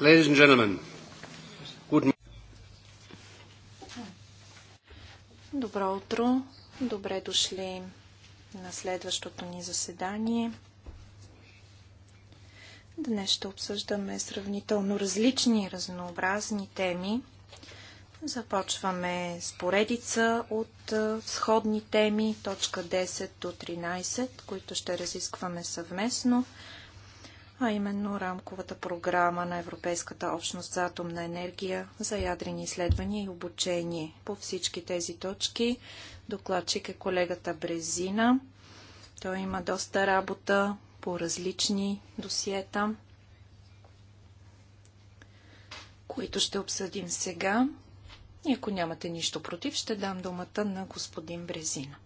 Ladies and gentlemen, good Добро утро! Добре дошли на следващото ни заседание. Днес ще обсъждаме сравнително различни разнообразни теми. Започваме с поредица от сходни теми, точка 10 до 13, които ще разискваме съвместно а именно рамковата програма на Европейската общност за атомна енергия за ядрени изследвания и обучение. По всички тези точки докладчик е колегата Брезина. Той има доста работа по различни досиета, които ще обсъдим сега. И ако нямате нищо против, ще дам думата на господин Брезина.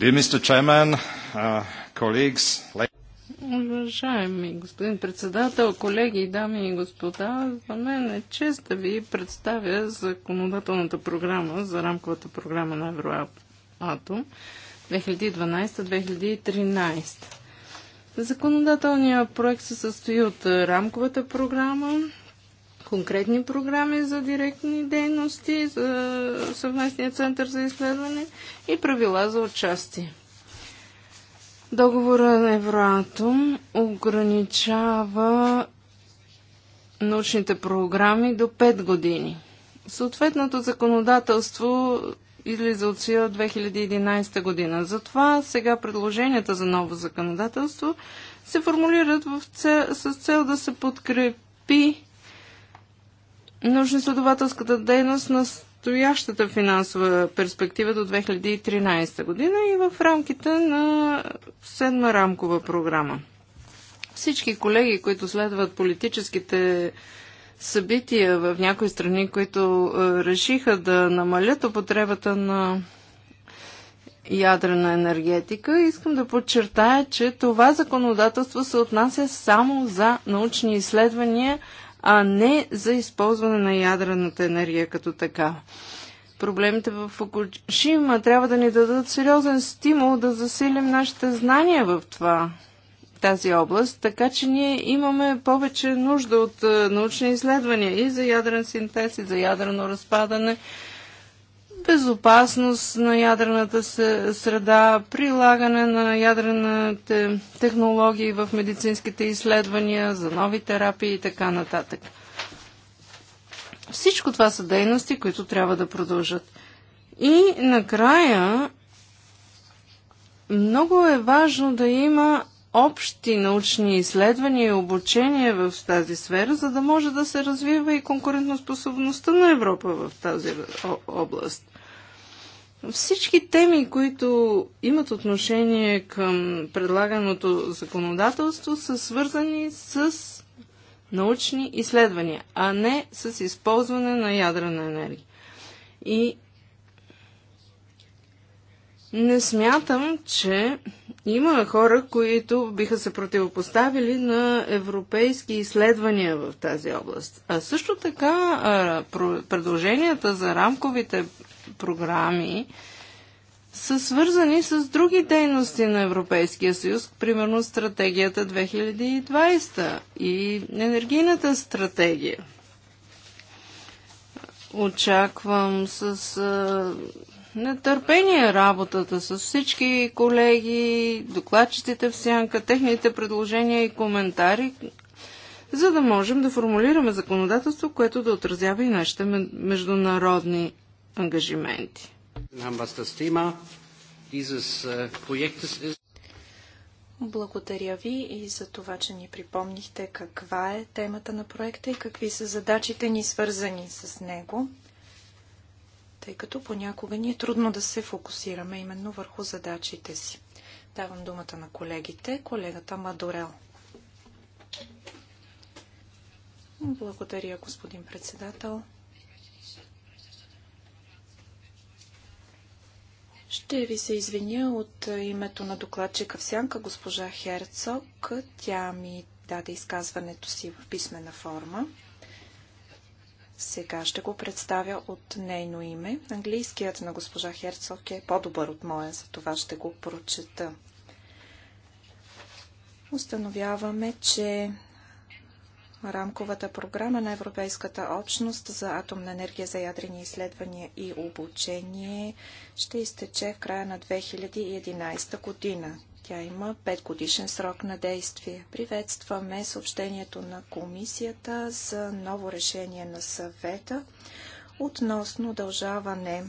Dear Mr. Chairman, uh, colleagues, Уважаеми господин председател, колеги, дами и господа, за мен е чест да ви представя законодателната програма за рамковата програма на Евроатом 2012-2013. Законодателният проект се състои от рамковата програма, конкретни програми за директни дейности, за съвместния център за изследване и правила за участие. Договора на Евроатом ограничава научните програми до 5 години. Съответното законодателство излиза от сила 2011 година. Затова сега предложенията за ново законодателство се формулират в цел, с цел да се подкрепи научно-изследователската дейност на стоящата финансова перспектива до 2013 година и в рамките на седма рамкова програма. Всички колеги, които следват политическите събития в някои страни, които е, решиха да намалят употребата на ядрена енергетика, искам да подчертая, че това законодателство се отнася само за научни изследвания, а не за използване на ядрената енергия като така. Проблемите в Фукушима трябва да ни дадат сериозен стимул да засилим нашите знания в това тази област, така че ние имаме повече нужда от е, научни изследвания и за ядрен синтез, и за ядрено разпадане, безопасност на ядрената среда, прилагане на ядрените технологии в медицинските изследвания, за нови терапии и така нататък. Всичко това са дейности, които трябва да продължат. И накрая много е важно да има общи научни изследвания и обучение в тази сфера, за да може да се развива и конкурентоспособността на Европа в тази област. Всички теми, които имат отношение към предлаганото законодателство, са свързани с научни изследвания, а не с използване на ядрена енергия. И не смятам, че има хора, които биха се противопоставили на европейски изследвания в тази област. А също така предложенията за рамковите програми са свързани с други дейности на Европейския съюз, примерно стратегията 2020 и енергийната стратегия. Очаквам с нетърпение работата с всички колеги, докладчиците в сянка, техните предложения и коментари, за да можем да формулираме законодателство, което да отразява и нашите международни ангажименти. Благодаря ви и за това, че ни припомнихте каква е темата на проекта и какви са задачите ни свързани с него тъй като понякога ни е трудно да се фокусираме именно върху задачите си. Давам думата на колегите. Колегата Мадорел. Благодаря, господин председател. Ще ви се извиня от името на докладчика в сянка госпожа Херцог. Тя ми даде изказването си в писмена форма. Сега ще го представя от нейно име. Английският на госпожа Херцог е по-добър от моя, за това ще го прочета. Установяваме, че рамковата програма на Европейската общност за атомна енергия за ядрени изследвания и обучение ще изтече в края на 2011 година. Тя има 5 годишен срок на действие. Приветстваме съобщението на комисията за ново решение на съвета относно удължаване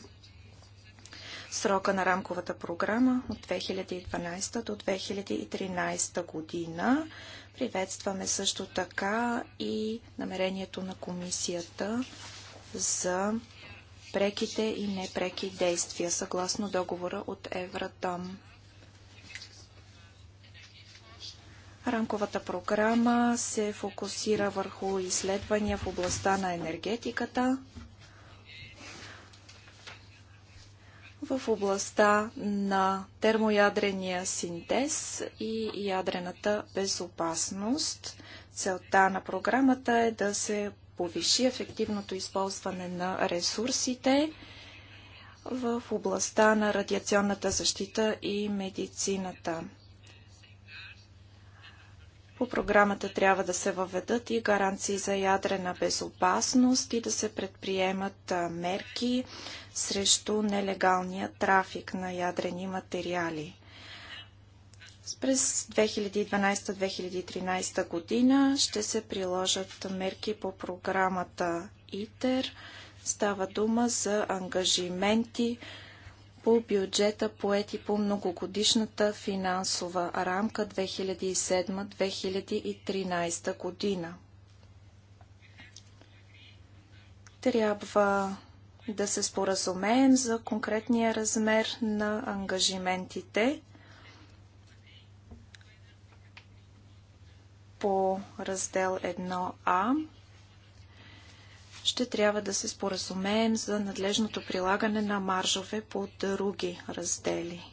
срока на рамковата програма от 2012 до 2013 година. Приветстваме също така и намерението на комисията за преките и непреки действия съгласно договора от Евратом. Рамковата програма се фокусира върху изследвания в областта на енергетиката, в областта на термоядрения синтез и ядрената безопасност. Целта на програмата е да се повиши ефективното използване на ресурсите в областта на радиационната защита и медицината. По програмата трябва да се въведат и гаранции за ядрена безопасност и да се предприемат мерки срещу нелегалния трафик на ядрени материали. През 2012-2013 година ще се приложат мерки по програмата ИТЕР. Става дума за ангажименти по бюджета поети по многогодишната финансова рамка 2007-2013 година. Трябва да се споразумеем за конкретния размер на ангажиментите по раздел 1А ще трябва да се споразумеем за надлежното прилагане на маржове по други раздели.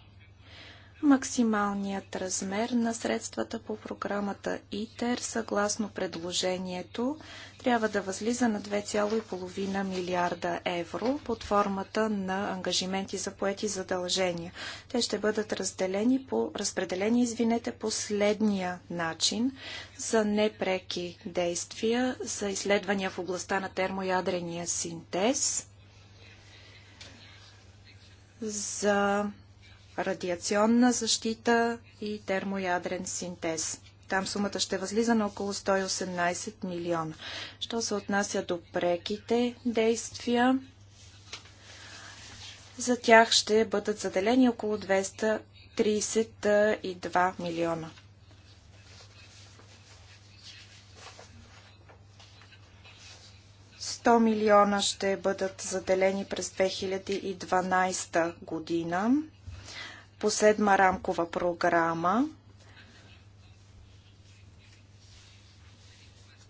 Максималният размер на средствата по програмата ИТЕР, съгласно предложението, трябва да възлиза на 2,5 милиарда евро под формата на ангажименти за поети задължения. Те ще бъдат разделени по, разпределени извинете, по следния начин за непреки действия за изследвания в областта на термоядрения синтез, за радиационна защита и термоядрен синтез. Там сумата ще възлиза на около 118 милиона. Що се отнася до преките действия, за тях ще бъдат заделени около 232 милиона. милиона ще бъдат заделени през 2012 година по седма рамкова програма.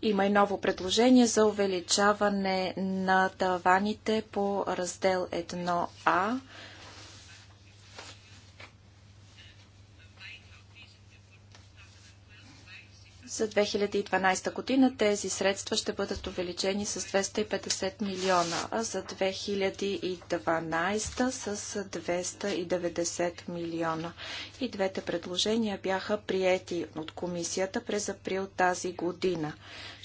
Има и ново предложение за увеличаване на таваните по раздел 1А За 2012 година тези средства ще бъдат увеличени с 250 милиона, а за 2012 с 290 милиона. И двете предложения бяха приети от комисията през април тази година.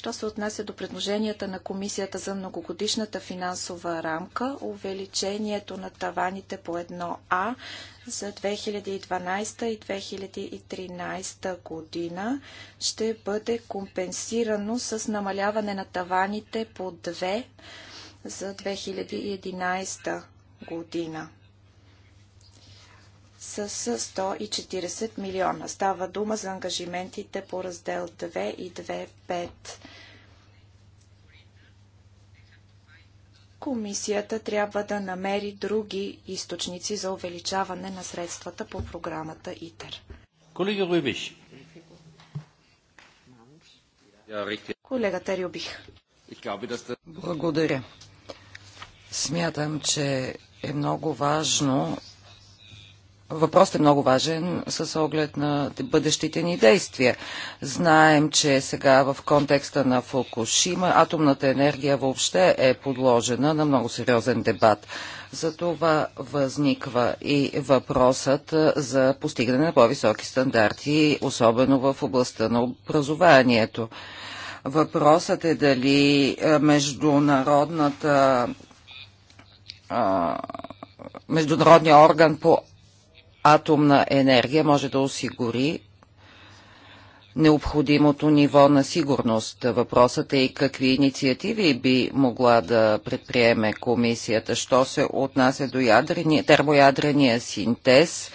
Що се отнася до предложенията на Комисията за многогодишната финансова рамка, увеличението на таваните по 1А за 2012 и 2013 година ще бъде компенсирано с намаляване на таваните по 2 за 2011 година с 140 милиона. Става дума за ангажиментите по раздел 2 и 2.5. комисията трябва да намери други източници за увеличаване на средствата по програмата ИТЕР. Колега Рубиш. Колегата Рюбих. Благодаря. Смятам, че е много важно въпросът е много важен с оглед на бъдещите ни действия. Знаем, че сега в контекста на Фукушима атомната енергия въобще е подложена на много сериозен дебат. За това възниква и въпросът за постигане на по-високи стандарти, особено в областта на образованието. Въпросът е дали международната международния орган по атомна енергия може да осигури необходимото ниво на сигурност. Въпросът е и какви инициативи би могла да предприеме комисията, що се отнася до термоядрения синтез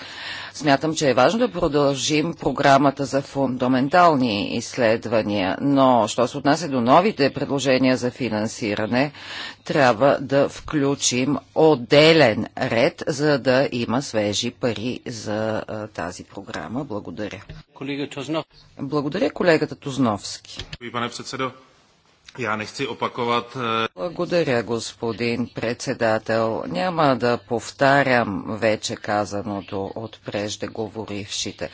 Смятам, че е важно да продължим програмата за фундаментални изследвания, но що се отнася до новите предложения за финансиране, трябва да включим отделен ред, за да има свежи пари за тази програма. Благодаря. Благодаря колегата Тузновски. Пане председател, я не eh, Благодаря, господин председател. Няма да повтарям вече казаното от преждеговорившите.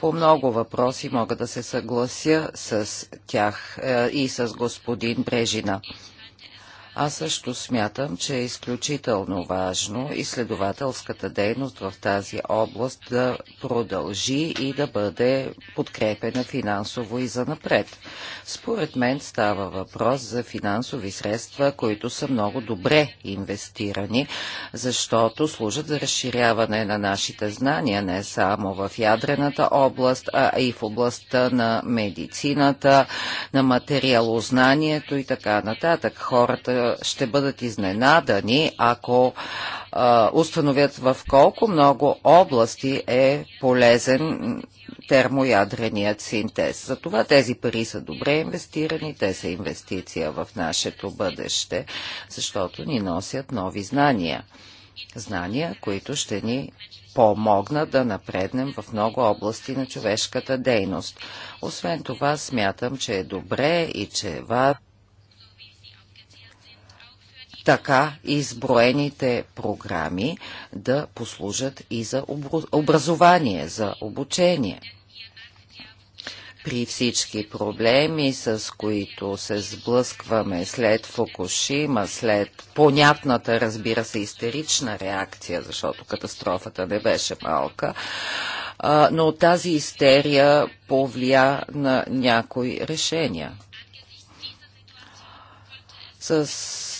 По много въпроси мога да се съглася с тях е, и с господин Брежина. Аз също смятам, че е изключително важно изследователската дейност в тази област да продължи и да бъде подкрепена финансово и за напред. Според мен става въпрос за финансови средства, които са много добре инвестирани, защото служат за разширяване на нашите знания не само в ядрената област, а и в областта на медицината, на материалознанието и така нататък. Хората ще бъдат изненадани, ако установят в колко много области е полезен термоядреният синтез. Затова тези пари са добре инвестирани, те са инвестиция в нашето бъдеще, защото ни носят нови знания. Знания, които ще ни помогна да напреднем в много области на човешката дейност. Освен това, смятам, че е добре и че е важно така изброените програми да послужат и за образование, за обучение. При всички проблеми, с които се сблъскваме след Фукушима, след понятната, разбира се, истерична реакция, защото катастрофата не беше малка, но тази истерия повлия на някои решения. С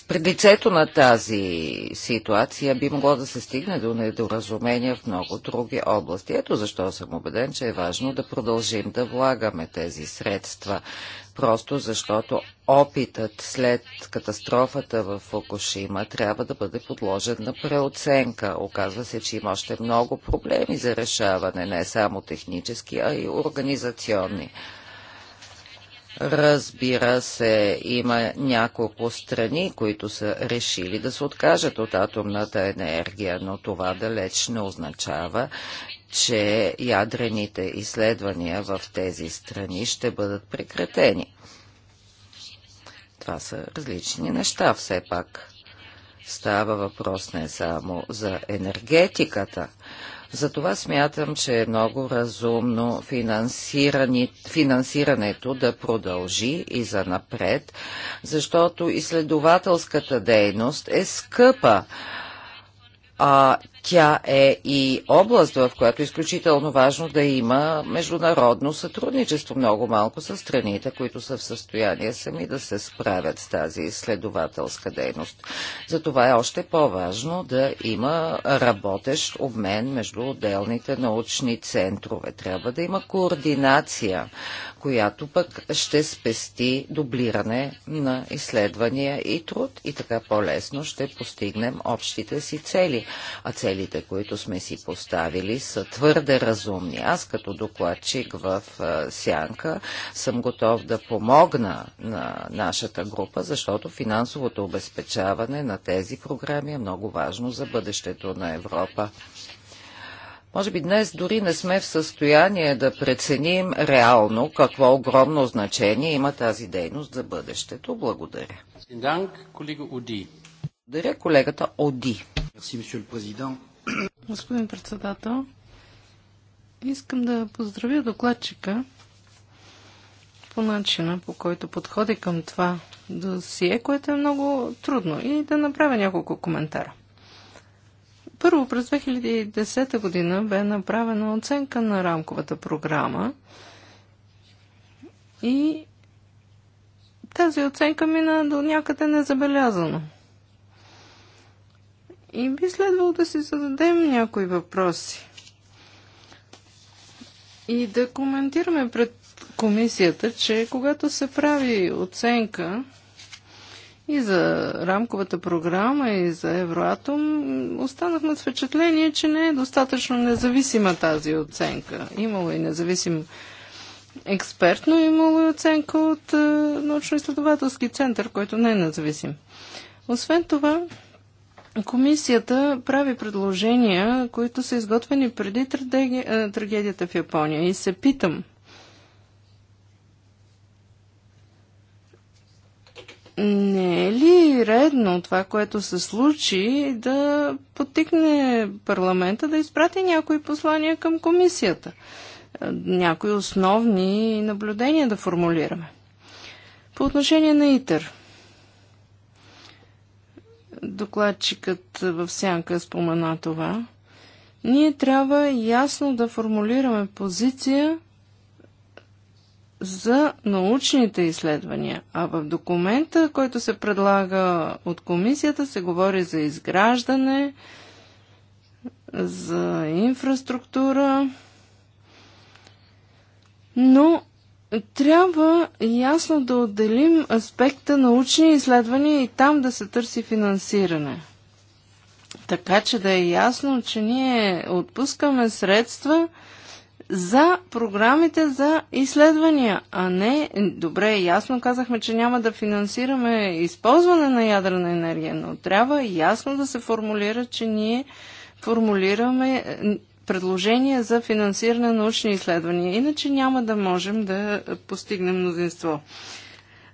пред лицето на тази ситуация би могло да се стигне до недоразумения в много други области. Ето защо съм убеден, че е важно да продължим да влагаме тези средства. Просто защото опитът след катастрофата в Фукушима трябва да бъде подложен на преоценка. Оказва се, че има още много проблеми за решаване, не само технически, а и организационни. Разбира се, има няколко страни, които са решили да се откажат от атомната енергия, но това далеч не означава, че ядрените изследвания в тези страни ще бъдат прекратени. Това са различни неща все пак. Става въпрос не само за енергетиката, затова смятам, че е много разумно финансирането да продължи и за напред, защото изследователската дейност е скъпа. А тя е и област, в която е изключително важно да има международно сътрудничество много малко с страните, които са в състояние сами да се справят с тази изследователска дейност. Затова е още по-важно да има работещ обмен между отделните научни центрове. Трябва да има координация, която пък ще спести дублиране на изследвания и труд и така по-лесно ще постигнем общите си цели. А цели целите, които сме си поставили, са твърде разумни. Аз като докладчик в Сянка съм готов да помогна на нашата група, защото финансовото обезпечаване на тези програми е много важно за бъдещето на Европа. Може би днес дори не сме в състояние да преценим реално какво огромно значение има тази дейност за бъдещето. Благодаря. Благодаря колегата Оди. Господин председател, искам да поздравя докладчика по начина, по който подходи към това досие, което е много трудно и да направя няколко коментара. Първо, през 2010 година бе направена оценка на рамковата програма и тази оценка мина до някъде незабелязано – и би следвало да си зададем някои въпроси. И да коментираме пред комисията, че когато се прави оценка и за рамковата програма, и за Евроатом, останахме с впечатление, че не е достатъчно независима тази оценка. Имало и независим експерт, но имало и оценка от е, научно-изследователски център, който не е независим. Освен това, Комисията прави предложения, които са изготвени преди е, трагедията в Япония. И се питам, не е ли редно това, което се случи, да потикне парламента да изпрати някои послания към комисията? Някои основни наблюдения да формулираме. По отношение на ИТЕР. Докладчикът в сянка спомена това. Ние трябва ясно да формулираме позиция за научните изследвания, а в документа, който се предлага от комисията, се говори за изграждане, за инфраструктура, но трябва ясно да отделим аспекта научни изследвания и там да се търси финансиране. Така че да е ясно, че ние отпускаме средства за програмите за изследвания, а не, добре, ясно казахме, че няма да финансираме използване на ядрена енергия, но трябва ясно да се формулира, че ние формулираме предложения за финансиране на научни изследвания. Иначе няма да можем да постигнем мнозинство.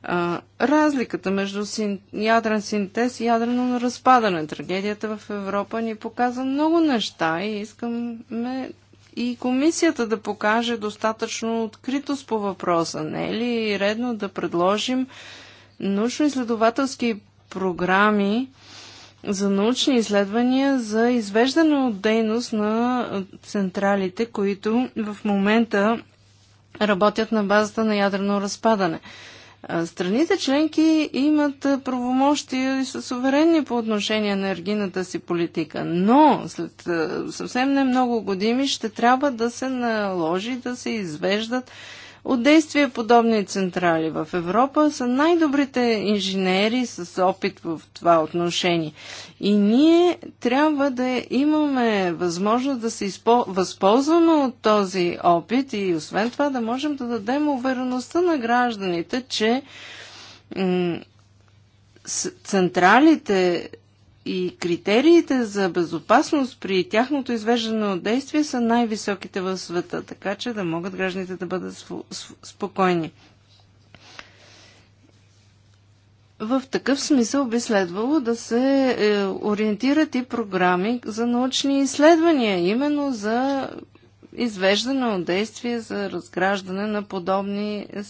А, разликата между син, ядрен синтез и ядрено разпадане, трагедията в Европа ни показва много неща и искаме и комисията да покаже достатъчно откритост по въпроса. Не е ли редно да предложим научно-изследователски програми, за научни изследвания за извеждане от дейност на централите, които в момента работят на базата на ядрено разпадане. Страните членки имат правомощия и са суверенни по отношение на енергийната си политика, но след съвсем не много години ще трябва да се наложи да се извеждат от действия подобни централи в Европа са най-добрите инженери с опит в това отношение. И ние трябва да имаме възможност да се изпо... възползваме от този опит и освен това да можем да дадем увереността на гражданите, че централите и критериите за безопасност при тяхното извеждане от действие са най-високите в света, така че да могат гражданите да бъдат спокойни. В такъв смисъл би следвало да се е, ориентират и програми за научни изследвания, именно за извеждане от действие за разграждане на подобни е,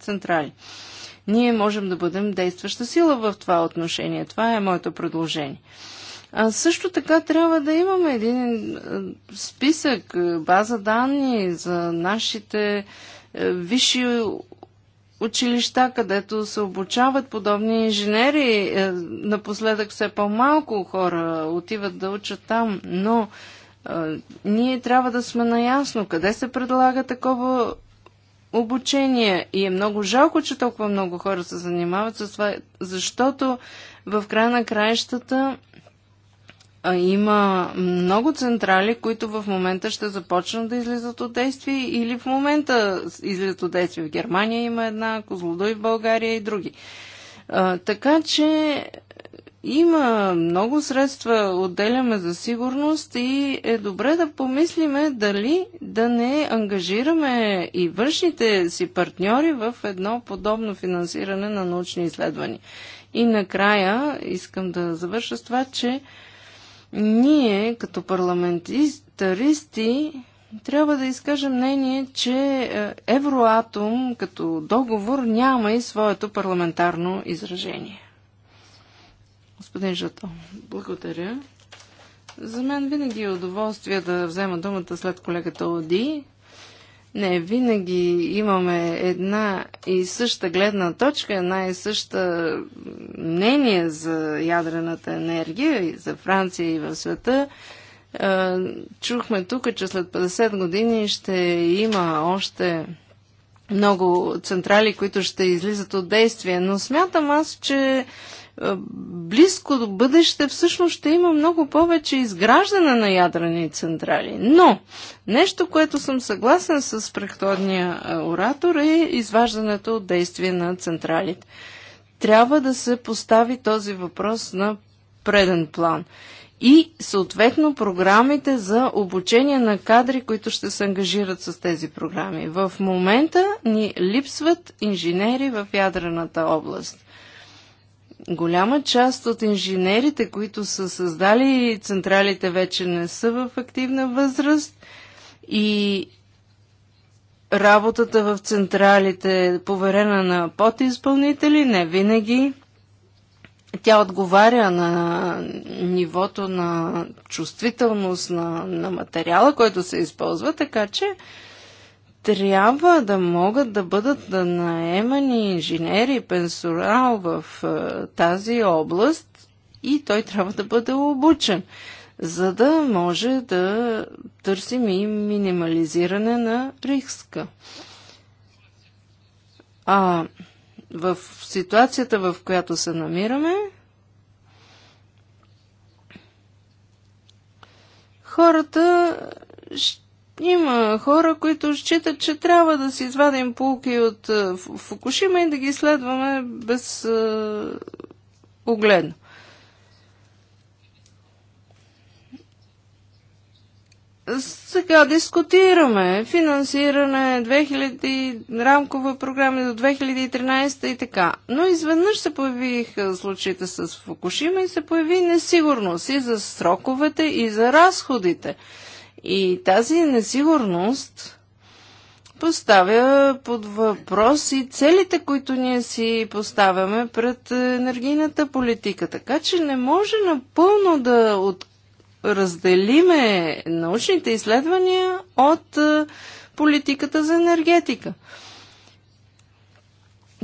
централи. Ние можем да бъдем действаща сила в това отношение. Това е моето предложение. А също така трябва да имаме един е, списък, е, база данни за нашите е, висши училища, където се обучават подобни инженери. Напоследък все по-малко хора отиват да учат там, но ние трябва да сме наясно къде се предлага такова обучение. И е много жалко, че толкова много хора се занимават с това, защото в края на краищата а, има много централи, които в момента ще започнат да излизат от действие или в момента излизат от действие. В Германия има една, Козлодой в България и други. А, така че има много средства, отделяме за сигурност и е добре да помислиме дали да не ангажираме и външните си партньори в едно подобно финансиране на научни изследвания. И накрая искам да завърша с това, че ние като парламентаристи трябва да изкажем мнение, че е, Евроатом като договор няма и своето парламентарно изражение. Господин Жато, благодаря. За мен винаги е удоволствие да взема думата след колегата Оди. Не, винаги имаме една и съща гледна точка, една и съща мнение за ядрената енергия и за Франция и в света. Чухме тук, че след 50 години ще има още много централи, които ще излизат от действие, но смятам аз, че е, близко до бъдеще всъщност ще има много повече изграждане на ядрени централи. Но нещо, което съм съгласен с предходния е, оратор е изваждането от действие на централите. Трябва да се постави този въпрос на преден план и съответно програмите за обучение на кадри, които ще се ангажират с тези програми. В момента ни липсват инженери в ядрената област голяма част от инженерите, които са създали централите, вече не са в активна възраст и работата в централите е поверена на подизпълнители, не винаги. Тя отговаря на нивото на чувствителност на, на материала, който се използва, така че трябва да могат да бъдат да наемани инженери, пенсорал в е, тази област и той трябва да бъде обучен, за да може да търсим и минимализиране на риска. А в ситуацията, в която се намираме, хората ще има хора, които считат, че трябва да си извадим полки от е, Фукушима и да ги следваме без е, огледно. Сега дискутираме финансиране, 2000, рамкова програма до 2013 и така. Но изведнъж се появиха случаите с Фукушима и се появи несигурност и за сроковете, и за разходите. И тази несигурност поставя под въпрос и целите, които ние си поставяме пред е, енергийната политика. Така че не може напълно да от... разделиме научните изследвания от е, политиката за енергетика.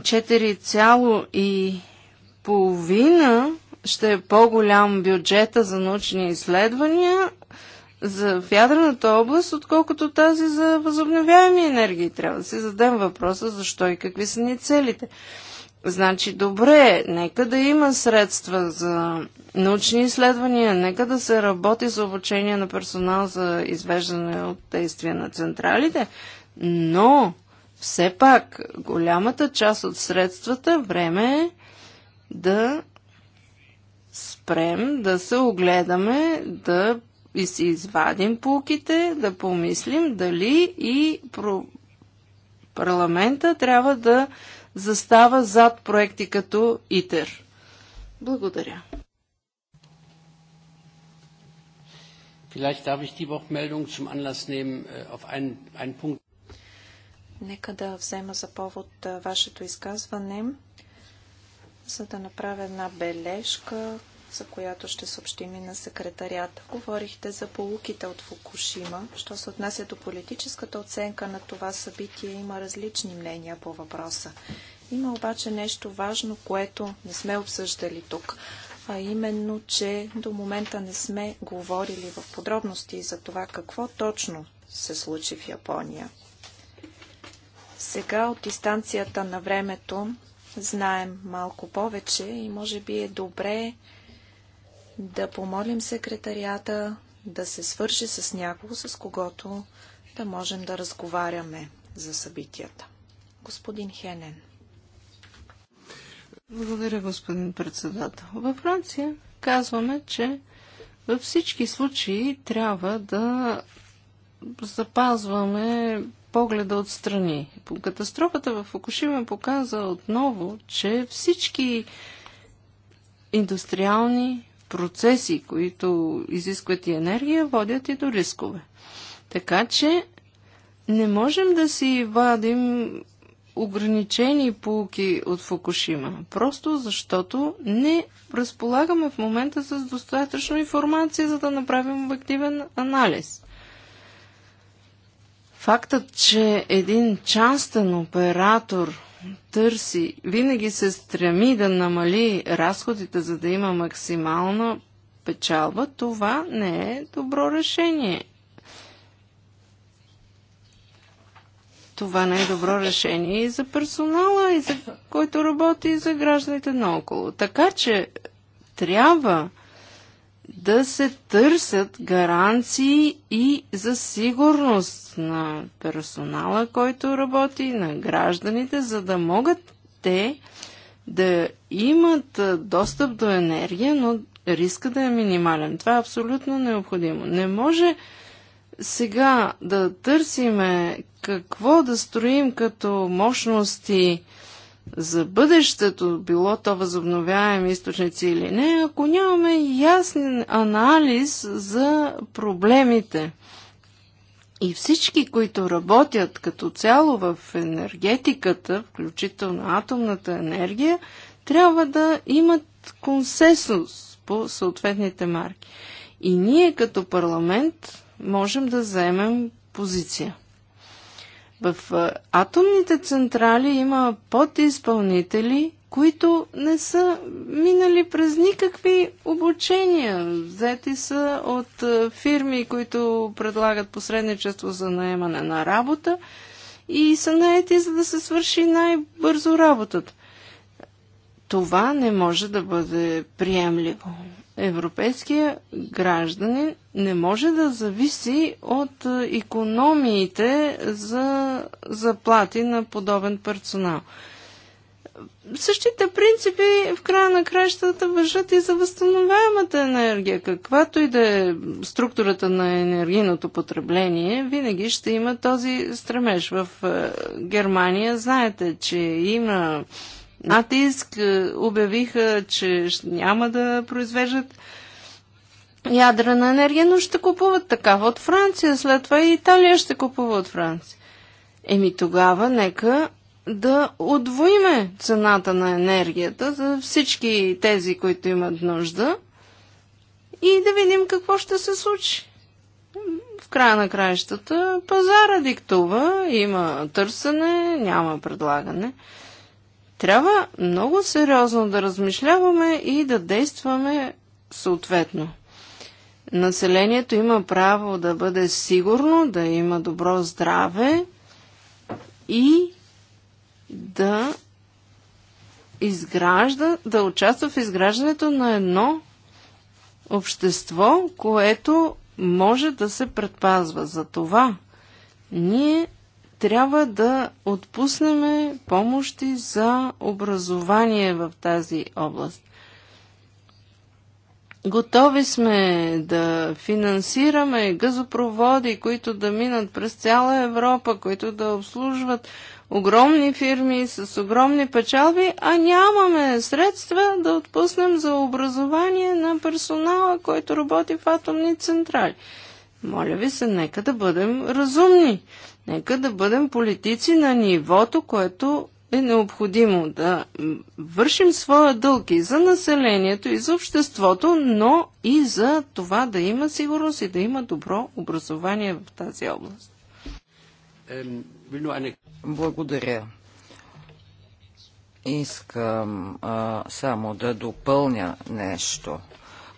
4,5 ще е по-голям бюджета за научни изследвания за вятърната област, отколкото тази за възобновяеми енергии. Трябва да си задам въпроса защо и какви са ни целите. Значи, добре, нека да има средства за научни изследвания, нека да се работи за обучение на персонал за извеждане от действия на централите, но все пак голямата част от средствата време е да спрем, да се огледаме, да и си извадим пулките, да помислим дали и про... парламента трябва да застава зад проекти като ИТЕР. Благодаря. Vielleicht darf ich die Wortmeldung zum Anlass nehmen äh, auf einen, einen Punkt. Нека да взема за повод вашето изказване, за да направя една бележка, за която ще съобщим и на секретарията. Говорихте за полуките от Фукушима. Що се отнася до политическата оценка на това събитие, има различни мнения по въпроса. Има обаче нещо важно, което не сме обсъждали тук, а именно, че до момента не сме говорили в подробности за това какво точно се случи в Япония. Сега от дистанцията на времето знаем малко повече и може би е добре да помолим секретарията да се свърши с някого, с когото да можем да разговаряме за събитията. Господин Хенен. Благодаря, господин председател. Във Франция казваме, че във всички случаи трябва да запазваме погледа отстрани. Катастрофата в Фукушима показа отново, че всички индустриални процеси, които изискват и енергия, водят и до рискове. Така че не можем да си вадим ограничени полки от Фукушима, просто защото не разполагаме в момента с достатъчно информация, за да направим обективен анализ. Фактът, че един частен оператор търси, винаги се стреми да намали разходите, за да има максимална печалба, това не е добро решение. Това не е добро решение и за персонала, и за който работи, и за гражданите наоколо. Така че трябва да се търсят гаранции и за сигурност на персонала, който работи, на гражданите, за да могат те да имат достъп до енергия, но риска да е минимален. Това е абсолютно необходимо. Не може сега да търсиме какво да строим като мощности за бъдещето, било то възобновяеми източници или не, ако нямаме ясен анализ за проблемите. И всички, които работят като цяло в енергетиката, включително атомната енергия, трябва да имат консенсус по съответните марки. И ние като парламент можем да вземем позиция. В атомните централи има подизпълнители, които не са минали през никакви обучения. Взети са от фирми, които предлагат посредничество за наемане на работа и са наети, за да се свърши най-бързо работата. Това не може да бъде приемливо. Европейския гражданин не може да зависи от економиите за заплати на подобен персонал. Същите принципи в края на краищата въжат и за възстановяемата енергия. Каквато и да е структурата на енергийното потребление, винаги ще има този стремеж. В е, Германия знаете, че има натиск, е, обявиха, че няма да произвеждат ядрена енергия, но ще купуват такава от Франция, след това и Италия ще купува от Франция. Еми тогава нека да отвоиме цената на енергията за всички тези, които имат нужда и да видим какво ще се случи. В края на краищата пазара диктува, има търсене, няма предлагане. Трябва много сериозно да размишляваме и да действаме съответно. Населението има право да бъде сигурно, да има добро здраве и да изгражда, да участва в изграждането на едно общество, което може да се предпазва. За това ние трябва да отпуснем помощи за образование в тази област. Готови сме да финансираме газопроводи, които да минат през цяла Европа, които да обслужват огромни фирми с огромни печалби, а нямаме средства да отпуснем за образование на персонала, който работи в атомни централи. Моля ви се, нека да бъдем разумни. Нека да бъдем политици на нивото, което е необходимо да вършим своя дълг и за населението, и за обществото, но и за това да има сигурност и да има добро образование в тази област. Благодаря. Искам а, само да допълня нещо.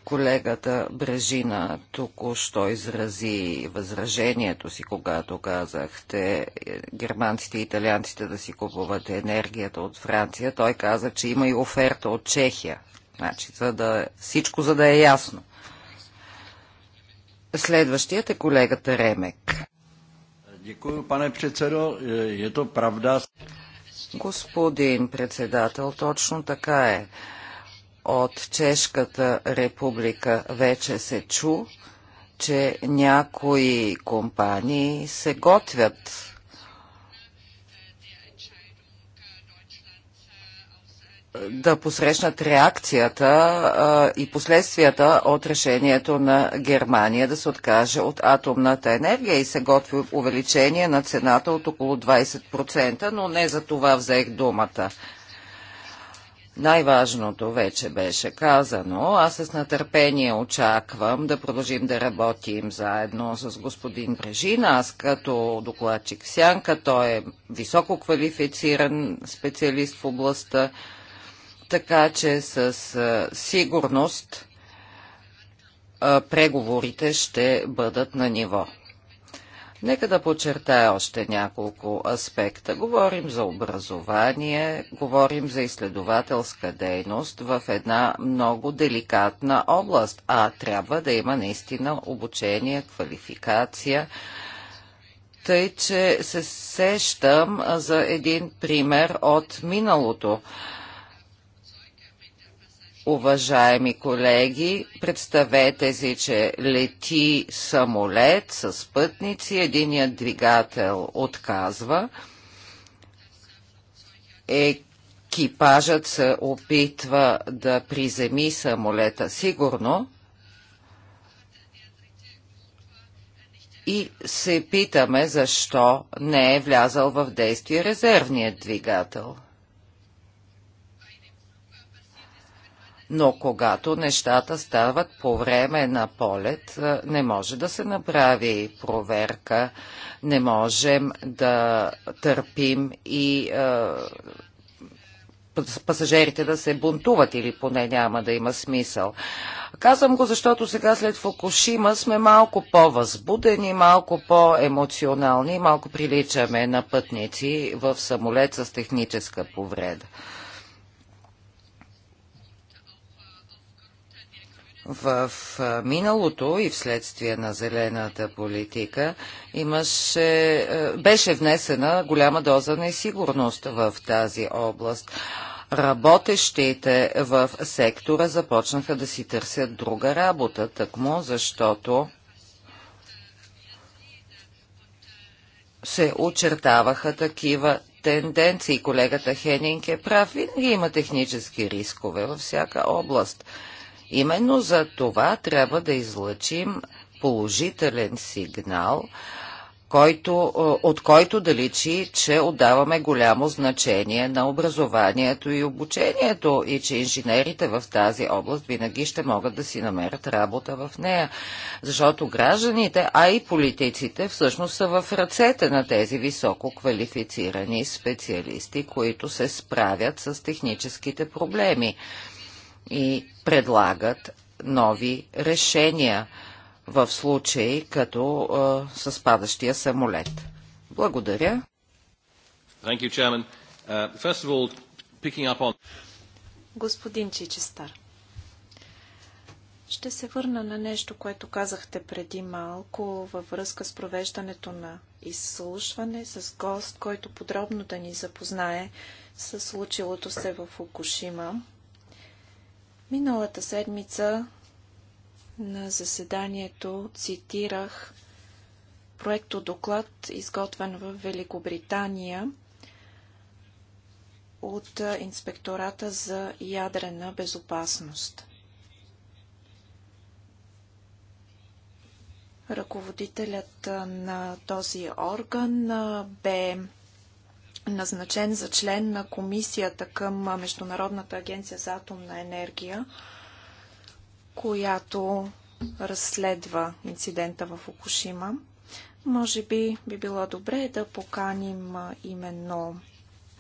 Колегата Брежина току-що изрази възражението си, когато казахте е, германците и италианците да си купуват енергията от Франция. Той каза, че има и оферта от Чехия. Значи, за да, е всичко за да е ясно. Следващият е колегата Ремек. Дякую, пане předsedo. Je to Господин председател, точно така е от Чешката република вече се чу, че някои компании се готвят да посрещнат реакцията а, и последствията от решението на Германия да се откаже от атомната енергия и се готви увеличение на цената от около 20%, но не за това взех думата. Най-важното вече беше казано. Аз с нетърпение очаквам да продължим да работим заедно с господин Брежин. Аз като докладчик Сянка, той е високо квалифициран специалист в областта, така че с сигурност преговорите ще бъдат на ниво. Нека да подчертая още няколко аспекта. Говорим за образование, говорим за изследователска дейност в една много деликатна област, а трябва да има наистина обучение, квалификация. Тъй, че се сещам за един пример от миналото уважаеми колеги, представете си, че лети самолет с пътници, единият двигател отказва, екипажът се опитва да приземи самолета сигурно и се питаме защо не е влязал в действие резервният двигател – но когато нещата стават по време на полет, не може да се направи проверка, не можем да търпим и пасажирите да се бунтуват или поне няма да има смисъл. Казвам го, защото сега след Фукушима сме малко по-възбудени, малко по-емоционални, малко приличаме на пътници в самолет с техническа повреда. В миналото и вследствие на зелената политика имаше, беше внесена голяма доза несигурност в тази област. Работещите в сектора започнаха да си търсят друга работа, такмо защото се очертаваха такива тенденции. Колегата Хенинг е прав. Винаги има технически рискове във всяка област. Именно за това трябва да излъчим положителен сигнал, който, от който да личи, че отдаваме голямо значение на образованието и обучението и че инженерите в тази област винаги ще могат да си намерят работа в нея. Защото гражданите, а и политиците всъщност са в ръцете на тези високо квалифицирани специалисти, които се справят с техническите проблеми и предлагат нови решения в случаи като а, с падащия самолет. Благодаря. You, uh, all, on... Господин Чичестар, ще се върна на нещо, което казахте преди малко във връзка с провеждането на изслушване с гост, който подробно да ни запознае с случилото се в Окушима. Миналата седмица на заседанието цитирах проекто доклад, изготвен в Великобритания от Инспектората за ядрена безопасност. Ръководителят на този орган бе назначен за член на комисията към Международната агенция за атомна енергия, която разследва инцидента в Окушима. Може би би било добре да поканим именно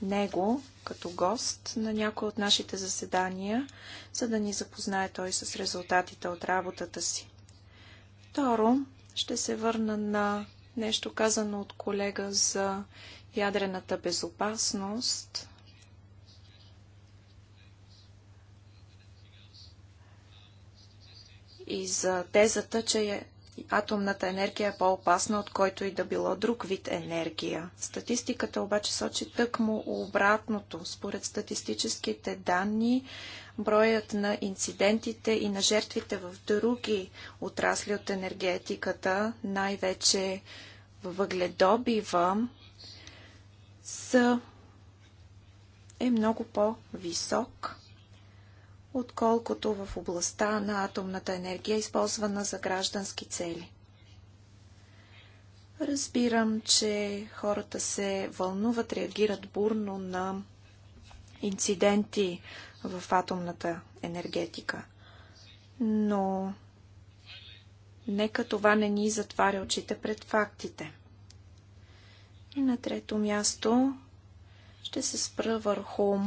него като гост на някои от нашите заседания, за да ни запознае той с резултатите от работата си. Второ, ще се върна на нещо казано от колега за ядрената безопасност и за тезата, че е- атомната енергия е по-опасна от който и да било друг вид енергия. Статистиката обаче сочи тъкмо обратното. Според статистическите данни, броят на инцидентите и на жертвите в други отрасли от енергетиката, най-вече въгледобива, с е много по-висок, отколкото в областта на атомната енергия, използвана за граждански цели. Разбирам, че хората се вълнуват, реагират бурно на инциденти в атомната енергетика. Но нека това не ни затваря очите пред фактите – и на трето място ще се спра върху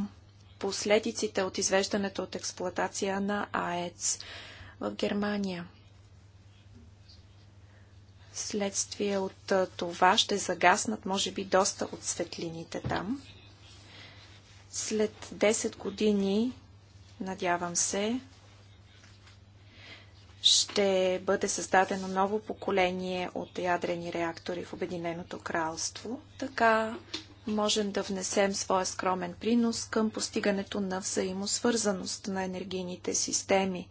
последиците от извеждането от експлоатация на АЕЦ в Германия. Следствие от това ще загаснат, може би, доста от светлините там. След 10 години, надявам се, ще бъде създадено ново поколение от ядрени реактори в Обединеното кралство. Така можем да внесем своя скромен принос към постигането на взаимосвързаност на енергийните системи.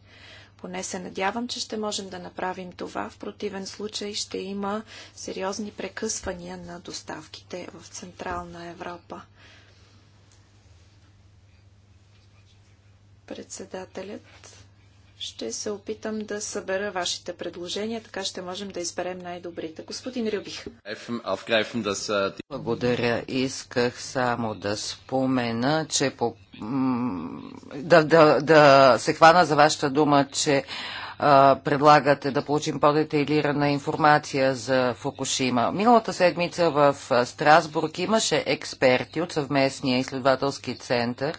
Поне се надявам, че ще можем да направим това. В противен случай ще има сериозни прекъсвания на доставките в Централна Европа. Председателят ще се опитам да събера вашите предложения, така ще можем да изберем най-добрите. Господин Рюбих. Äh, Благодаря. Исках само да спомена, че по... да, да, да се хвана за вашата дума, че предлагате да получим по-детайлирана информация за Фукушима. Миналата седмица в Страсбург имаше експерти от съвместния изследователски център,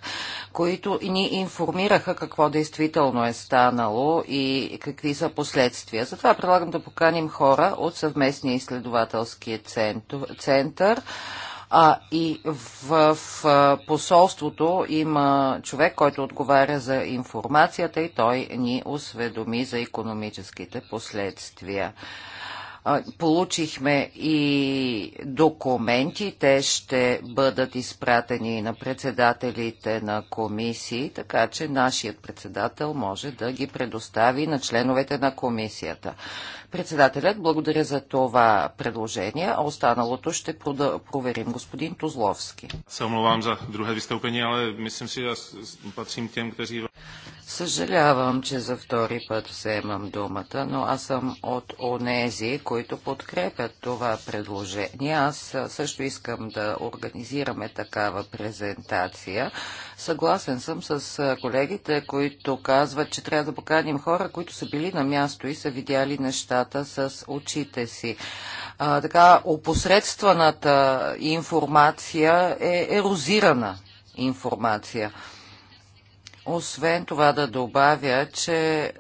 които ни информираха какво действително е станало и какви са последствия. Затова предлагам да поканим хора от съвместния изследователски център, а и в, в посолството има човек, който отговаря за информацията и той ни осведоми за економическите последствия получихме и документи. Те ще бъдат изпратени на председателите на комисии, така че нашият председател може да ги предостави на членовете на комисията. Председателят, благодаря за това предложение, останалото ще проверим господин Тузловски. Съмновам за друге вистъпление, але мислим си, аз пацим тем, които... Съжалявам, че за втори път вземам думата, но аз съм от онези, които подкрепят това предложение. Аз също искам да организираме такава презентация. Съгласен съм с колегите, които казват, че трябва да поканим хора, които са били на място и са видяли неща децата с очите си. А, така, опосредстваната информация е ерозирана информация. Освен това да добавя, че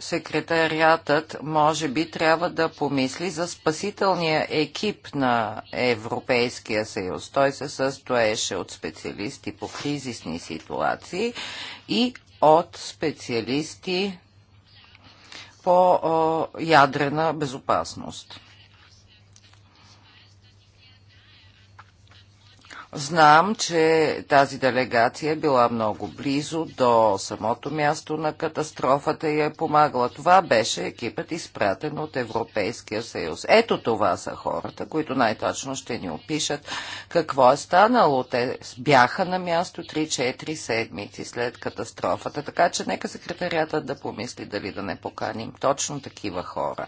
секретариатът може би трябва да помисли за спасителния екип на Европейския съюз. Той се състоеше от специалисти по кризисни ситуации и от специалисти по ядрена безопасност. Знам, че тази делегация била много близо до самото място на катастрофата и е помагала. Това беше екипът изпратен от Европейския съюз. Ето това са хората, които най-точно ще ни опишат какво е станало. Те бяха на място 3-4 седмици след катастрофата, така че нека секретарията да помисли дали да не поканим точно такива хора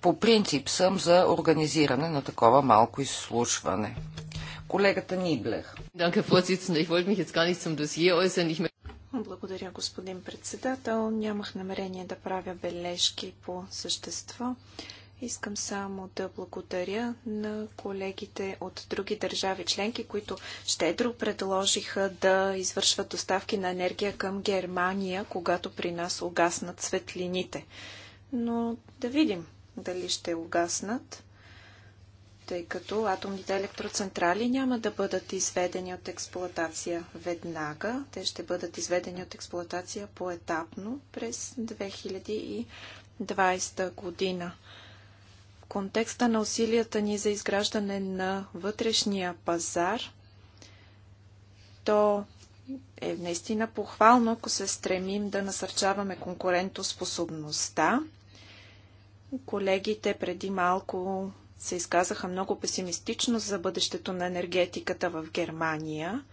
по принцип съм за организиране на такова малко изслушване. Колегата Ниблех. Благодаря, господин председател. Нямах намерение да правя бележки по същество. Искам само да благодаря на колегите от други държави членки, които щедро предложиха да извършват доставки на енергия към Германия, когато при нас угаснат светлините. Но да видим дали ще угаснат, тъй като атомните електроцентрали няма да бъдат изведени от експлоатация веднага. Те ще бъдат изведени от експлоатация поетапно през 2020 година В контекста на усилията ни за изграждане на вътрешния пазар, то е наистина похвално, ако се стремим да насърчаваме конкурентоспособността, Колегите преди малко се изказаха много песимистично за бъдещето на енергетиката в Германия,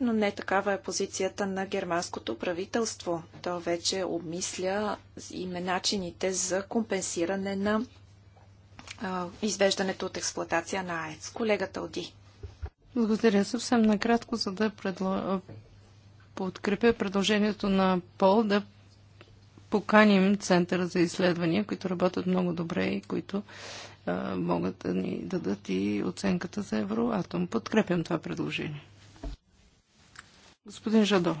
но не такава е позицията на германското правителство. То вече обмисля и начините за компенсиране на а, извеждането от експлоатация на АЕЦ. Колегата Оди. Благодаря. Съвсем накратко, за да предло... подкрепя предложението на Пол да поканим Центъра за изследвания, които работят много добре и които а, могат да ни дадат и оценката за Евроатом. Подкрепям това предложение. Господин Жадо.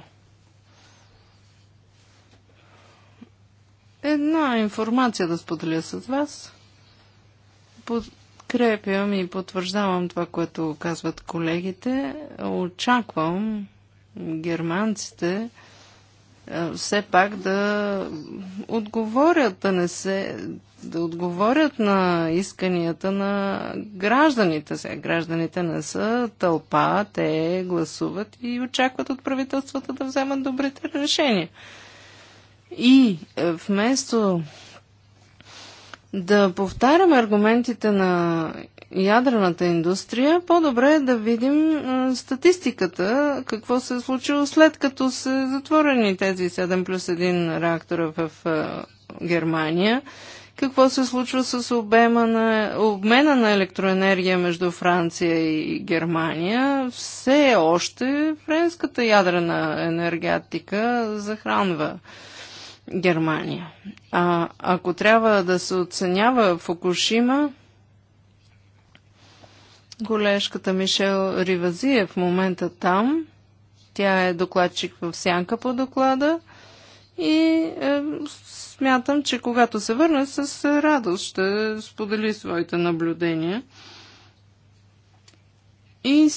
Една информация да споделя с вас. Подкрепям и потвърждавам това, което казват колегите. Очаквам германците е, все пак да отговорят, да не се, да отговорят на исканията на гражданите. Сега гражданите не са тълпа, те гласуват и очакват от правителствата да вземат добрите решения. И е, вместо да повтарям аргументите на ядрената индустрия, по-добре е да видим статистиката, какво се е случило след като са затворени тези 7 плюс 1 реактора в Германия, какво се случва с обема на, обмена на електроенергия между Франция и Германия. Все още френската ядрена енергетика захранва Германия. А ако трябва да се оценява Фукушима, Голешката Мишел Ривази е в момента там. Тя е докладчик в сянка по доклада и е, смятам, че когато се върне с радост ще сподели своите наблюдения. И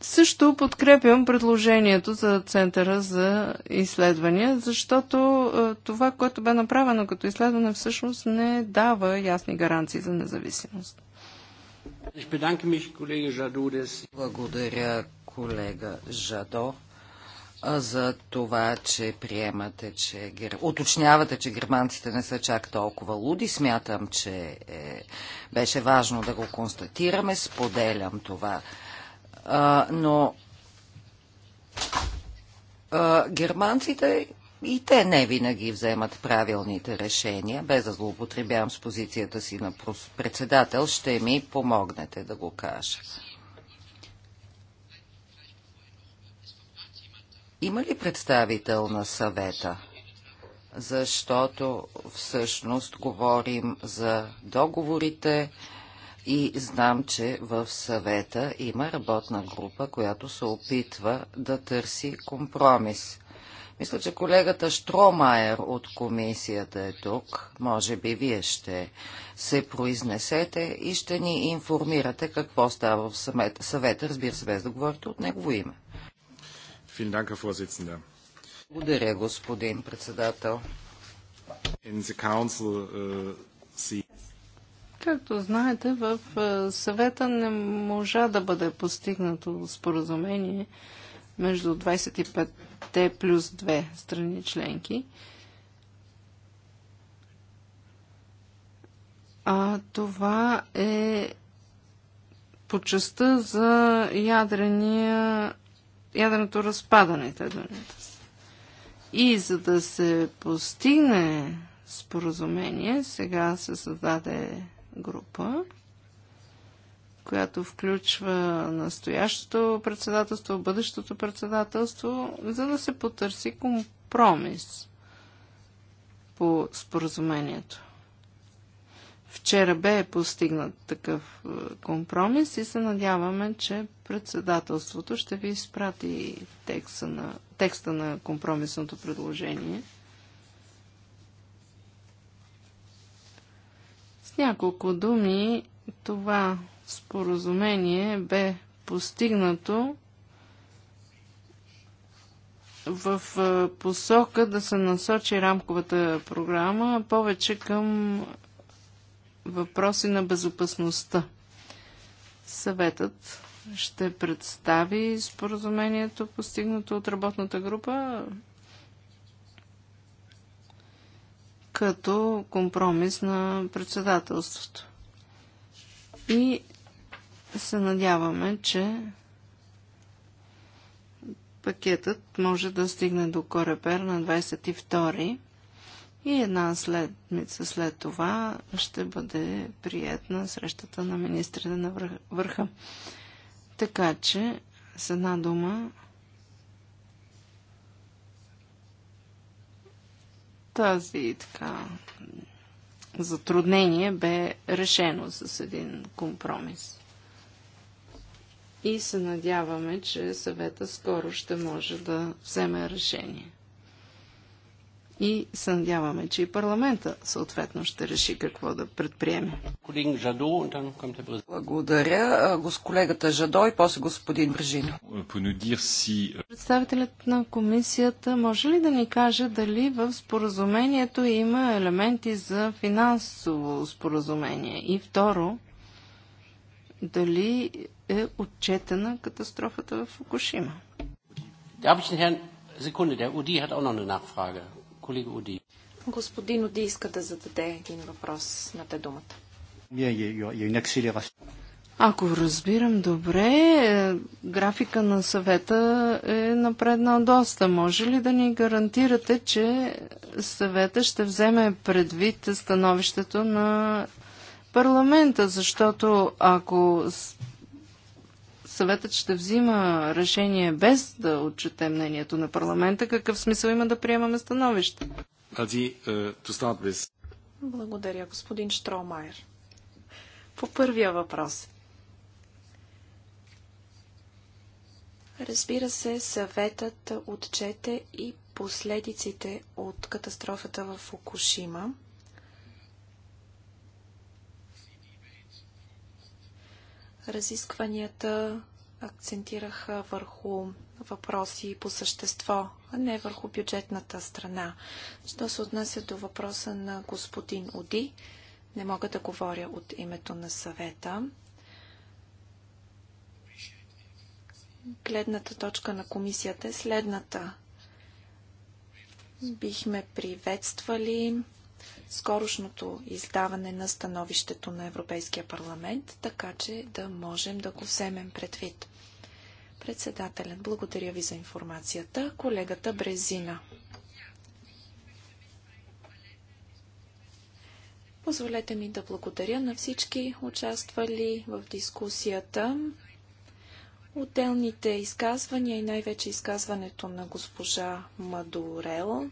също подкрепям предложението за Центъра за изследвания, защото е, това, което бе направено като изследване, всъщност не дава ясни гаранции за независимост. Благодаря, колега Жадо, за това, че приемате, че... Уточнявате, че германците не са чак толкова луди. Смятам, че е... беше важно да го констатираме. Споделям това. А, но а, германците и те не винаги вземат правилните решения. Без да злоупотребявам с позицията си на председател, ще ми помогнете да го кажа. Има ли представител на съвета? Защото всъщност говорим за договорите и знам, че в съвета има работна група, която се опитва да търси компромис. Мисля, че колегата Штромайер от комисията е тук. Може би вие ще се произнесете и ще ни информирате какво става в съвета, разбира се, без да говорите от негово име. Благодаря, господин председател. Uh, Както знаете, в е, съвета не можа да бъде постигнато споразумение между 25 т плюс 2 страни членки. А това е по частта за ядрения, ядреното разпадане. И за да се постигне споразумение, сега се създаде група, която включва настоящото председателство, бъдещото председателство, за да се потърси компромис по споразумението. Вчера бе постигнат такъв е, компромис и се надяваме, че председателството ще ви изпрати текста на, текста на компромисното предложение. С няколко думи това споразумение бе постигнато в посока да се насочи рамковата програма повече към въпроси на безопасността. Съветът ще представи споразумението, постигнато от работната група, като компромис на председателството. И се надяваме, че пакетът може да стигне до Корепер на 22 и една следмица след това ще бъде приятна срещата на министрите на върха. Така че, с една дума, тази така затруднение бе решено с един компромис и се надяваме, че съвета скоро ще може да вземе решение. И се надяваме, че и парламента съответно ще реши какво да предприеме. Благодаря с колегата Жадо и после господин Брежин. Euh, Представителят на комисията може ли да ни каже дали в споразумението има елементи за финансово споразумение? И второ, дали е отчетена катастрофата в Фукушима. Господин Оди иска да зададе един въпрос. на те думата. Е, е, е, Ако разбирам добре, графика на съвета е напреднал доста. Може ли да ни гарантирате, че съвета ще вземе предвид становището на парламента, защото ако съветът ще взима решение без да отчете мнението на парламента, какъв смисъл има да приемаме становище? Е, Благодаря, господин Штромайер. По първия въпрос. Разбира се, съветът отчете и последиците от катастрофата в Фукушима. Разискванията акцентираха върху въпроси по същество, а не върху бюджетната страна. Що се отнася до въпроса на господин Оди, не мога да говоря от името на съвета. Гледната точка на комисията е следната. Бихме приветствали скорошното издаване на становището на Европейския парламент, така че да можем да го вземем предвид. Председателят, благодаря ви за информацията. Колегата Брезина. Позволете ми да благодаря на всички участвали в дискусията. Отделните изказвания и най-вече изказването на госпожа Мадурел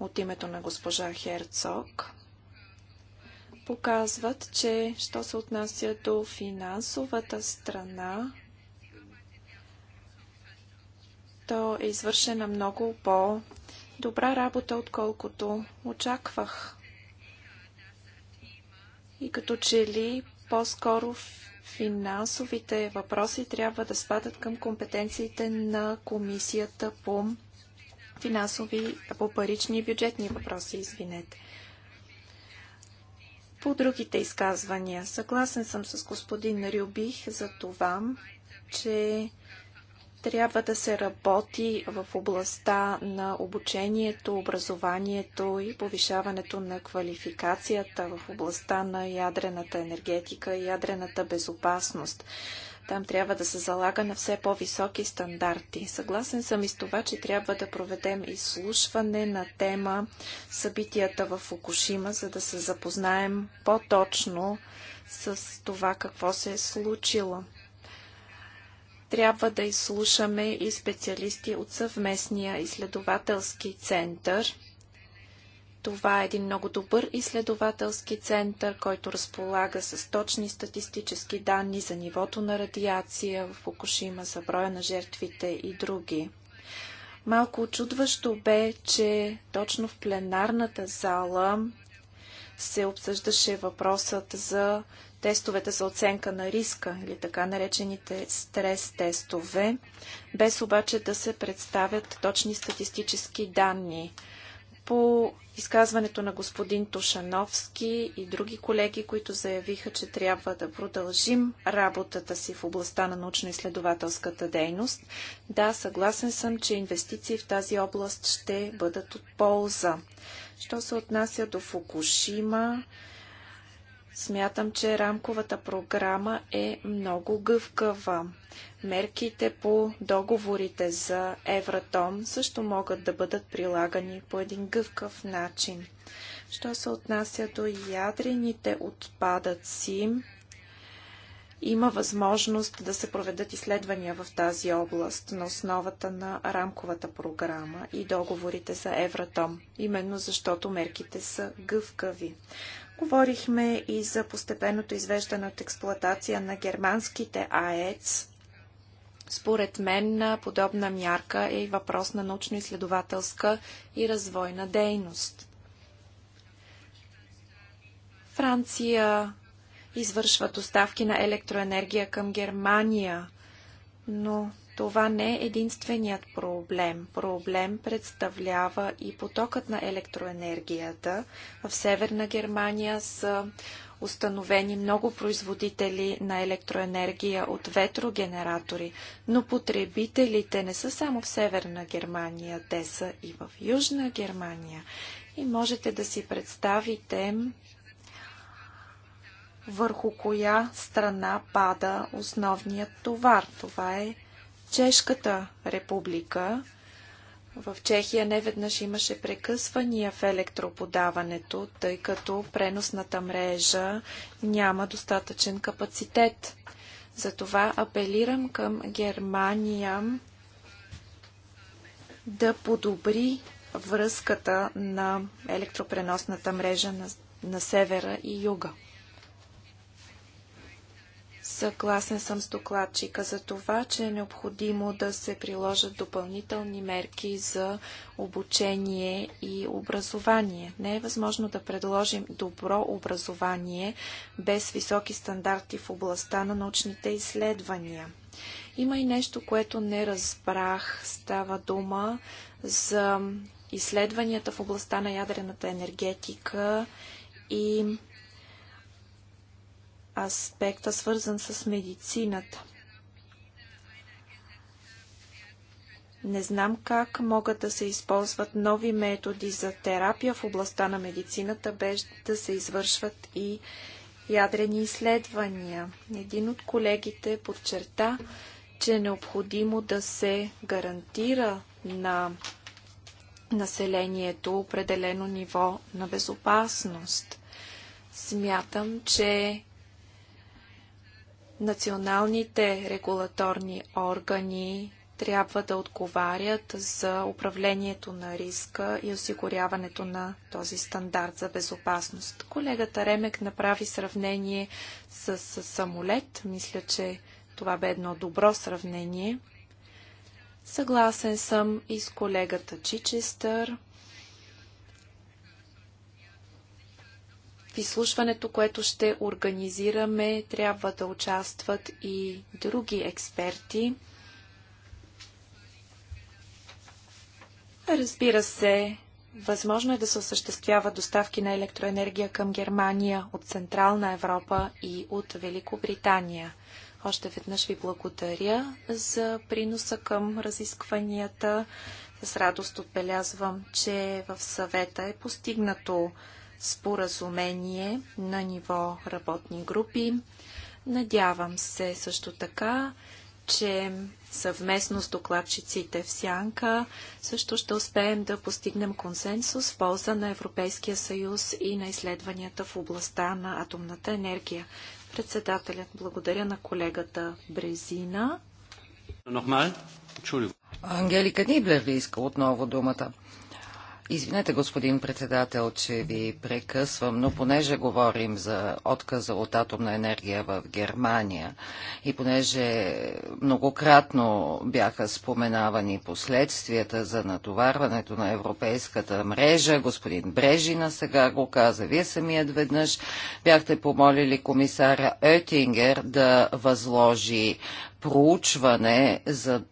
от името на госпожа Херцог показват, че що се отнася до финансовата страна, то е извършена много по-добра работа, отколкото очаквах. И като че ли по-скоро финансовите въпроси трябва да спадат към компетенциите на комисията по финансови, по парични и бюджетни въпроси, извинете. По другите изказвания, съгласен съм с господин Рюбих за това, че трябва да се работи в областта на обучението, образованието и повишаването на квалификацията в областта на ядрената енергетика и ядрената безопасност. Там трябва да се залага на все по-високи стандарти. Съгласен съм и с това, че трябва да проведем изслушване на тема събитията в Фукушима, за да се запознаем по-точно с това какво се е случило. Трябва да изслушаме и специалисти от съвместния изследователски център това е един много добър изследователски център, който разполага с точни статистически данни за нивото на радиация в Фукушима, за броя на жертвите и други. Малко очудващо бе, че точно в пленарната зала се обсъждаше въпросът за тестовете за оценка на риска или така наречените стрес тестове, без обаче да се представят точни статистически данни – по изказването на господин Тушановски и други колеги, които заявиха, че трябва да продължим работата си в областта на научно-изследователската дейност. Да, съгласен съм, че инвестиции в тази област ще бъдат от полза. Що се отнася до Фукушима, Смятам, че рамковата програма е много гъвкава. Мерките по договорите за Евратом също могат да бъдат прилагани по един гъвкав начин. Що се отнася до ядрените отпадъци, има възможност да се проведат изследвания в тази област на основата на рамковата програма и договорите за Евратом, именно защото мерките са гъвкави. Говорихме и за постепенното извеждане от експлоатация на германските АЕЦ. Според мен подобна мярка е и въпрос на научно-изследователска и развойна дейност. Франция извършва доставки на електроенергия към Германия, но това не е единственият проблем. Проблем представлява и потокът на електроенергията. В Северна Германия са установени много производители на електроенергия от ветрогенератори, но потребителите не са само в Северна Германия, те са и в Южна Германия. И можете да си представите върху коя страна пада основният товар. Това е Чешката република. В Чехия неведнъж имаше прекъсвания в електроподаването, тъй като преносната мрежа няма достатъчен капацитет. Затова апелирам към Германия да подобри връзката на електропреносната мрежа на, на севера и юга. Съгласен съм с докладчика за това, че е необходимо да се приложат допълнителни мерки за обучение и образование. Не е възможно да предложим добро образование без високи стандарти в областта на научните изследвания. Има и нещо, което не разбрах. Става дума за изследванията в областта на ядрената енергетика и аспекта, свързан с медицината. Не знам как могат да се използват нови методи за терапия в областта на медицината, без да се извършват и ядрени изследвания. Един от колегите подчерта, че е необходимо да се гарантира на населението определено ниво на безопасност. Смятам, че Националните регулаторни органи трябва да отговарят за управлението на риска и осигуряването на този стандарт за безопасност. Колегата Ремек направи сравнение с, с самолет. Мисля, че това бе едно добро сравнение. Съгласен съм и с колегата Чичестър. В изслушването, което ще организираме, трябва да участват и други експерти. Разбира се, възможно е да се осъществява доставки на електроенергия към Германия от Централна Европа и от Великобритания. Още веднъж ви благодаря за приноса към разискванията. С радост отбелязвам, че в съвета е постигнато споразумение на ниво работни групи. Надявам се също така, че съвместно с докладчиците в Сянка също ще успеем да постигнем консенсус в полза на Европейския съюз и на изследванията в областта на атомната енергия. Председателят благодаря на колегата Брезина. Ангелика Ниблер ви иска отново думата. Извинете, господин председател, че ви прекъсвам, но понеже говорим за отказа от атомна енергия в Германия и понеже многократно бяха споменавани последствията за натоварването на европейската мрежа, господин Брежина сега го каза, вие самият веднъж бяхте помолили комисара Оетингер да възложи проучване за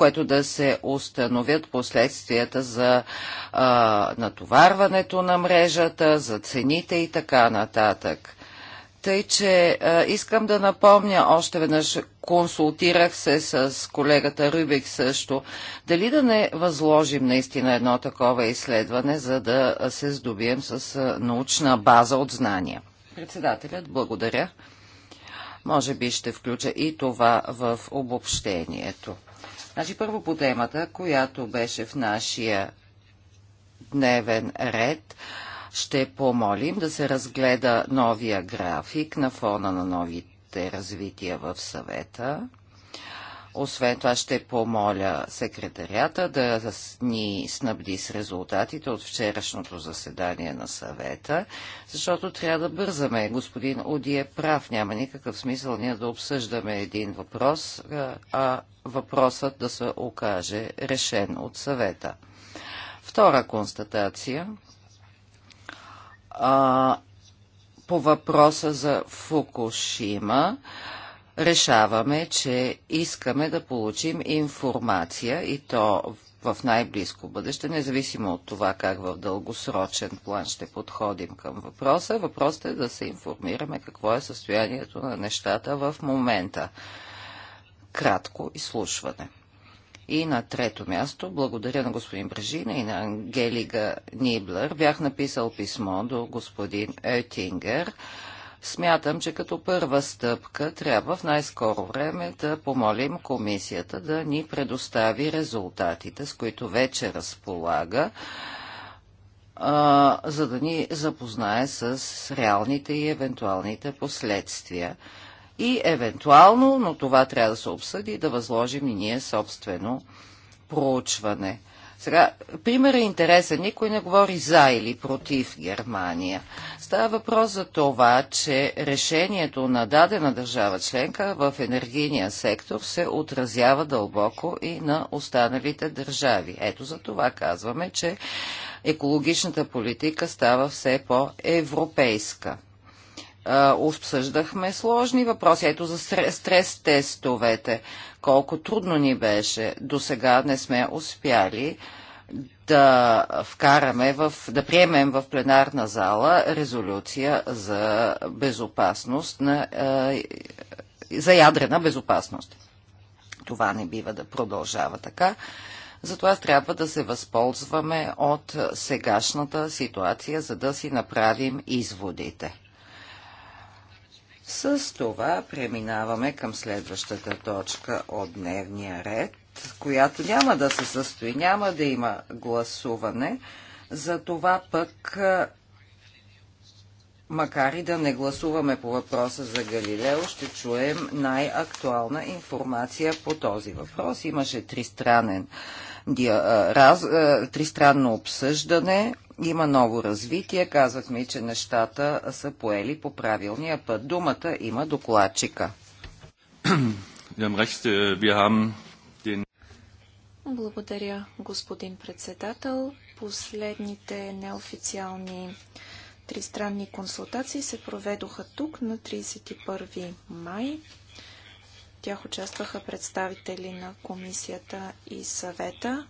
което да се установят последствията за а, натоварването на мрежата, за цените и така нататък. Тъй, че а, искам да напомня още веднъж, консултирах се с колегата Рюбик също, дали да не възложим наистина едно такова изследване, за да се здобием с а, научна база от знания. Председателят, благодаря. Може би ще включа и това в обобщението. Значи първо по темата, която беше в нашия дневен ред, ще помолим да се разгледа новия график на фона на новите развития в съвета. Освен това ще помоля секретарията да ни снабди с резултатите от вчерашното заседание на съвета, защото трябва да бързаме. Господин Оди е прав, няма никакъв смисъл ние да обсъждаме един въпрос, а въпросът да се окаже решен от съвета. Втора констатация а, по въпроса за Фукушима. А, решаваме, че искаме да получим информация и то в най-близко бъдеще, независимо от това как в дългосрочен план ще подходим към въпроса. Въпросът е да се информираме какво е състоянието на нещата в момента. Кратко изслушване. И на трето място, благодаря на господин Брежина и на Ангелига Ниблер. Бях написал писмо до господин Оетингер Смятам, че като първа стъпка трябва в най-скоро време да помолим комисията да ни предостави резултатите, с които вече разполага, а, за да ни запознае с реалните и евентуалните последствия. И евентуално, но това трябва да се обсъди, да възложим и ние собствено проучване. Сега, пример е интересен. Никой не говори за или против Германия. Става въпрос за това, че решението на дадена държава членка в енергийния сектор се отразява дълбоко и на останалите държави. Ето за това казваме, че екологичната политика става все по-европейска обсъждахме сложни въпроси. Ето за стрес-тестовете колко трудно ни беше. До сега не сме успяли да вкараме в, да приемем в пленарна зала резолюция за безопасност на, е, за ядрена безопасност. Това не бива да продължава така. Затова трябва да се възползваме от сегашната ситуация, за да си направим изводите. С това преминаваме към следващата точка от дневния ред, която няма да се състои, няма да има гласуване. За това пък, макар и да не гласуваме по въпроса за Галилео, ще чуем най-актуална информация по този въпрос. Имаше тристранен странен тристранно обсъждане, има ново развитие. Казахме, че нещата са поели по правилния път. Думата има докладчика. Е, Благодаря, господин председател. Последните неофициални тристранни консултации се проведоха тук на 31 май тях участваха представители на комисията и съвета.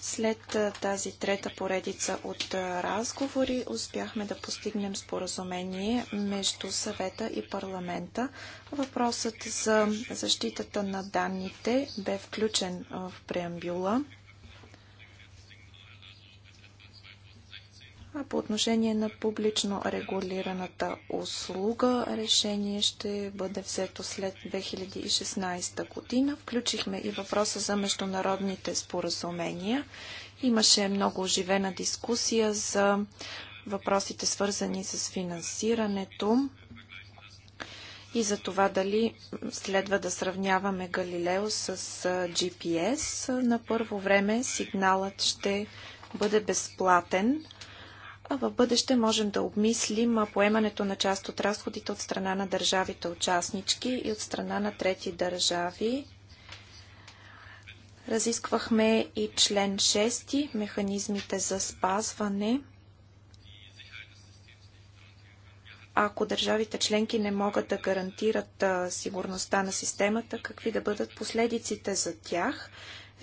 След тази трета поредица от разговори успяхме да постигнем споразумение между съвета и парламента. Въпросът за защитата на данните бе включен в преамбюла. А по отношение на публично регулираната услуга, решение ще бъде взето след 2016 година. Включихме и въпроса за международните споразумения. Имаше много оживена дискусия за въпросите свързани с финансирането и за това дали следва да сравняваме Галилео с GPS. На първо време сигналът ще бъде безплатен а в бъдеще можем да обмислим поемането на част от разходите от страна на държавите участнички и от страна на трети държави. Разисквахме и член 6, механизмите за спазване. Ако държавите членки не могат да гарантират сигурността на системата, какви да бъдат последиците за тях,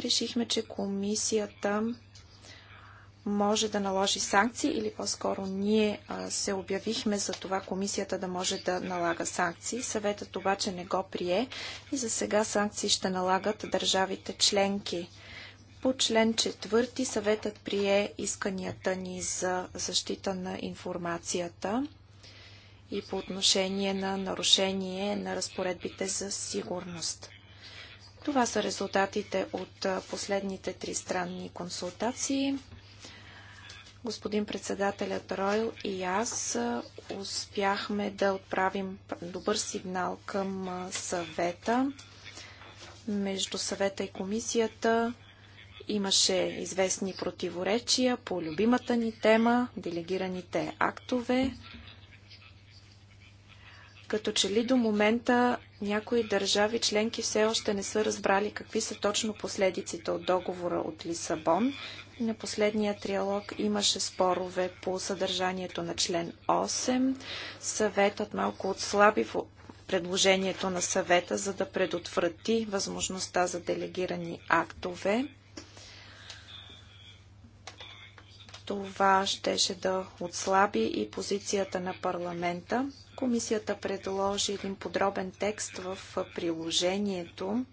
решихме, че комисията може да наложи санкции или по-скоро ние а, се обявихме за това комисията да може да налага санкции. Съветът обаче не го прие и за сега санкции ще налагат държавите членки. По член 4 съветът прие исканията ни за защита на информацията и по отношение на нарушение на разпоредбите за сигурност. Това са резултатите от последните три странни консултации господин председателят Ройл и аз успяхме да отправим добър сигнал към съвета. Между съвета и комисията имаше известни противоречия по любимата ни тема делегираните актове. Като че ли до момента някои държави членки все още не са разбрали какви са точно последиците от договора от Лисабон на последния триалог имаше спорове по съдържанието на член 8. Съветът малко отслаби в предложението на съвета, за да предотврати възможността за делегирани актове. Това щеше да отслаби и позицията на парламента. Комисията предложи един подробен текст в приложението,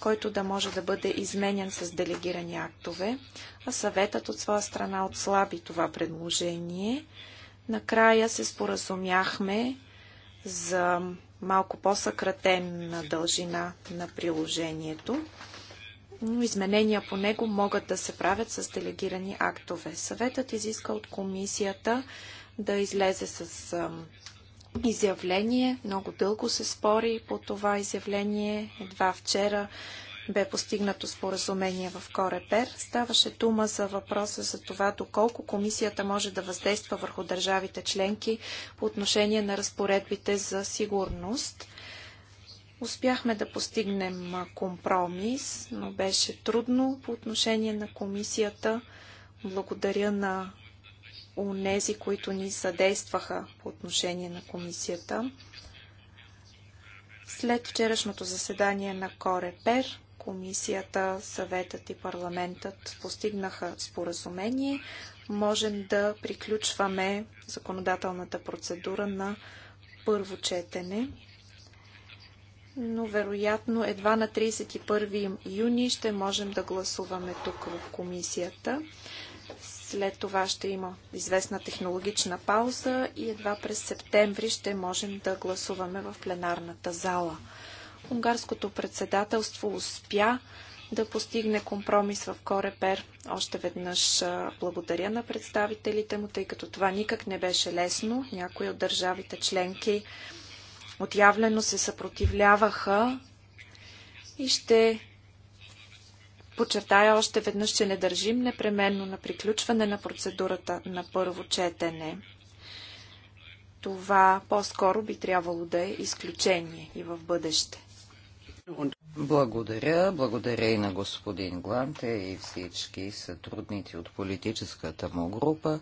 който да може да бъде изменен с делегирани актове, а съветът от своя страна отслаби това предложение. Накрая се споразумяхме за малко по-съкратена дължина на приложението, но изменения по него могат да се правят с делегирани актове. Съветът изиска от комисията да излезе с изявление. Много дълго се спори по това изявление. Едва вчера бе постигнато споразумение в Корепер. Ставаше дума за въпроса за това доколко комисията може да въздейства върху държавите членки по отношение на разпоредбите за сигурност. Успяхме да постигнем компромис, но беше трудно по отношение на комисията. Благодаря на унези, които ни съдействаха по отношение на комисията. След вчерашното заседание на Корепер, комисията, съветът и парламентът постигнаха споразумение. Можем да приключваме законодателната процедура на първо четене но вероятно едва на 31 юни ще можем да гласуваме тук в комисията. След това ще има известна технологична пауза и едва през септември ще можем да гласуваме в пленарната зала. Унгарското председателство успя да постигне компромис в Корепер. Още веднъж благодаря на представителите му, тъй като това никак не беше лесно. Някои от държавите членки отявлено се съпротивляваха и ще Подчертая още веднъж, че не държим непременно на приключване на процедурата на първо четене. Това по-скоро би трябвало да е изключение и в бъдеще. Благодаря. Благодаря и на господин Гланте и всички сътрудници от политическата му група.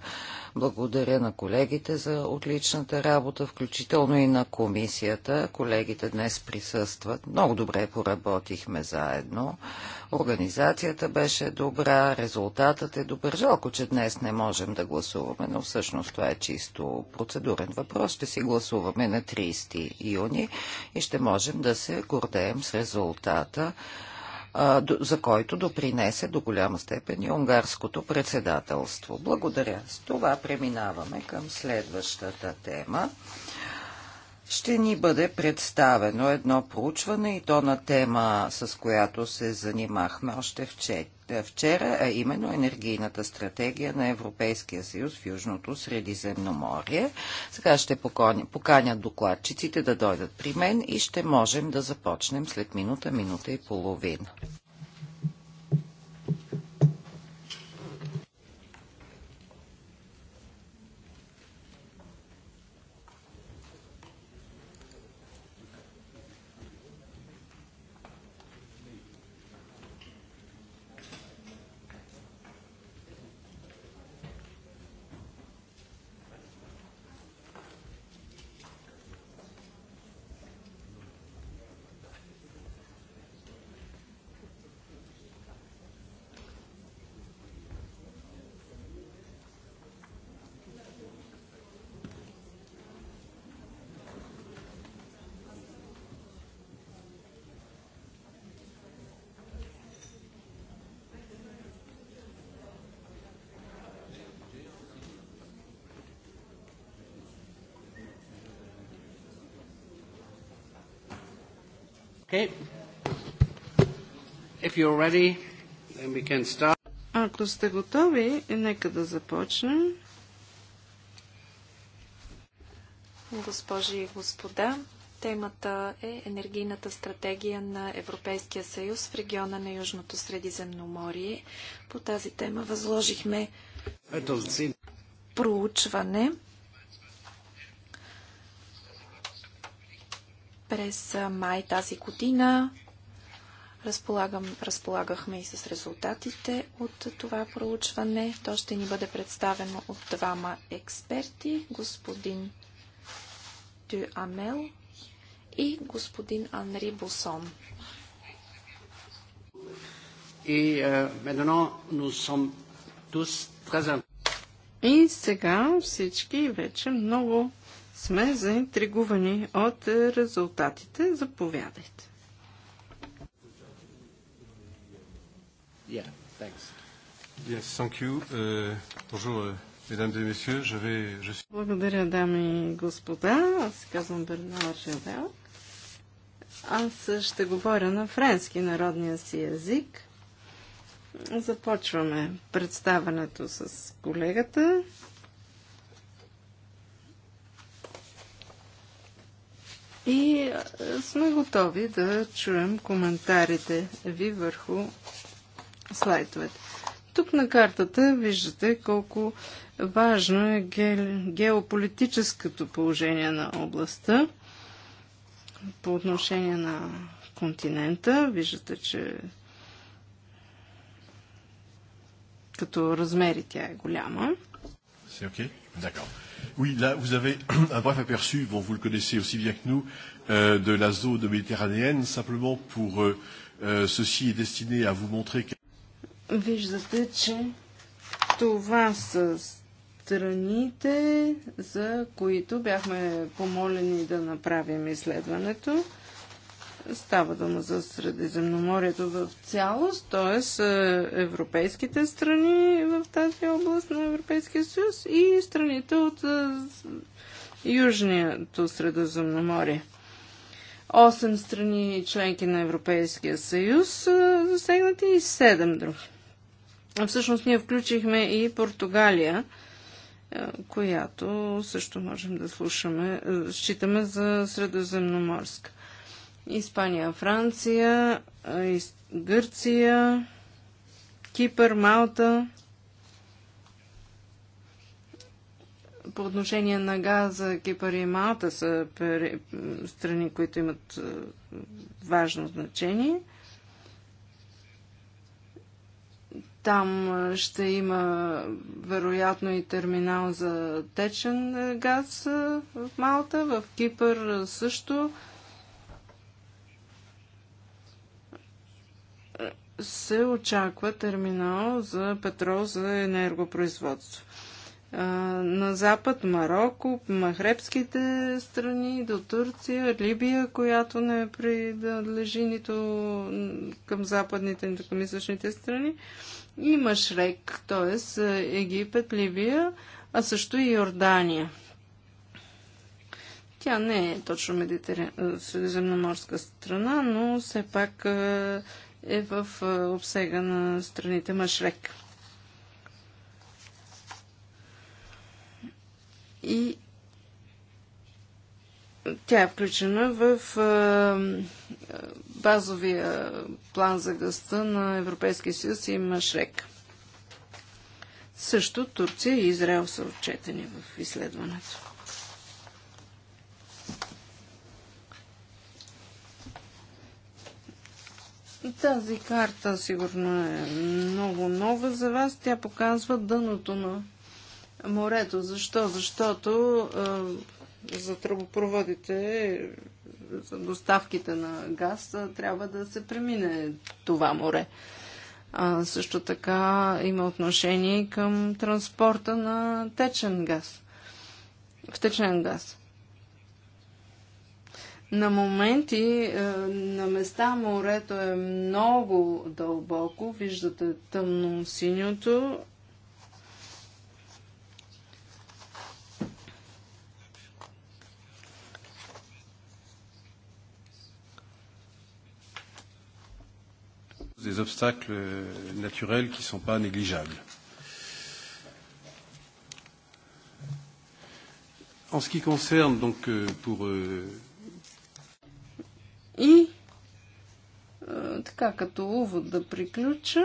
Благодаря на колегите за отличната работа, включително и на комисията. Колегите днес присъстват. Много добре поработихме заедно. Организацията беше добра, резултатът е добър. Жалко, че днес не можем да гласуваме, но всъщност това е чисто процедурен въпрос. Ще си гласуваме на 30 юни и ще можем да се гордеем с резултата нещата, за който допринесе до голяма степен и унгарското председателство. Благодаря. С това преминаваме към следващата тема. Ще ни бъде представено едно проучване и то на тема, с която се занимахме още вчера е, вчера, а именно енергийната стратегия на Европейския съюз в Южното Средиземноморие. Сега ще поконя, поканя докладчиците да дойдат при мен и ще можем да започнем след минута, минута и половина. Ако сте готови, нека да започнем. Госпожи и господа, темата е енергийната стратегия на Европейския съюз в региона на Южното Средиземноморие. По тази тема възложихме проучване през май тази година Разполагам, разполагахме и с резултатите от това проучване. То ще ни бъде представено от двама експерти, господин Дю Амел и господин Анри Босон. И, uh, и сега всички вече много сме заинтригувани от резултатите. Заповядайте. Yeah, thanks. Yes, thank you. Uh, bonjour, uh, mesdames et messieurs. Je vais, je suis... Благодаря, дами и господа. Аз се казвам Бернар Жадел. Аз ще говоря на френски народния си език. Започваме представането с колегата. И сме готови да чуем коментарите ви върху слайдовете. Тук на картата виждате колко важно е ге... геополитическото положение на областта по отношение на континента. Виждате, че като размери тя е голяма. Oui, là, vous avez un bref aperçu, bon, vous le connaissez aussi bien que nous, euh, de la zone méditerranéenne. Simplement pour euh, ceci est destiné à vous montrer. Que... Виждате, че това са страните, за които бяхме помолени да направим изследването. Става дума за Средиземноморието в цялост, т.е. Е, европейските страни в тази област на Европейския съюз и страните от е, Южнието Средиземноморие. Осем страни членки на Европейския съюз е, засегнати и седем други. Всъщност ние включихме и Португалия, е, която също можем да слушаме, е, считаме за средоземноморска. Испания, Франция, е, Гърция, Кипър, Малта. По отношение на газа, Кипър и Малта са страни, които имат важно значение – Там ще има вероятно и терминал за течен газ в Малта, в Кипър също. се очаква терминал за петрол за енергопроизводство. На запад Марокко, Махребските страни, до Турция, Либия, която не принадлежи нито към западните, нито към източните страни и Машрек, т.е. Египет, Ливия, а също и Йордания. Тя не е точно средиземноморска страна, но все пак е в обсега на страните Машрек. И тя е включена в базовия план за гъста на Европейския съюз и Шрек. Също Турция и Израел са отчетени в изследването. Тази карта сигурно е много нова за вас. Тя показва дъното на морето. Защо? Защото е, за тръбопроводите за доставките на газ трябва да се премине това море. А, също така има отношение към транспорта на течен газ. Втечен газ. На моменти е, на места морето е много дълбоко. Виждате тъмно синьото des obstacles euh, naturels qui ne sont pas négligeables. En ce qui concerne donc euh, pour euh, и така като увод да приключа,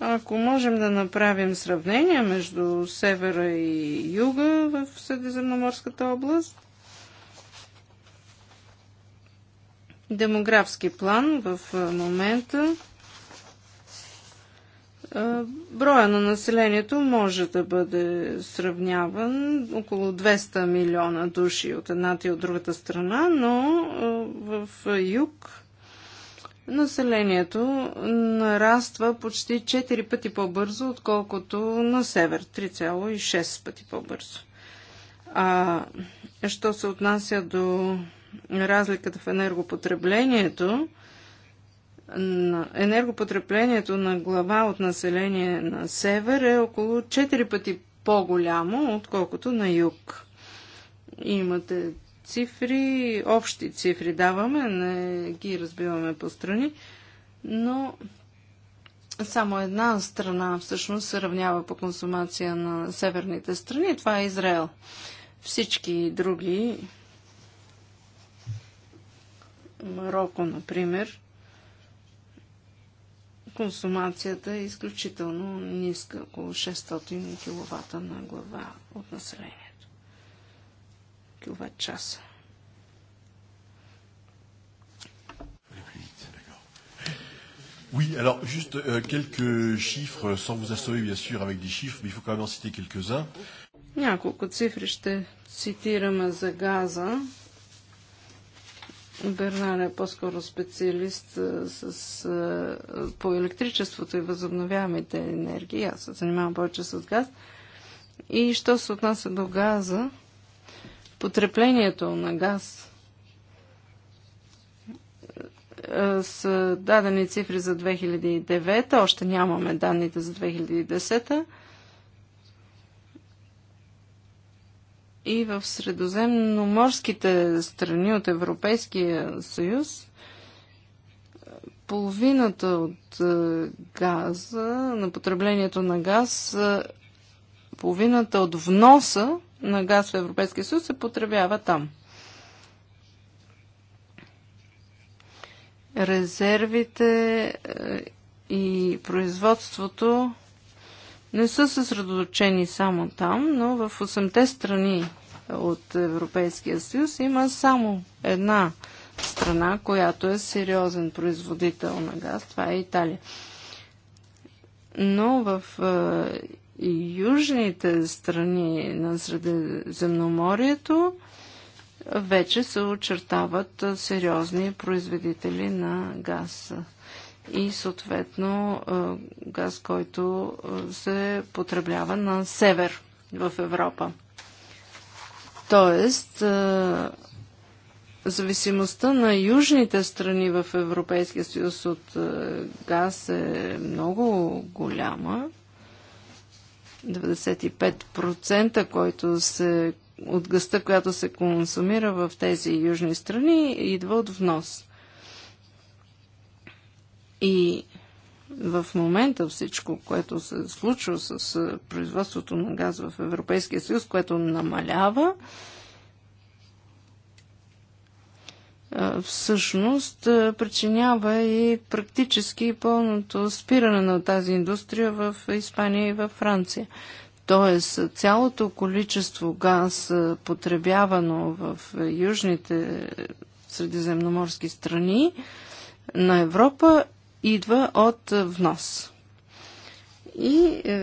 ако можем да направим сравнение между севера и юга в Средиземноморската област, демографски план в момента броя на населението може да бъде сравняван около 200 милиона души от едната и от другата страна, но в юг населението нараства почти 4 пъти по-бързо, отколкото на север 3,6 пъти по-бързо. А що се отнася до разликата в енергопотреблението, енергопотреблението на глава от население на север е около 4 пъти по-голямо, отколкото на юг. Имате цифри, общи цифри даваме, не ги разбиваме по страни, но само една страна всъщност се равнява по консумация на северните страни, това е Израел. Всички други Марокко, например, консумацията е изключително ниска, около 600 кВт на глава от населението. Киловатт часа. Oui, alors juste euh, quelques chiffres, sans vous assommer bien sûr avec des chiffres, mais il faut quand même en citer quelques-uns. Няколко цифри ще цитираме за газа. Бернар е по-скоро специалист с, с, по електричеството и възобновяемите енергии. Аз се занимавам повече с газ. И що се отнася до газа, потреблението на газ с дадени цифри за 2009, още нямаме данните за 2010 и в средоземноморските страни от Европейския съюз половината от е, газа, на потреблението на газ, е, половината от вноса на газ в Европейския съюз се потребява там. Резервите е, и производството не са съсредоточени само там, но в 8-те страни от Европейския съюз има само една страна, която е сериозен производител на газ. Това е Италия. Но в е, южните страни на Средиземноморието вече се очертават сериозни производители на газ и съответно газ, който се потреблява на север в Европа. Тоест, зависимостта на южните страни в Европейския съюз от газ е много голяма. 95%, който се от гъста, която се консумира в тези южни страни, идва от внос. И в момента всичко, което се случва с производството на газ в Европейския съюз, което намалява, всъщност причинява и практически пълното спиране на тази индустрия в Испания и във Франция. Тоест, цялото количество газ, потребявано в южните средиземноморски страни на Европа, идва от внос. И е,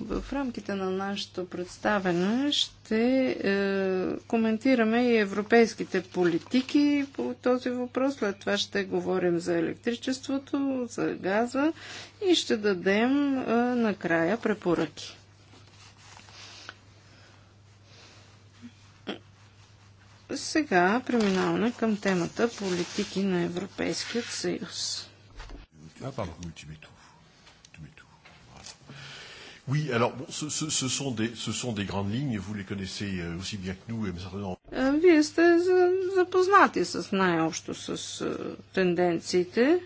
в рамките на нашето представене ще е, коментираме и европейските политики по този въпрос. След това ще говорим за електричеството, за газа и ще дадем е, накрая препоръки. Сега преминаваме към темата политики на Европейският съюз. Ah, pardon. Oui, tu mets tout. Tu mets tout. Voilà. Oui, alors bon, ce, ce, ce, sont des, ce sont des grandes lignes, vous les connaissez aussi bien que nous et certainement. Вие сте запознати с най-общо с тенденциите.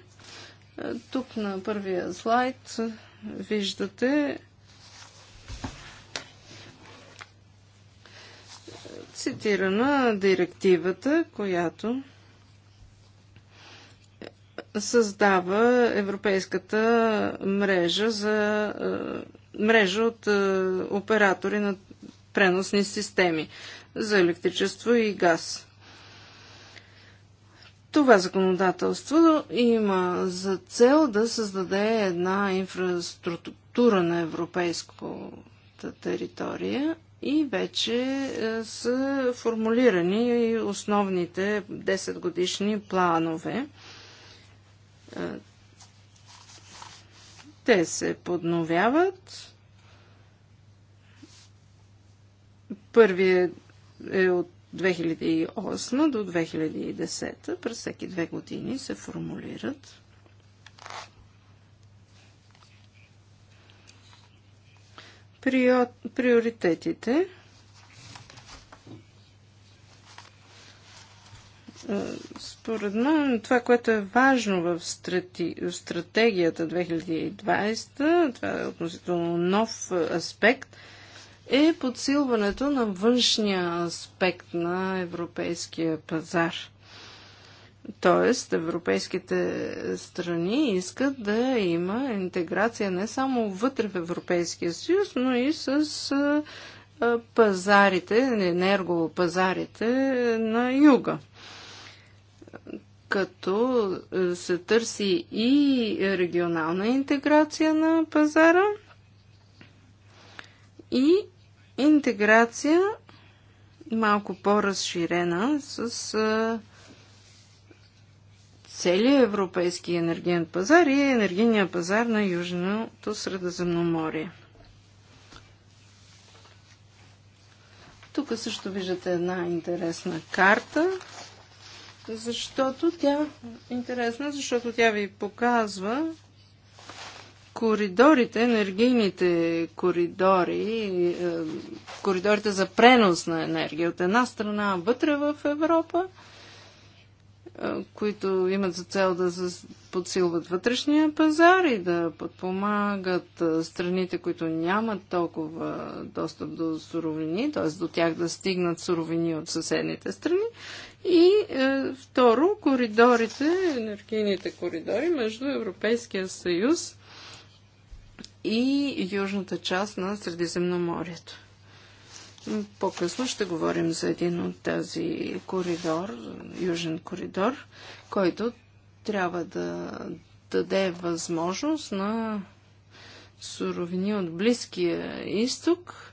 Тук на първия слайд виждате цитирана директивата, която създава Европейската мрежа за е, мрежа от е, оператори на преносни системи за електричество и газ. Това законодателство има за цел да създаде една инфраструктура на европейската територия и вече е, са формулирани основните 10 годишни планове те се подновяват. Първият е от 2008 до 2010. През всеки две години се формулират. Приоритетите Е, според мен това, което е важно в, страти... стратегията 2020, това е относително нов е, аспект, е подсилването на външния аспект на европейския пазар. Тоест, европейските страни искат да има интеграция не само вътре в Европейския съюз, но и с е, пазарите, енергопазарите на юга като е, се търси и регионална интеграция на пазара и интеграция малко по-разширена с е, целия европейски енергиен пазар и енергийния пазар на Южното Средоземноморие. Тук също виждате една интересна карта защото тя, е интересно, защото тя ви показва коридорите, енергийните коридори, е, коридорите за пренос на енергия от една страна вътре в Европа, е, които имат за цел да подсилват вътрешния пазар и да подпомагат страните, които нямат толкова достъп до суровини, т.е. до тях да стигнат суровини от съседните страни. И е, второ, коридорите, енергийните коридори между Европейския съюз и южната част на Средиземноморието. По-късно ще говорим за един от тази коридор, южен коридор, който трябва да даде възможност на суровини от Близкия изток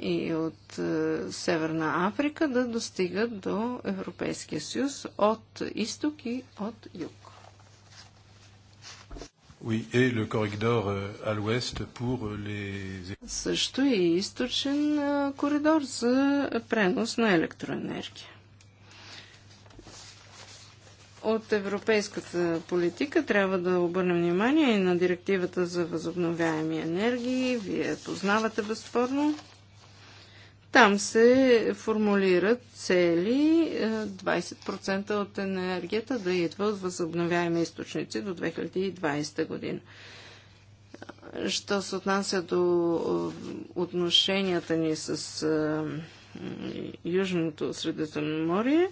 и от е, Северна Африка да достигат до Европейския съюз от изток и от юг. Oui, et le corridor euh, à l'ouest pour les... Също и източен е, коридор за пренос на електроенергия. От европейската политика трябва да обърнем внимание и на директивата за възобновяеми енергии. Вие познавате безспорно. Там се формулират цели 20% е, от енергията да идва от възобновяеми източници до 2020 година. Що се отнася до е, отношенията ни с е, Южното Средиземноморие,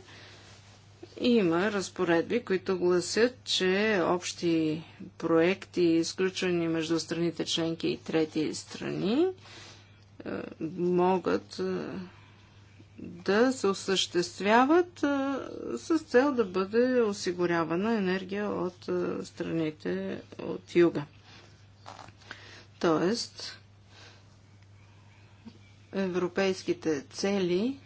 има разпоредби, които гласят, че общи проекти, изключвани между страните членки и трети страни, е, могат е, да се осъществяват е, с цел да бъде осигурявана енергия от страните от юга. Тоест, европейските цели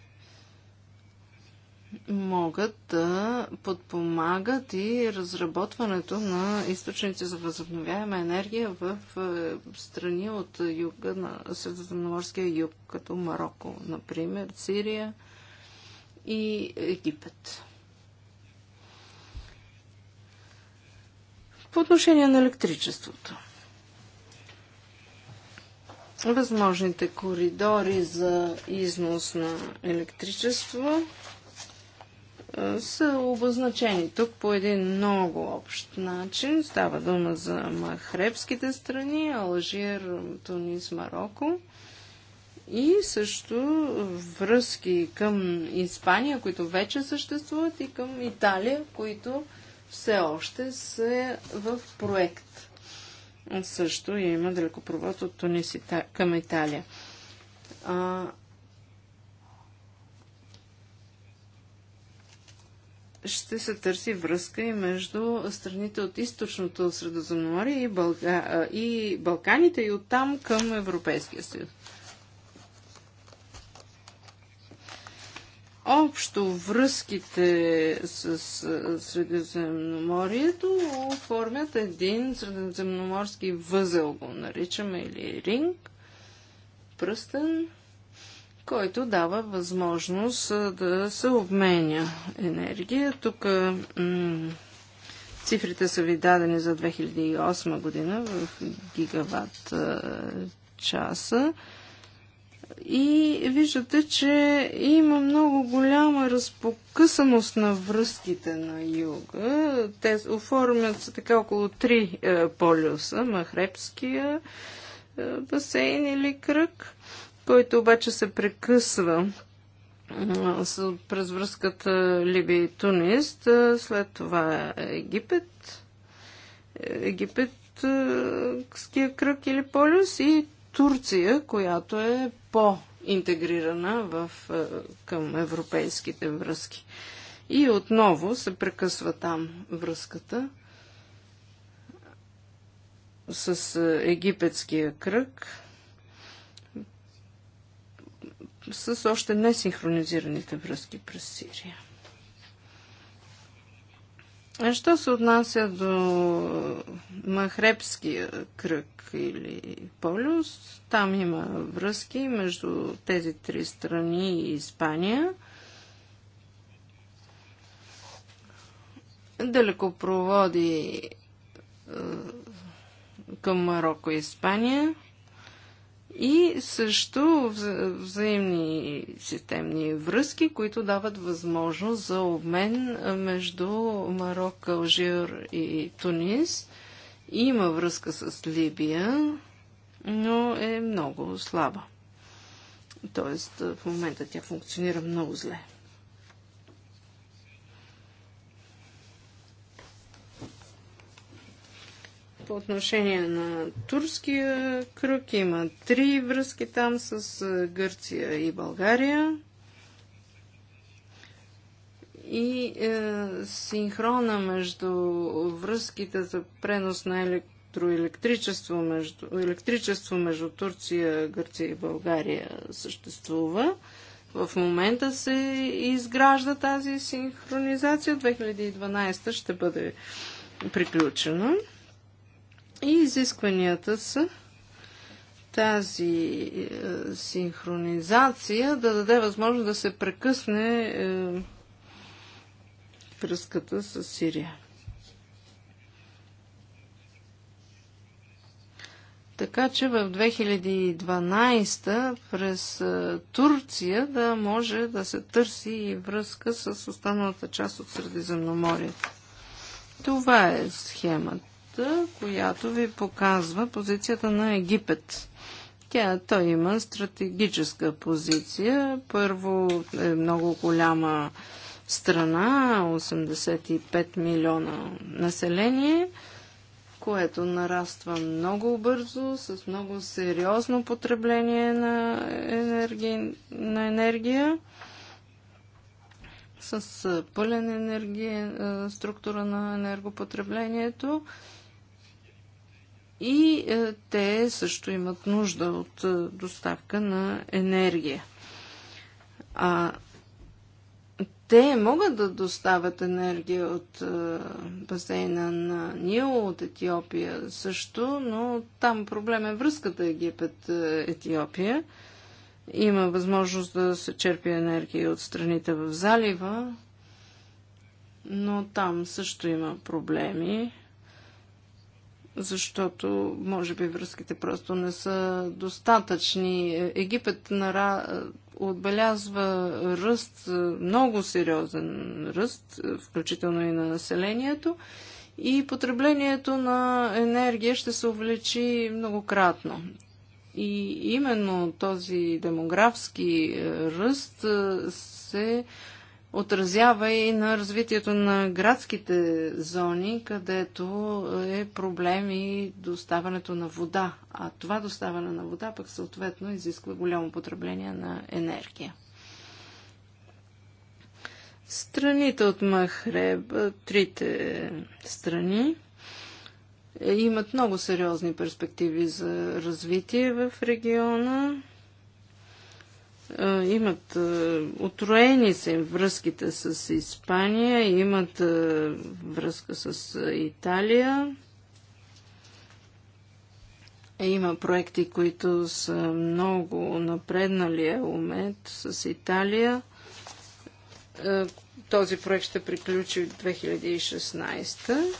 могат да подпомагат и разработването на източници за възобновяема енергия в е, страни от юга на Средиземноморския юг, като Марокко, например, Сирия и Египет. По отношение на електричеството. Възможните коридори за износ на електричество – са обозначени тук по един много общ начин. Става дума за махребските страни, Алжир, Тунис, Марокко и също връзки към Испания, които вече съществуват и към Италия, които все още са в проект. Също има далекопровод от Тунис към Италия. ще се търси връзка и между страните от източното Средоземноморие и, Бълга... и Балканите и оттам към Европейския съюз. Общо връзките с Средиземноморието оформят един средиземноморски възел, го наричаме, или ринг, пръстен, който дава възможност да се обменя енергия. Тук цифрите са ви дадени за 2008 година в гигаватт часа. И виждате, че има много голяма разпокъсаност на връзките на юга. Те оформят се така около три е, полюса. Махребския е, басейн или кръг който обаче се прекъсва през връзката Либия и Тунис, след това Египет, египетския кръг или полюс и Турция, която е по-интегрирана в, към европейските връзки. И отново се прекъсва там връзката с египетския кръг – с още несинхронизираните връзки през Сирия. А що се отнася до Махребския кръг или полюс, там има връзки между тези три страни и Испания. Далекопроводи е, към Марокко и Испания – и също взаимни системни връзки, които дават възможност за обмен между марок, Алжир и Тунис. Има връзка с Либия, но е много слаба. Тоест в момента тя функционира много зле. по отношение на турския кръг има три връзки там с Гърция и България. И е, синхрона между връзките за пренос на електроелектричество между, електричество между Турция, Гърция и България съществува. В момента се изгражда тази синхронизация. 2012 ще бъде приключена. И изискванията са тази е, синхронизация да даде възможност да се прекъсне е, връзката с Сирия. Така че в 2012 през е, Турция да може да се търси и връзка с останалата част от Средиземноморието. Това е схемата карта, която ви показва позицията на Египет. Тя, той има стратегическа позиция. Първо е много голяма страна, 85 милиона население, което нараства много бързо, с много сериозно потребление на, енерги... на енергия, с пълен енергия, структура на енергопотреблението и е, те също имат нужда от е, доставка на енергия. А те могат да доставят енергия от е, басейна на Нил, от Етиопия също, но там проблем е връзката Египет-Етиопия. Има възможност да се черпи енергия от страните в залива, но там също има проблеми защото може би връзките просто не са достатъчни. Египет нара... Е, отбелязва ръст, е, много сериозен ръст, е, включително и на населението, и потреблението на енергия ще се увеличи многократно. И именно този демографски ръст се отразява и на развитието на градските зони, където е проблем и доставането на вода. А това доставане на вода пък съответно изисква голямо потребление на енергия. Страните от Махреб, трите страни, имат много сериозни перспективи за развитие в региона. Е, имат е, отроени са им връзките с Испания, имат е, връзка с Италия. Има проекти, които са много напреднали Еумет с Италия. Този проект ще приключи в 2016.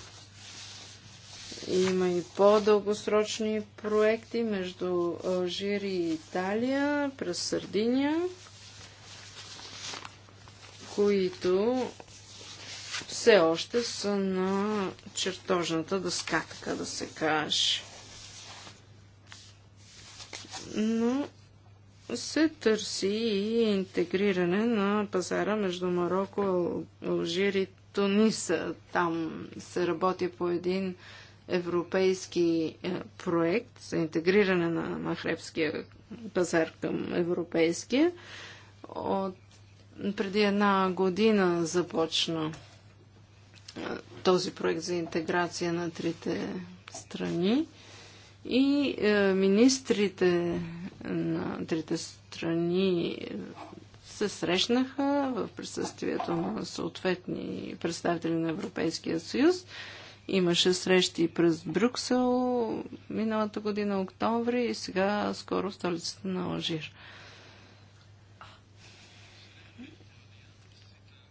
Има и по-дългосрочни проекти между Алжир и Италия, през Сърдиния, които все още са на чертожната дъска, така да се каже. Но се търси и интегриране на пазара между Марокко, Алжир и Туниса. Там се работи по един европейски е, проект за интегриране на махребския пазар към европейския. От преди една година започна е, този проект за интеграция на трите страни и е, министрите на трите страни се срещнаха в присъствието на съответни представители на Европейския съюз Имаше срещи през Брюксел миналата година, октомври и сега скоро столицата на Алжир.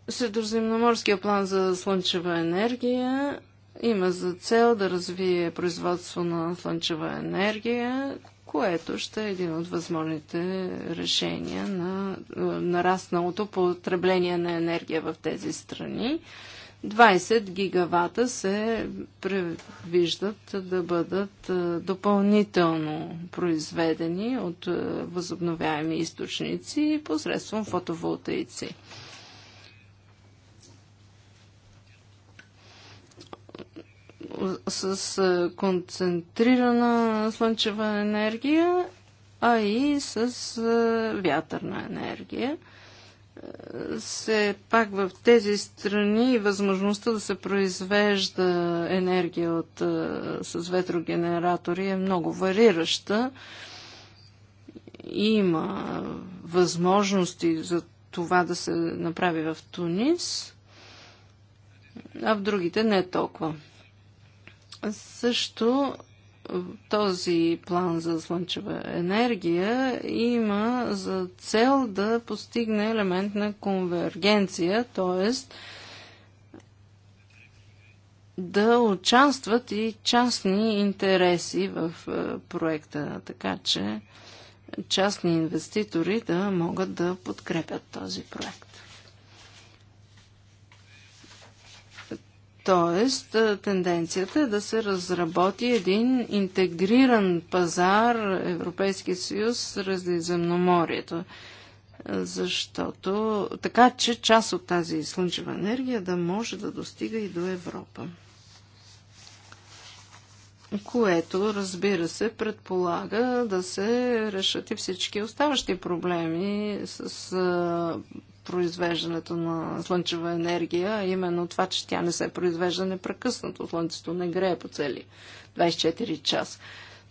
Средоземноморския план за слънчева енергия има за цел да развие производство на слънчева енергия, което ще е един от възможните решения на е, нарасналото потребление на енергия в тези страни. 20 гигавата се предвиждат да бъдат е, допълнително произведени от е, възобновяеми източници посредством фотоволтаици. С е, концентрирана слънчева енергия, а и с вятърна енергия – се пак в тези страни възможността да се произвежда енергия от, с ветрогенератори е много варираща. Има възможности за това да се направи в Тунис, а в другите не е толкова. Също този план за слънчева енергия има за цел да постигне елемент на конвергенция, т.е. да участват и частни интереси в е, проекта, така че частни инвеститори да могат да подкрепят този проект. Тоест, тенденцията е да се разработи един интегриран пазар Европейски съюз Средиземноморието. Защото така, че част от тази слънчева енергия да може да достига и до Европа. Което, разбира се, предполага да се решат и всички оставащи проблеми с произвеждането на слънчева енергия, а именно това, че тя не се произвежда непрекъснато. Слънцето не грее по цели 24 часа.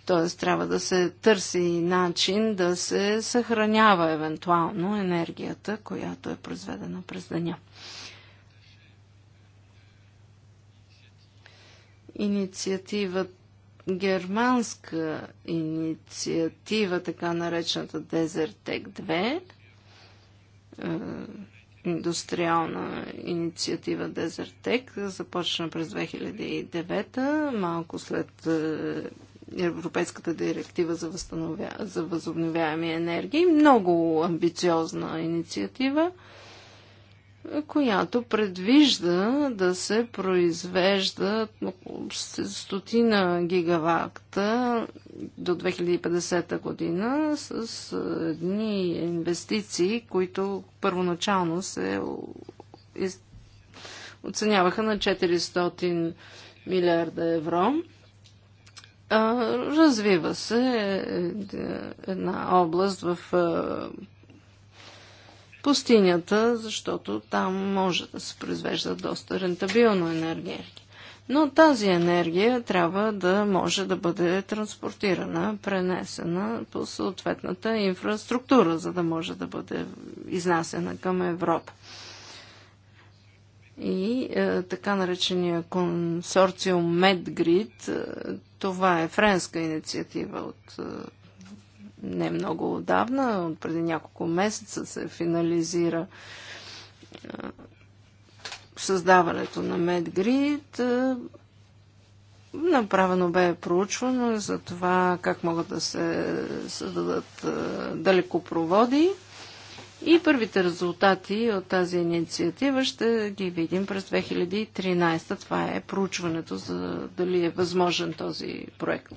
Тоест трябва да се търси начин да се съхранява евентуално енергията, която е произведена през деня. Инициативата германска инициатива, така наречената Desert Tech 2, е, индустриална инициатива Дезертек. Започна през 2009, малко след е, Европейската директива за, възстановя... за възобновяеми енергии. Много амбициозна инициатива която предвижда да се произвежда стотина гигавакта до 2050 година с едни инвестиции, които първоначално се оценяваха на 400 милиарда евро. Развива се е, е, една област в пустинята, защото там може да се произвежда доста рентабилно енергия. Но тази енергия трябва да може да бъде транспортирана, пренесена по съответната инфраструктура, за да може да бъде изнасена към Европа. И е, така наречения консорциум Медгрид, е, това е френска инициатива от е, не много отдавна, преди няколко месеца се финализира е, създаването на MedGrid. Е, направено бе проучване за това как могат да се създадат е, далекопроводи. И първите резултати от тази инициатива ще ги видим през 2013. Това е проучването за дали е възможен този проект.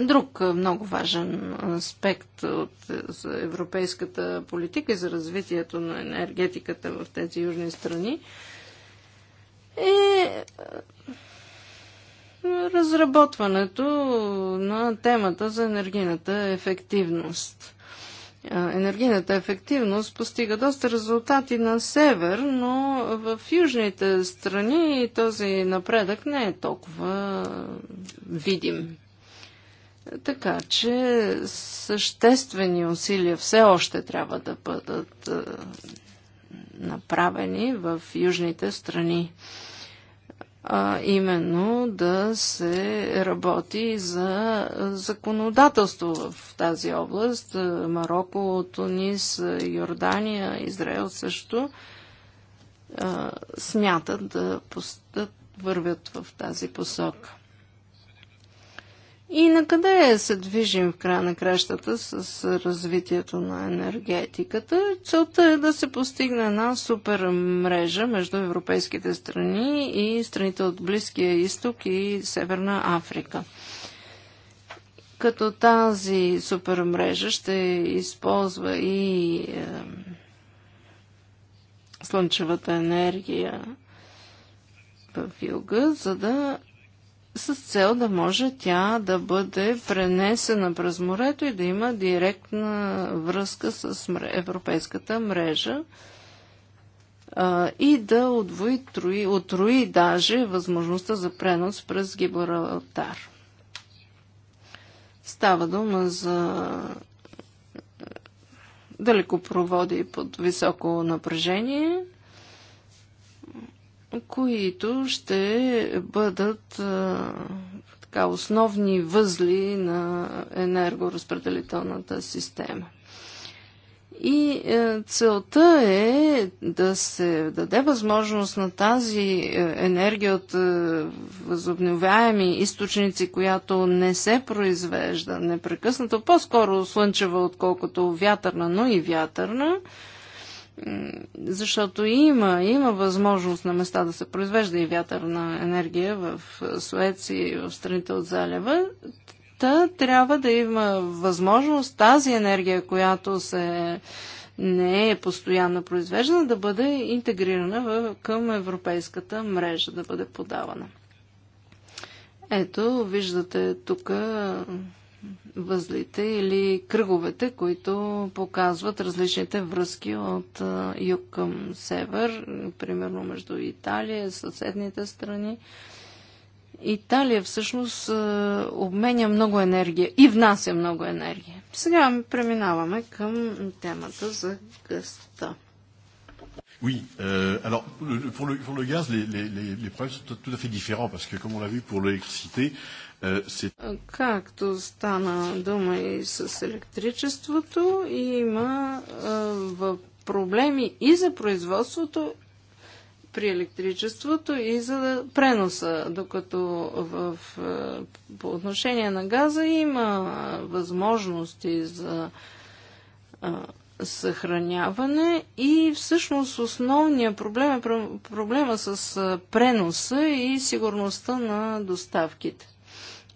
Друг много важен аспект от, е, за европейската политика и за развитието на енергетиката в тези южни страни е, е разработването на темата за енергийната ефективност. Енергийната ефективност постига доста резултати на север, но в южните страни този напредък не е толкова видим. Така че съществени усилия все още трябва да бъдат е, направени в южните страни. А, именно да се работи за законодателство в тази област. Е, Марокко, Тунис, Йордания, Израел също е, смятат да вървят в тази посока. И на къде се движим в края на кращата с развитието на енергетиката? Целта е да се постигне една супер мрежа между европейските страни и страните от Близкия изток и Северна Африка. Като тази супер мрежа ще използва и е, слънчевата енергия в юга, за да с цел да може тя да бъде пренесена през морето и да има директна връзка с европейската мрежа и да отвои, трои, отруи даже възможността за пренос през Гибралтар. Става дума за далекопроводи под високо напрежение – които ще бъдат така, основни възли на енергоразпределителната система. И е, целта е да се даде възможност на тази е, енергия от е, възобновяеми източници, която не се произвежда непрекъснато, по-скоро слънчева, отколкото вятърна, но и вятърна, защото има, има възможност на места да се произвежда и вятърна енергия в Суец и в страните от залива. Та трябва да има възможност тази енергия, която се не е постоянно произвеждана, да бъде интегрирана в, към европейската мрежа, да бъде подавана. Ето, виждате тук възлите или кръговете, които показват различните връзки от юг към север, примерно между Италия и съседните страни. Италия всъщност обменя много енергия и внася много енергия. Сега преминаваме към темата за гъста. Oui, euh, alors pour le, pour le gaz, les, les, les problèmes sont tout à fait différents parce que comme on l'a vu pour l'électricité, euh, е, Както стана дума и с електричеството, има е, проблеми и за производството при електричеството и за преноса, докато в, е, по отношение на газа има възможности за съхраняване и всъщност основният проблем е проблема с преноса и сигурността на доставките.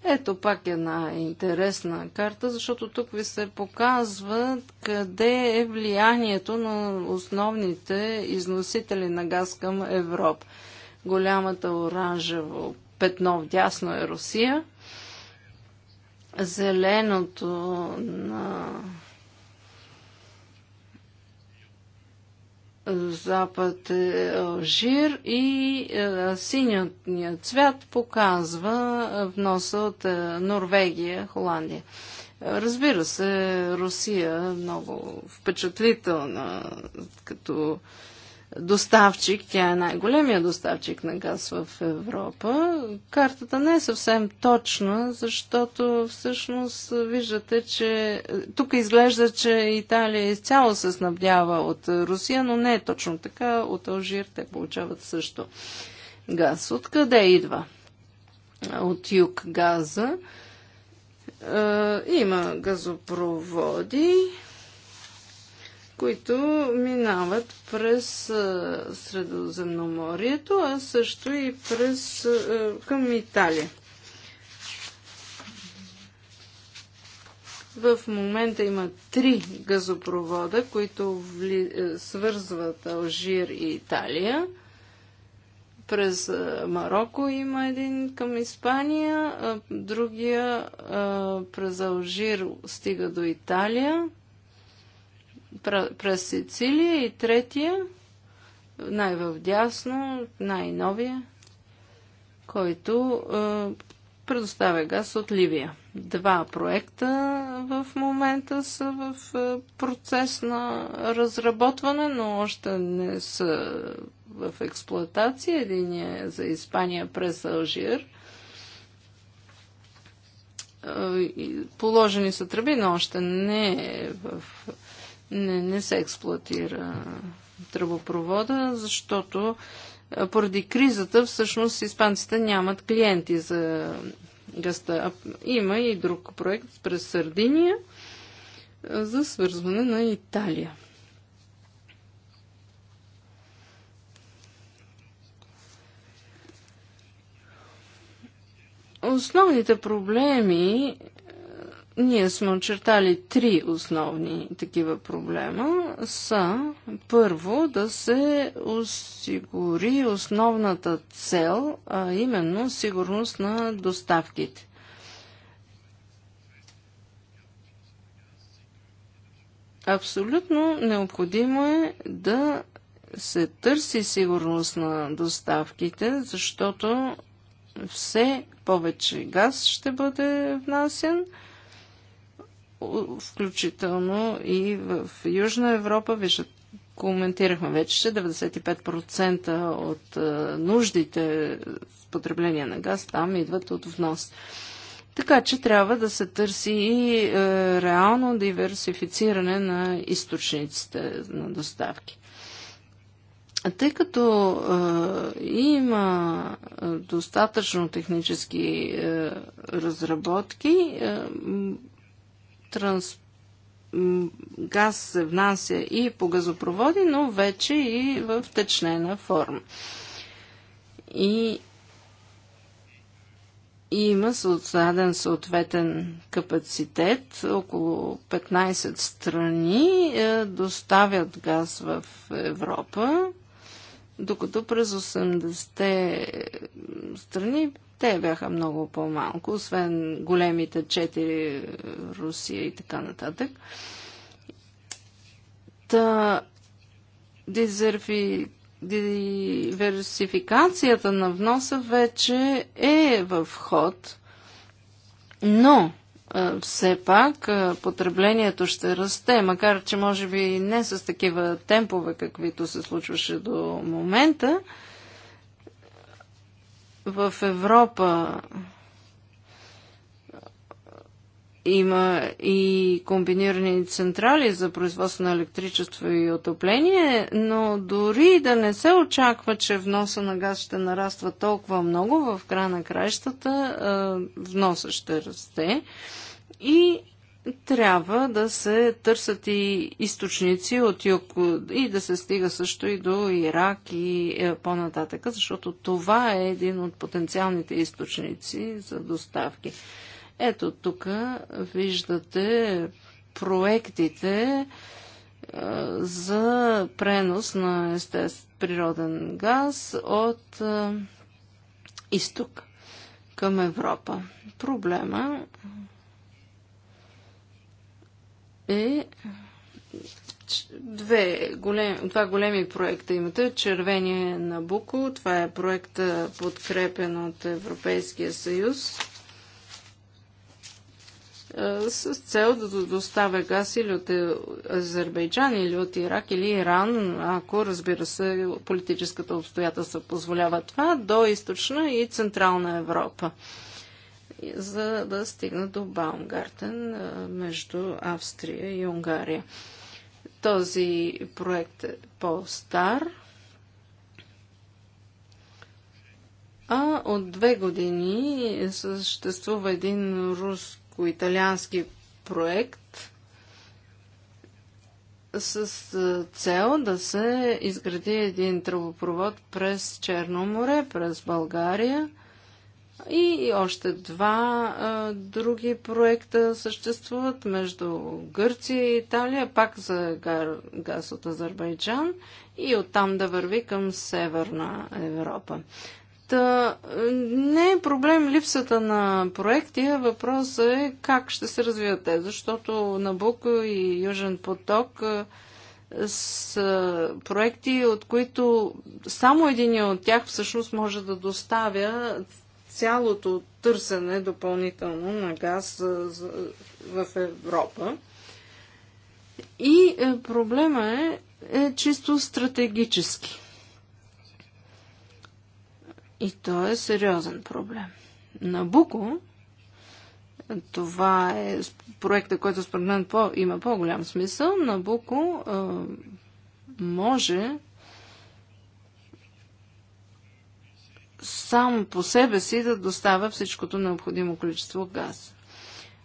Ето пак една интересна карта, защото тук ви се показва къде е влиянието на основните износители на газ към Европа. Голямата оранжево петно в дясно е Русия, зеленото на запад е Алжир е, и е, синият цвят показва е, вноса от Норвегия, Холандия. Разбира се, Русия е много впечатлителна като доставчик, тя е най-големия доставчик на газ в Европа. Картата не е съвсем точна, защото всъщност виждате, че тук изглежда, че Италия изцяло се снабдява от Русия, но не е точно така. От Алжир те получават също газ. Откъде идва? От юг газа. Е, има газопроводи които минават през Средоземноморието, а също и през, към Италия. В момента има три газопровода, които вли... свързват Алжир и Италия. През Марокко има един към Испания, а другия а, през Алжир стига до Италия през Сицилия и третия, най-вдясно, най-новия, който е, предоставя газ от Ливия. Два проекта в момента са в процес на разработване, но още не са в експлоатация. Един е за Испания през Алжир. Положени са тръби, но още не е в не, не се експлуатира тръбопровода, защото поради кризата всъщност испанците нямат клиенти за гъста. Има и друг проект през Сардиния за свързване на Италия. Основните проблеми ние сме очертали три основни такива проблема. Са първо да се осигури основната цел, а именно сигурност на доставките. Абсолютно необходимо е да се търси сигурност на доставките, защото все повече газ ще бъде внасен включително и в Южна Европа, виждат, коментирахме вече, че 95% от е, нуждите в потребление на газ там идват от внос. Така че трябва да се търси и е, реално диверсифициране на източниците на доставки. Тъй като е, има е, достатъчно технически е, разработки, е, транс... газ се внася и по газопроводи, но вече и в течнена форма. И и има създаден съответен капацитет. Около 15 страни е, доставят газ в Европа, докато през 80-те страни те бяха много по-малко, освен големите четири Русия и така нататък. Та, дизерфи, диверсификацията на вноса вече е в ход, но все пак потреблението ще расте, макар че може би не с такива темпове, каквито се случваше до момента, в Европа има и комбинирани централи за производство на електричество и отопление, но дори да не се очаква, че вноса на газ ще нараства толкова много, в края на краищата вноса ще расте и трябва да се търсят и източници от юг и да се стига също и до Ирак и е, по-нататъка, защото това е един от потенциалните източници за доставки. Ето тук виждате проектите е, за пренос на природен газ от е, изток към Европа. Проблема е две голем, два големи проекта имате. Червения е на Буко, това е проект подкрепен от Европейския съюз с цел да доставя газ или от е, Азербайджан, или от Ирак, или Иран, ако разбира се политическата обстоятелства позволява това, до източна и централна Европа за да стигнат до Баумгартен между Австрия и Унгария. Този проект е по-стар, а от две години съществува един руско-италиански проект с цел да се изгради един тръбопровод през Черно море, през България – и още два а, други проекта съществуват между Гърция и Италия, пак за гар, газ от Азербайджан и оттам да върви към Северна Европа. Та, не е проблем липсата на проекти, а въпросът е как ще се развият те, защото Набуко и Южен поток с проекти, от които само един от тях всъщност може да доставя цялото търсене допълнително на газ в Европа. И е, проблема е, е чисто стратегически. И то е сериозен проблем. Набуко, това е проекта, който според мен по, има по-голям смисъл, Набуко е, може само по себе си да доставя всичкото необходимо количество газ.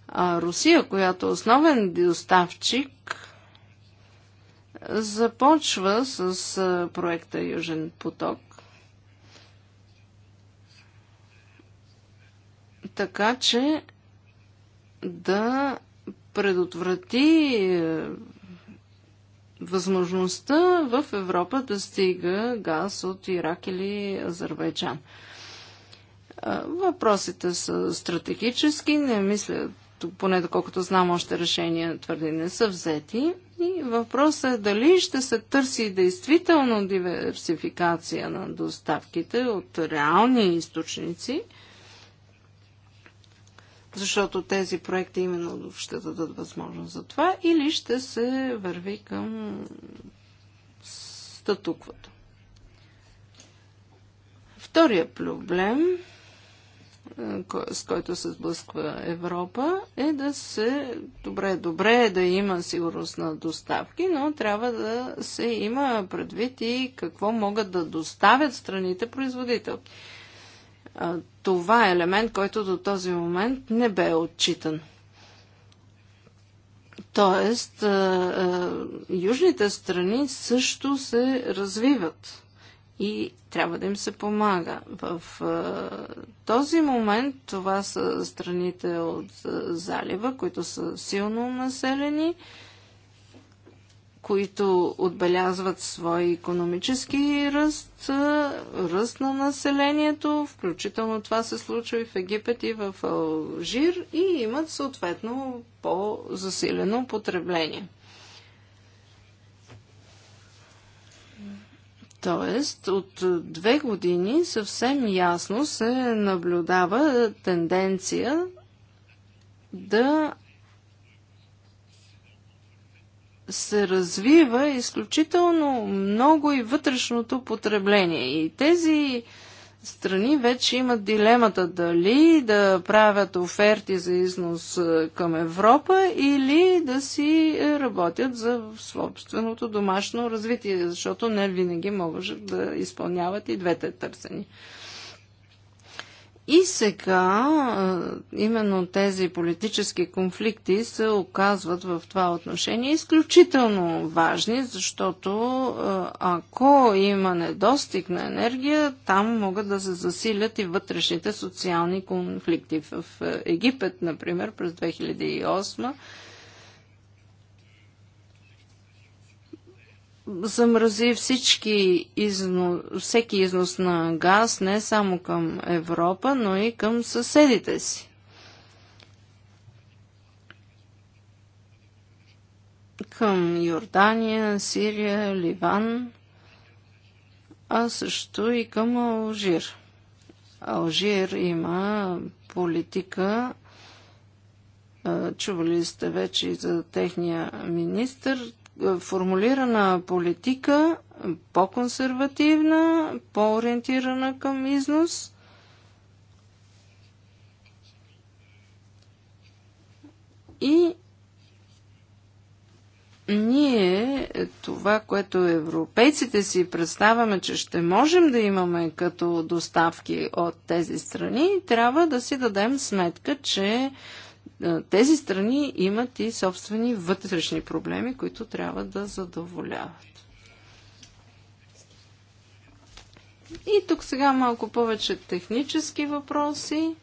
А Русия, която е основен доставчик, започва с проекта Южен поток. Така че да предотврати възможността в Европа да стига газ от Ирак или Азербайджан. Въпросите са стратегически, не мисля, поне доколкото знам, още решения твърде не са взети. И въпросът е дали ще се търси действително диверсификация на доставките от реални източници – защото тези проекти именно ще дадат възможност за това, или ще се върви към статуквото. Втория проблем, е, с който се сблъсква Европа, е да се... Добре, добре е да има сигурност на доставки, но трябва да се има предвид и какво могат да доставят страните производителки. Това е елемент, който до този момент не бе отчитан. Тоест, южните страни също се развиват и трябва да им се помага. В този момент това са страните от залива, които са силно населени които отбелязват свой економически ръст, ръст на населението, включително това се случва и в Египет и в Алжир и имат съответно по-засилено потребление. Тоест, от две години съвсем ясно се наблюдава тенденция да се развива изключително много и вътрешното потребление. И тези страни вече имат дилемата дали да правят оферти за износ към Европа или да си е, работят за собственото домашно развитие, защото не винаги могат да изпълняват и двете търсени. И сега именно тези политически конфликти се оказват в това отношение изключително важни, защото ако има недостиг на енергия, там могат да се засилят и вътрешните социални конфликти. В Египет, например, през 2008 замрази всички изно, всеки износ на газ не само към Европа, но и към съседите си. Към Йордания, Сирия, Ливан, а също и към Алжир. Алжир има политика Чували сте вече и за техния министр формулирана политика, по-консервативна, по-ориентирана към износ. И ние това, което европейците си представяме, че ще можем да имаме като доставки от тези страни, трябва да си дадем сметка, че е, тези страни имат и собствени вътрешни проблеми, които трябва да задоволяват. И тук сега малко повече технически въпроси.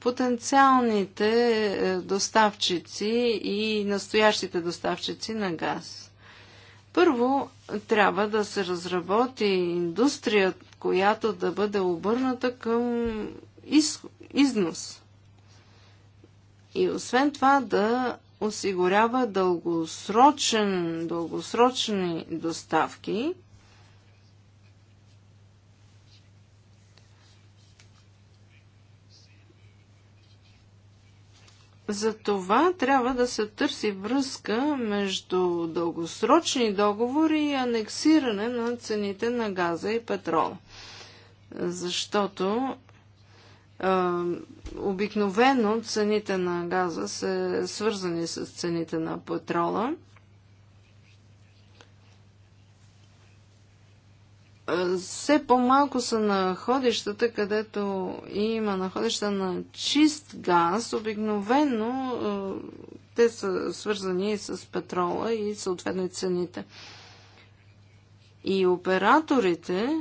Потенциалните е, доставчици и настоящите доставчици на газ. Първо, трябва да се разработи индустрия, която да бъде обърната към из... износ и освен това да осигурява дългосрочен, дългосрочни доставки, За това трябва да се търси връзка между дългосрочни договори и анексиране на цените на газа и петрол. Защото Обикновено цените на газа са свързани с цените на петрола. все по-малко са находищата, където има находища на чист газ. Обикновено те са свързани с петрола и съответно и цените. И операторите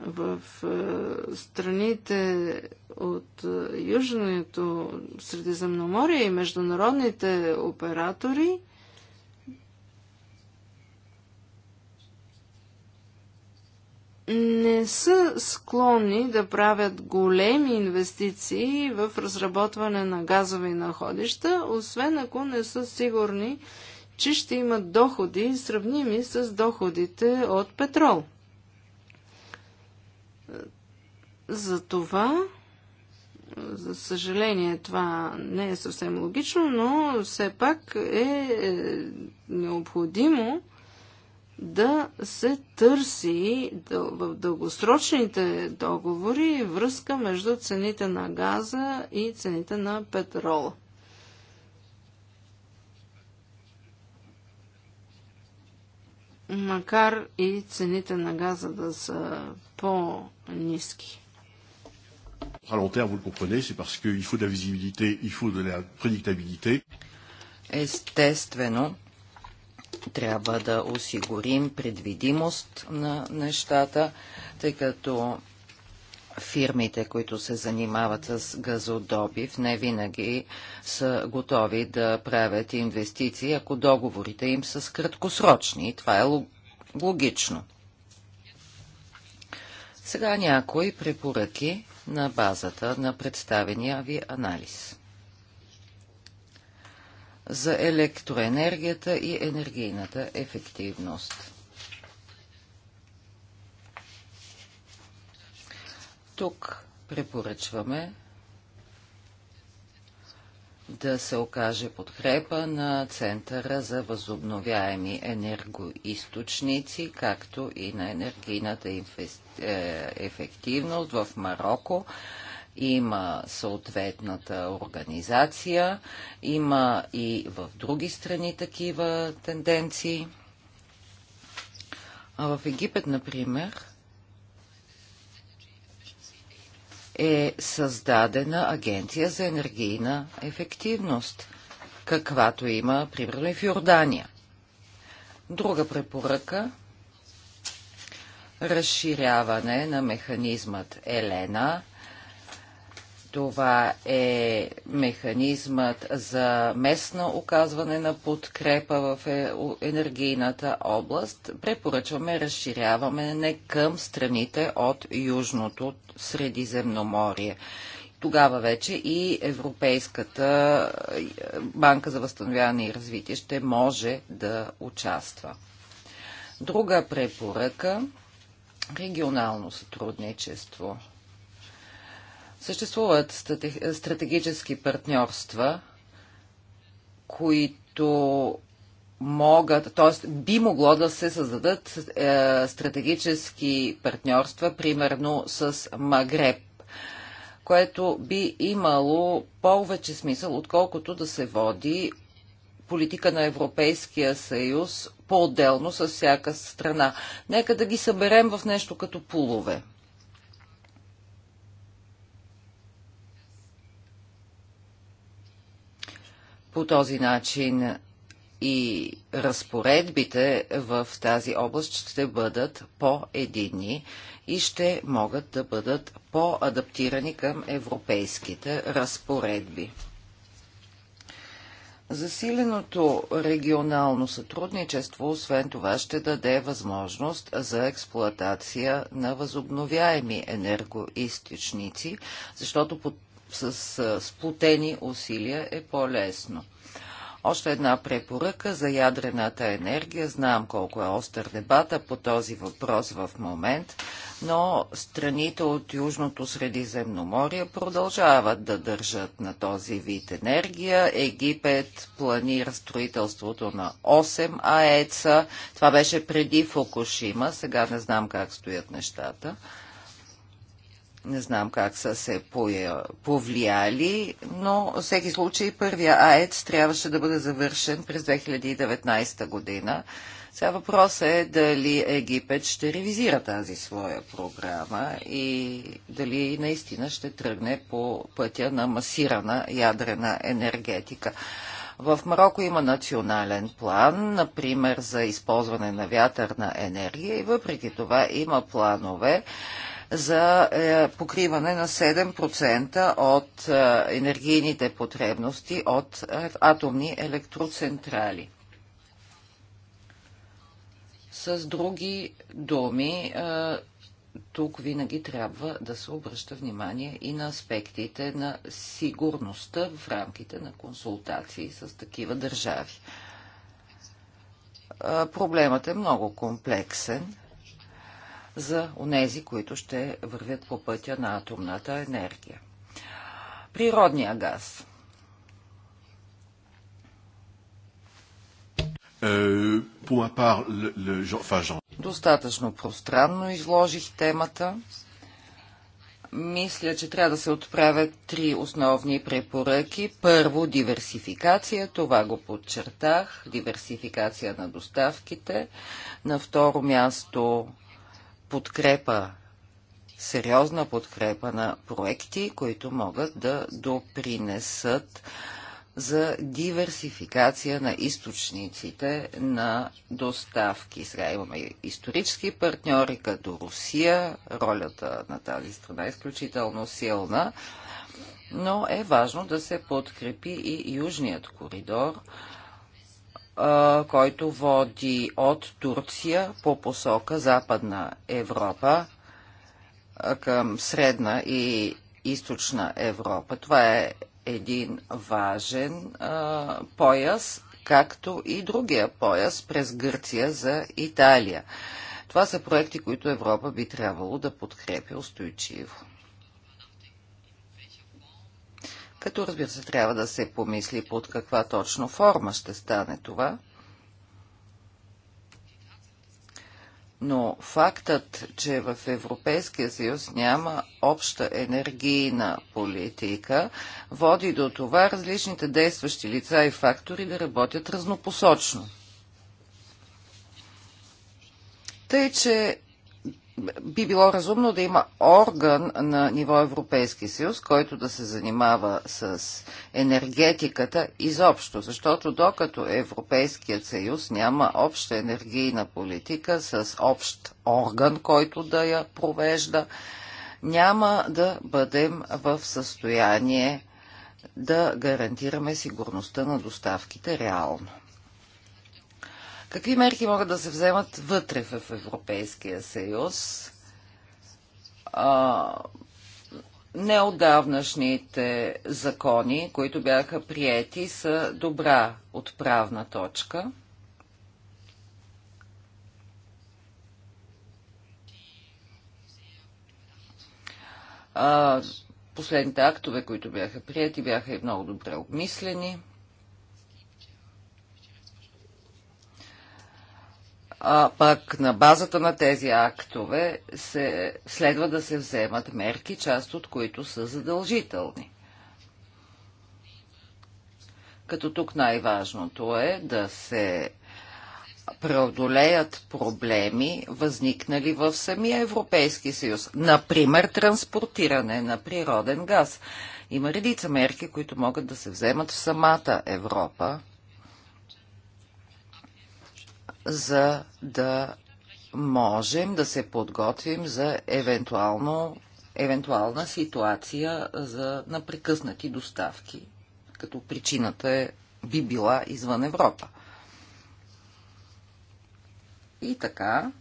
в е, страните от е, Южното Средиземноморие и международните оператори не са склонни да правят големи инвестиции в разработване на газови находища, освен ако не са сигурни, че ще имат доходи, сравними с доходите от петрол. За това, за съжаление, това не е съвсем логично, но все пак е, е необходимо да се търси в дългосрочните договори връзка между цените на газа и цените на петрола. Макар и цените на газа да са по-низки. À long terme, vous le comprenez, c'est parce qu'il faut de la visibilité, il faut de la prédictabilité. Естествено, трябва да осигурим предвидимост на нещата, тъй като фирмите, които се занимават с газодобив, не винаги са готови да правят инвестиции, ако договорите им са с краткосрочни. това е логично. Сега някои препоръки на базата на представения ви анализ за електроенергията и енергийната ефективност. Тук препоръчваме да се окаже подкрепа на Центъра за възобновяеми енергоисточници, както и на енергийната е, ефективност в Марокко. Има съответната организация, има и в други страни такива тенденции. А в Египет, например, е създадена агенция за енергийна ефективност, каквато има примерно и в Йордания. Друга препоръка разширяване на механизмът Елена – това е механизмът за местно оказване на подкрепа в е, енергийната област. Препоръчваме разширяваме не към страните от Южното Средиземноморие. Тогава вече и Европейската е, банка за възстановяване и развитие ще може да участва. Друга препоръка – регионално сътрудничество – Съществуват стратегически партньорства, които могат, т.е. би могло да се създадат е, стратегически партньорства, примерно с Магреб, което би имало повече смисъл, отколкото да се води политика на Европейския съюз по-отделно с всяка страна. Нека да ги съберем в нещо като пулове. По този начин и разпоредбите в тази област ще бъдат по едини и ще могат да бъдат по-адаптирани към европейските разпоредби. Засиленото регионално сътрудничество, освен това, ще даде възможност за експлоатация на възобновяеми енергоистичници, защото по с сплутени усилия е по-лесно. Още една препоръка за ядрената енергия. Знам колко е остър дебата по този въпрос в момент, но страните от Южното Средиземноморие продължават да държат на този вид енергия. Египет планира строителството на 8 аеца. Това беше преди Фукушима. Сега не знам как стоят нещата. Не знам как са се повлияли, но всеки случай първия АЕЦ трябваше да бъде завършен през 2019 година. Сега въпрос е дали Египет ще ревизира тази своя програма и дали наистина ще тръгне по пътя на масирана ядрена енергетика. В Марокко има национален план, например за използване на вятърна енергия и въпреки това има планове за е, покриване на 7% от е, енергийните потребности от е, атомни електроцентрали. С други думи, тук винаги трябва да се обръща внимание и на аспектите на сигурността в рамките на консултации с такива държави. Проблемът е много комплексен за онези, които ще вървят по пътя на атомната енергия. Природния газ. Е, Достатъчно пространно изложих темата. Мисля, че трябва да се отправят три основни препоръки. Първо, диверсификация. Това го подчертах. Диверсификация на доставките. На второ място, подкрепа, сериозна подкрепа на проекти, които могат да допринесат за диверсификация на източниците на доставки. Сега имаме исторически партньори като Русия. Ролята на тази страна е изключително силна, но е важно да се подкрепи и Южният коридор, който води от Турция по посока Западна Европа към Средна и Източна Европа. Това е един важен пояс, както и другия пояс през Гърция за Италия. Това са проекти, които Европа би трябвало да подкрепи устойчиво. като разбира се трябва да се помисли под каква точно форма ще стане това. Но фактът, че в Европейския съюз няма обща енергийна политика, води до това различните действащи лица и фактори да работят разнопосочно. Тъй, че би било разумно да има орган на ниво Европейски съюз, който да се занимава с енергетиката изобщо, защото докато Европейският съюз няма обща енергийна политика с общ орган, който да я провежда, няма да бъдем в състояние да гарантираме сигурността на доставките реално. Какви мерки могат да се вземат вътре в Европейския съюз? неодавнашните закони, които бяха приети, са добра отправна точка. последните актове, които бяха прияти, бяха и много добре обмислени. а пък на базата на тези актове се, следва да се вземат мерки, част от които са задължителни. Като тук най-важното е да се преодолеят проблеми, възникнали в самия Европейски съюз. Например, транспортиране на природен газ. Има редица мерки, които могат да се вземат в самата Европа за да можем да се подготвим за евентуално, евентуална ситуация за напрекъснати доставки, като причината е, би била извън Европа. И така,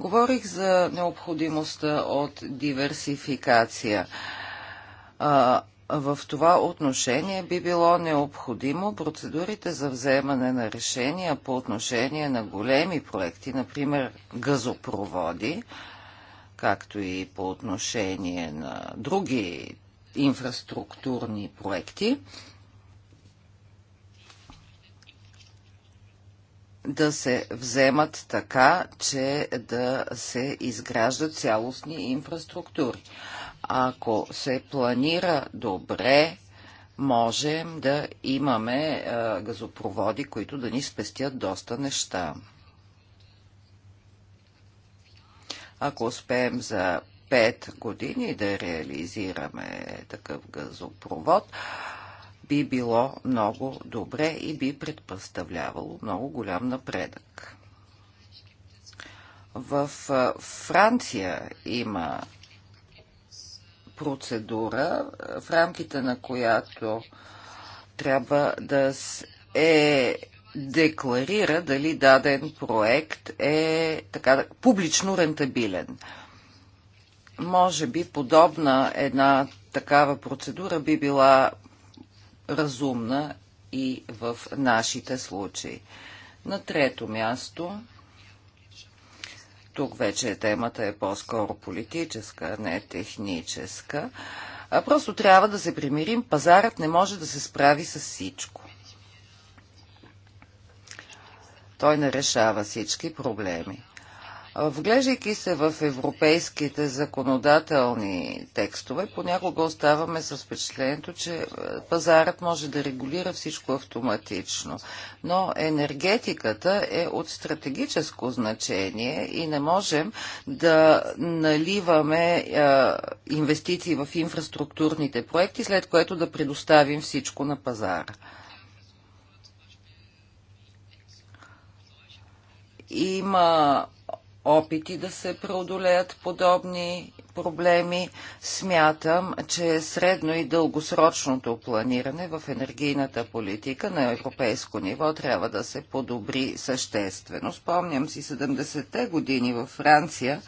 Говорих за необходимостта от диверсификация. В това отношение би било необходимо процедурите за вземане на решения по отношение на големи проекти, например газопроводи, както и по отношение на други инфраструктурни проекти, да се вземат така, че да се изграждат цялостни инфраструктури. Ако се планира добре, можем да имаме газопроводи, които да ни спестят доста неща. Ако успеем за 5 години да реализираме такъв газопровод, би било много добре и би предпоставлявало много голям напредък. В Франция има процедура, в рамките на която трябва да е декларира дали даден проект е така публично рентабилен. Може би подобна една такава процедура би била разумна и в нашите случаи. На трето място тук вече темата е по-скоро политическа, не техническа. А просто трябва да се примирим. Пазарът не може да се справи с всичко. Той не решава всички проблеми. Вглеждайки се в европейските законодателни текстове, понякога оставаме с впечатлението, че е, пазарът може да регулира всичко автоматично. Но енергетиката е от стратегическо значение и не можем да наливаме е, инвестиции в инфраструктурните проекти, след което да предоставим всичко на пазара. Има опити да се преодолеят подобни проблеми. Смятам, че е средно и дългосрочното планиране в енергийната политика на европейско ниво трябва да се подобри съществено. Спомням си 70-те години във Франция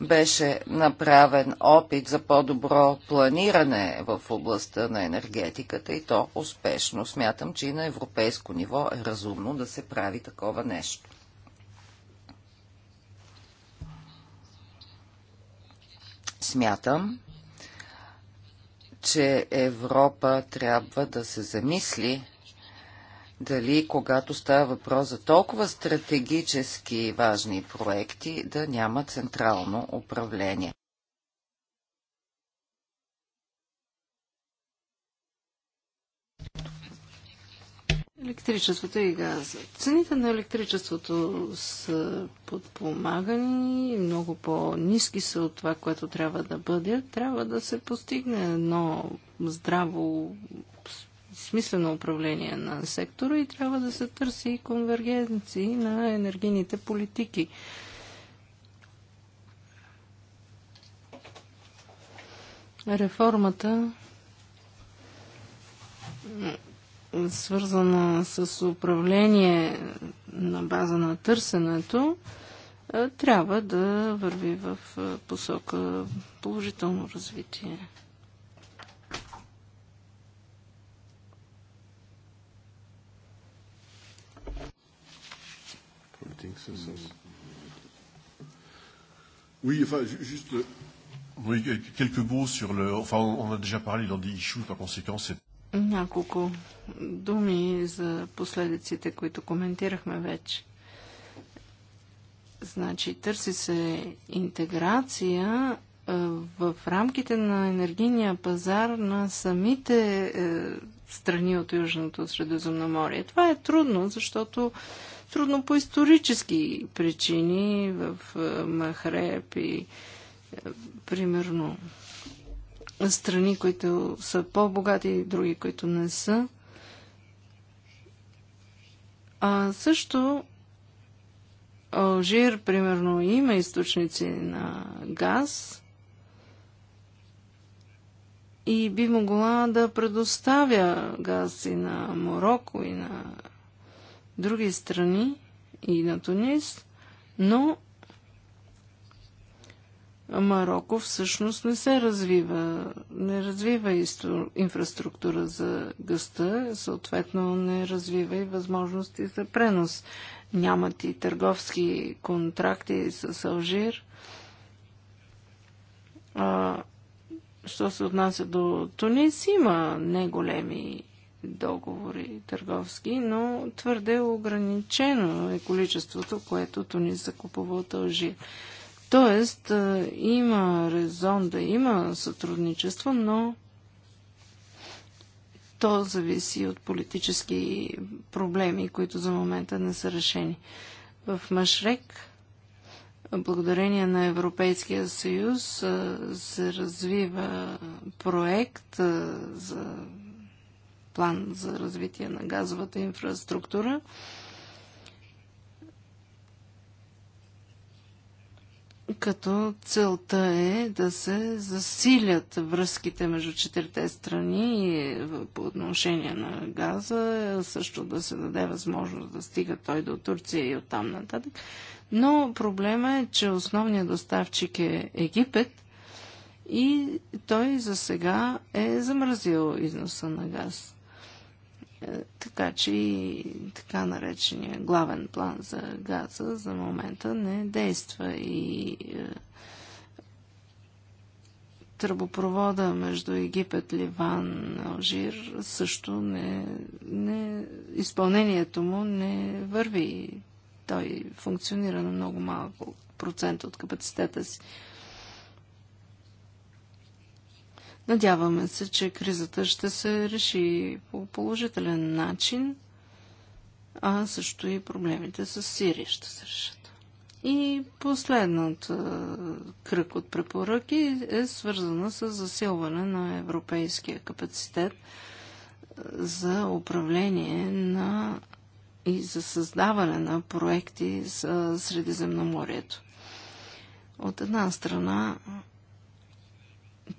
беше направен опит за по-добро планиране в областта на енергетиката и то успешно. Смятам, че и на европейско ниво е разумно да се прави такова нещо. Смятам, че Европа трябва да се замисли дали когато става въпрос за толкова стратегически важни проекти, да няма централно управление. електричеството и газа. Цените на електричеството са подпомагани, много по-низки са от това, което трябва да бъде. Трябва да се постигне едно здраво, смислено управление на сектора и трябва да се търси и конвергенции на енергийните политики. Реформата свързана с управление на база на търсенето, трябва да върви в посока положително развитие. Oui, enfin, juste, oui, quelques mots sur le, enfin, on a déjà parlé dans des issues, par conséquent, c'est няколко думи за последиците, които коментирахме вече. Значи, търси се интеграция в рамките на енергийния пазар на самите е, страни от Южното Средоземноморие. Това е трудно, защото трудно по исторически причини в е, Махреб и е, примерно страни, които са по-богати и други, които не са. А също Алжир, примерно, има източници на газ и би могла да предоставя газ и на Мороко, и на други страни, и на Тунис, но Марокко всъщност не се развива, не развива исто, инфраструктура за гъста, съответно не развива и възможности за пренос. Нямат и търговски контракти с Алжир. А, що се отнася до Тунис, има неголеми договори търговски, но твърде ограничено е количеството, което Тунис закупува от Алжир. Тоест, има резон да има сътрудничество, но то зависи от политически проблеми, които за момента не са решени. В Машрек, благодарение на Европейския съюз, се развива проект за план за развитие на газовата инфраструктура – като целта е да се засилят връзките между четирите страни е, по отношение на газа, също да се даде възможност да стига той до Турция и оттам нататък. Но проблема е, че основният доставчик е Египет и той за сега е замразил износа на газ. Е, така че и така наречения главен план за газа за момента не действа и е, тръбопровода между Египет, Ливан, Алжир също не, не изпълнението му не върви. Той функционира на много малко процент от капацитета си. Надяваме се, че кризата ще се реши по положителен начин, а също и проблемите с Сирия ще се решат. И последният кръг от препоръки е свързана с засилване на европейския капацитет за управление на и за създаване на проекти за Средиземноморието. От една страна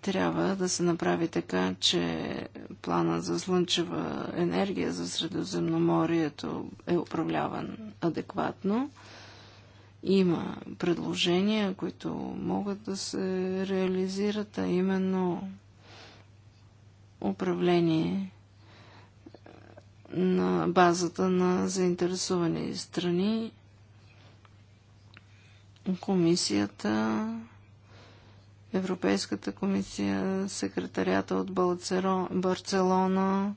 трябва да се направи така, че плана за слънчева енергия за Средоземноморието е управляван адекватно. Има предложения, които могат да се реализират, а именно управление на базата на заинтересовани страни, комисията, Европейската комисия, секретарията от Барцелона.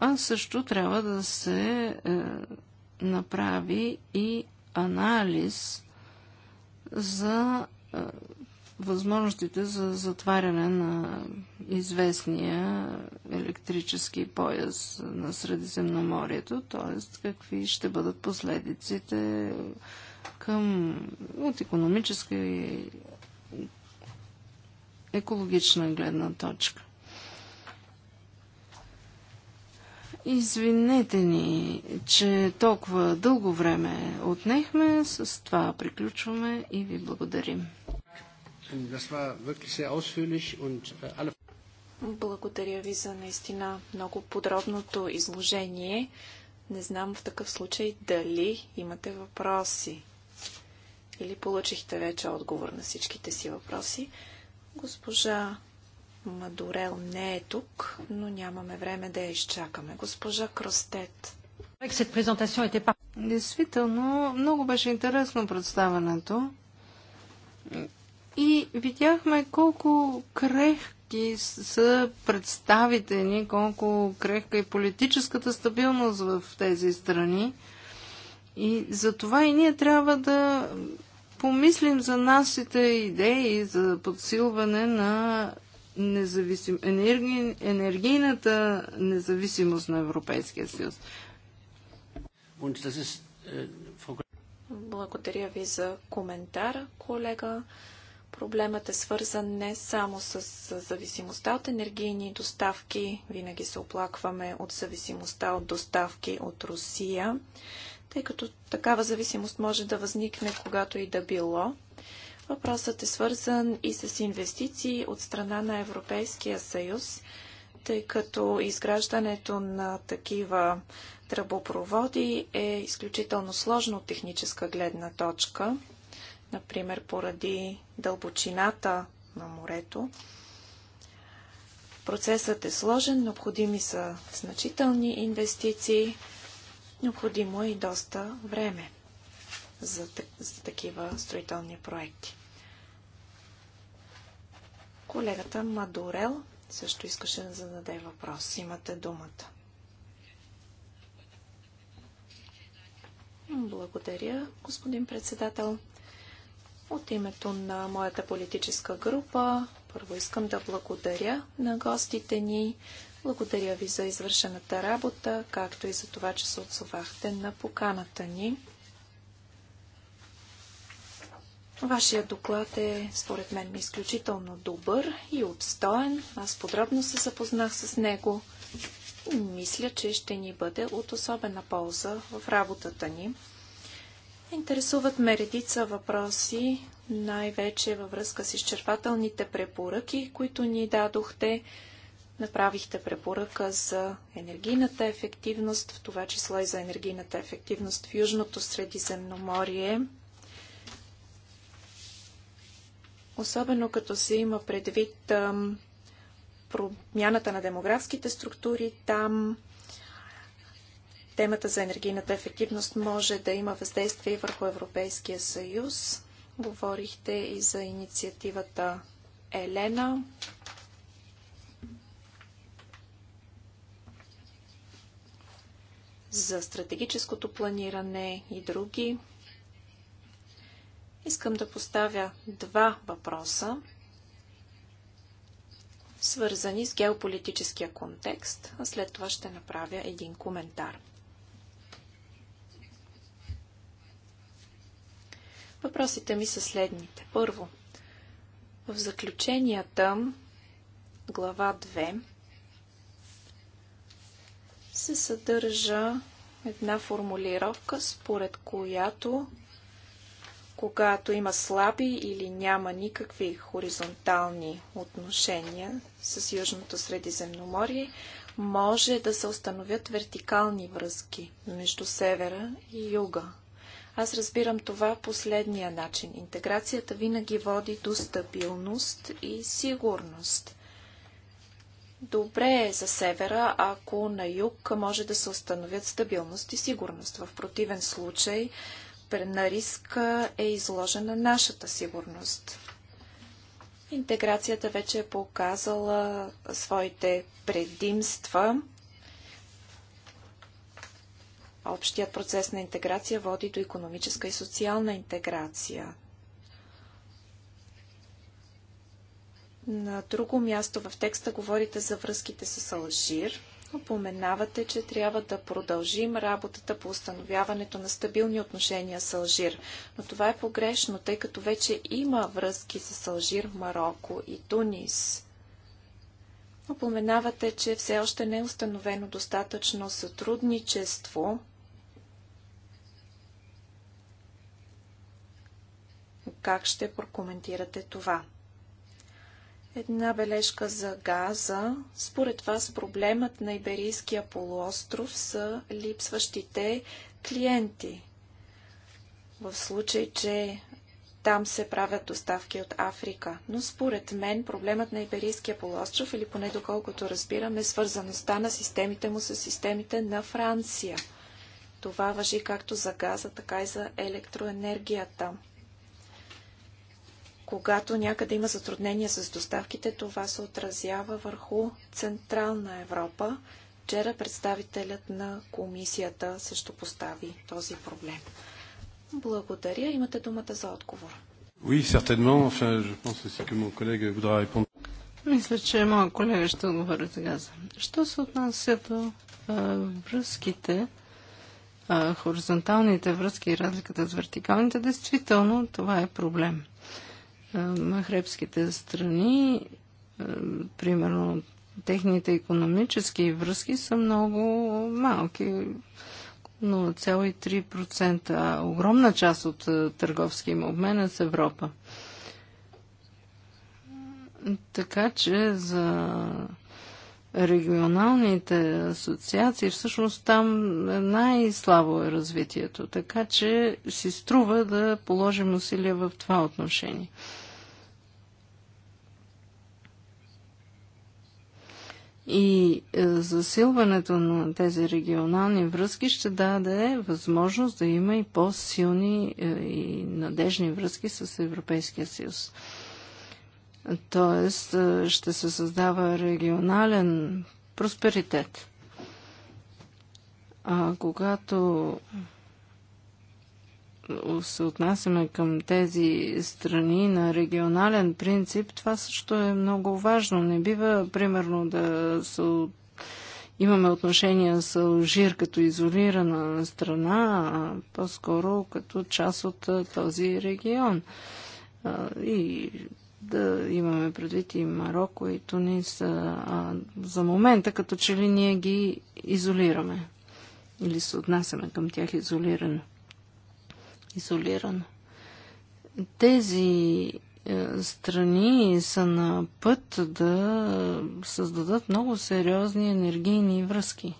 А също трябва да се е, направи и анализ за е, възможностите за затваряне на известния електрически пояс на Средиземноморието, т.е. какви ще бъдат последиците. Е, към, от економическа и екологична гледна точка. Извинете ни, че толкова дълго време отнехме. С това приключваме и ви благодарим. Благодаря ви за наистина много подробното изложение. Не знам в такъв случай дали имате въпроси. Или получихте вече отговор на всичките си въпроси. Госпожа Мадурел не е тук, но нямаме време да я изчакаме. Госпожа Кростет. Действително, много беше интересно представането. И видяхме колко крех, всички са представители колко крехка е политическата стабилност в тези страни. И за това и ние трябва да помислим за нашите идеи за подсилване на независим... енерги... енергийната независимост на Европейския съюз. Äh, Благодаря ви за коментар, колега. Проблемът е свързан не само с зависимостта от енергийни доставки, винаги се оплакваме от зависимостта от доставки от Русия, тъй като такава зависимост може да възникне когато и да било. Въпросът е свързан и с инвестиции от страна на Европейския съюз, тъй като изграждането на такива тръбопроводи е изключително сложно от техническа гледна точка например поради дълбочината на морето. Процесът е сложен, необходими са значителни инвестиции, необходимо е и доста време за, за такива строителни проекти. Колегата Мадурел също искаше да зададе въпрос. Имате думата. Благодаря, господин председател. От името на моята политическа група, първо искам да благодаря на гостите ни. Благодаря ви за извършената работа, както и за това, че се отзовахте на поканата ни. Вашия доклад е, според мен, изключително добър и обстоен. Аз подробно се запознах с него и мисля, че ще ни бъде от особена полза в работата ни. Интересуват ме редица въпроси, най-вече във връзка с изчерпателните препоръки, които ни дадохте. Направихте препоръка за енергийната ефективност, в това число и за енергийната ефективност в Южното Средиземноморие. Особено като се има предвид промяната на демографските структури там, темата за енергийната ефективност може да има въздействие върху Европейския съюз. Говорихте и за инициативата Елена. за стратегическото планиране и други. Искам да поставя два въпроса, свързани с геополитическия контекст, а след това ще направя един коментар. Въпросите ми са следните. Първо, в заключенията, глава 2, се съдържа една формулировка, според която когато има слаби или няма никакви хоризонтални отношения с Южното Средиземноморие, може да се установят вертикални връзки между севера и юга аз разбирам това последния начин. Интеграцията винаги води до стабилност и сигурност. Добре е за севера, ако на юг може да се установят стабилност и сигурност. В противен случай на риск е изложена нашата сигурност. Интеграцията вече е показала своите предимства Общият процес на интеграция води до економическа и социална интеграция. На друго място в текста говорите за връзките с Алжир. Опоменавате, че трябва да продължим работата по установяването на стабилни отношения с Алжир. Но това е погрешно, тъй като вече има връзки с Алжир, Марокко и Тунис. Опоменавате, че все още не е установено достатъчно сътрудничество как ще прокоментирате това. Една бележка за газа. Според вас проблемът на Иберийския полуостров са липсващите клиенти. В случай, че там се правят доставки от Африка. Но според мен проблемът на Иберийския полуостров, или поне доколкото разбирам, е свързаността на системите му с системите на Франция. Това въжи както за газа, така и за електроенергията. Когато някъде има затруднения с доставките, това се отразява върху Централна Европа. Вчера представителят на комисията също постави този проблем. Благодаря. Имате думата за отговор. Мисля, че моят колега ще отговори сега. Що се отнася до а, връзките, а, хоризонталните връзки и разликата с вертикалните, действително това е проблем махребските страни, примерно техните економически връзки са много малки. 0,3%. Огромна част от търговски им обмен е с Европа. Така че за регионалните асоциации, всъщност там най-слабо е развитието. Така че си струва да положим усилия в това отношение. И е, засилването на тези регионални връзки ще даде възможност да има и по-силни е, и надежни връзки с Европейския съюз. Т.е. ще се създава регионален просперитет. А когато се отнасяме към тези страни на регионален принцип, това също е много важно. Не бива, примерно, да се имаме отношения с Алжир като изолирана страна, а по-скоро като част от този регион. И да имаме предвид и Марокко и Тунис. А, за момента, като че ли ние ги изолираме или се отнасяме към тях изолирано. Изолирано. Тези е, страни са на път да създадат много сериозни енергийни връзки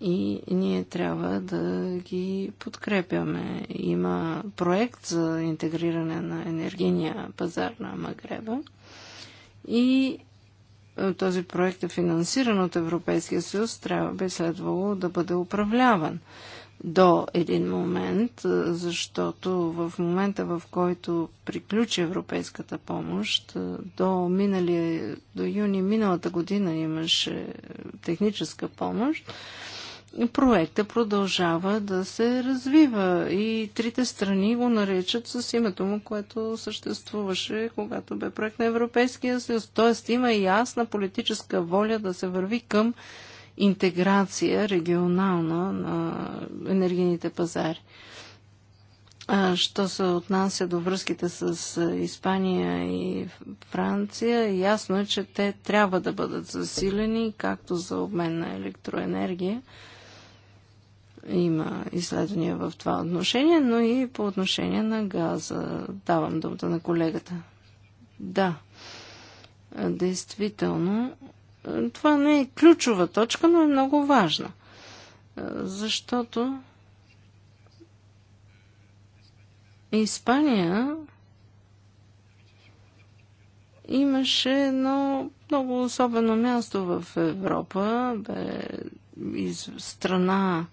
и ние трябва да ги подкрепяме. Има проект за интегриране на енергийния пазар на Магреба и е, този проект е финансиран от Европейския съюз, трябва би следвало да бъде управляван до един момент, е, защото в момента, в който приключи европейската помощ, е, до, минали, до юни миналата година имаше техническа помощ, проекта продължава да се развива и трите страни го наричат с името му, което съществуваше, когато бе проект на Европейския съюз. Тоест има ясна политическа воля да се върви към интеграция регионална на енергийните пазари. Що се отнася до връзките с Испания и Франция, ясно е, че те трябва да бъдат засилени, както за обмен на електроенергия, има изследвания в това отношение, но и по отношение на газа. Давам думата на колегата. Да, действително. Това не е ключова точка, но е много важна. Защото Испания имаше едно много особено място в Европа. Бе из страна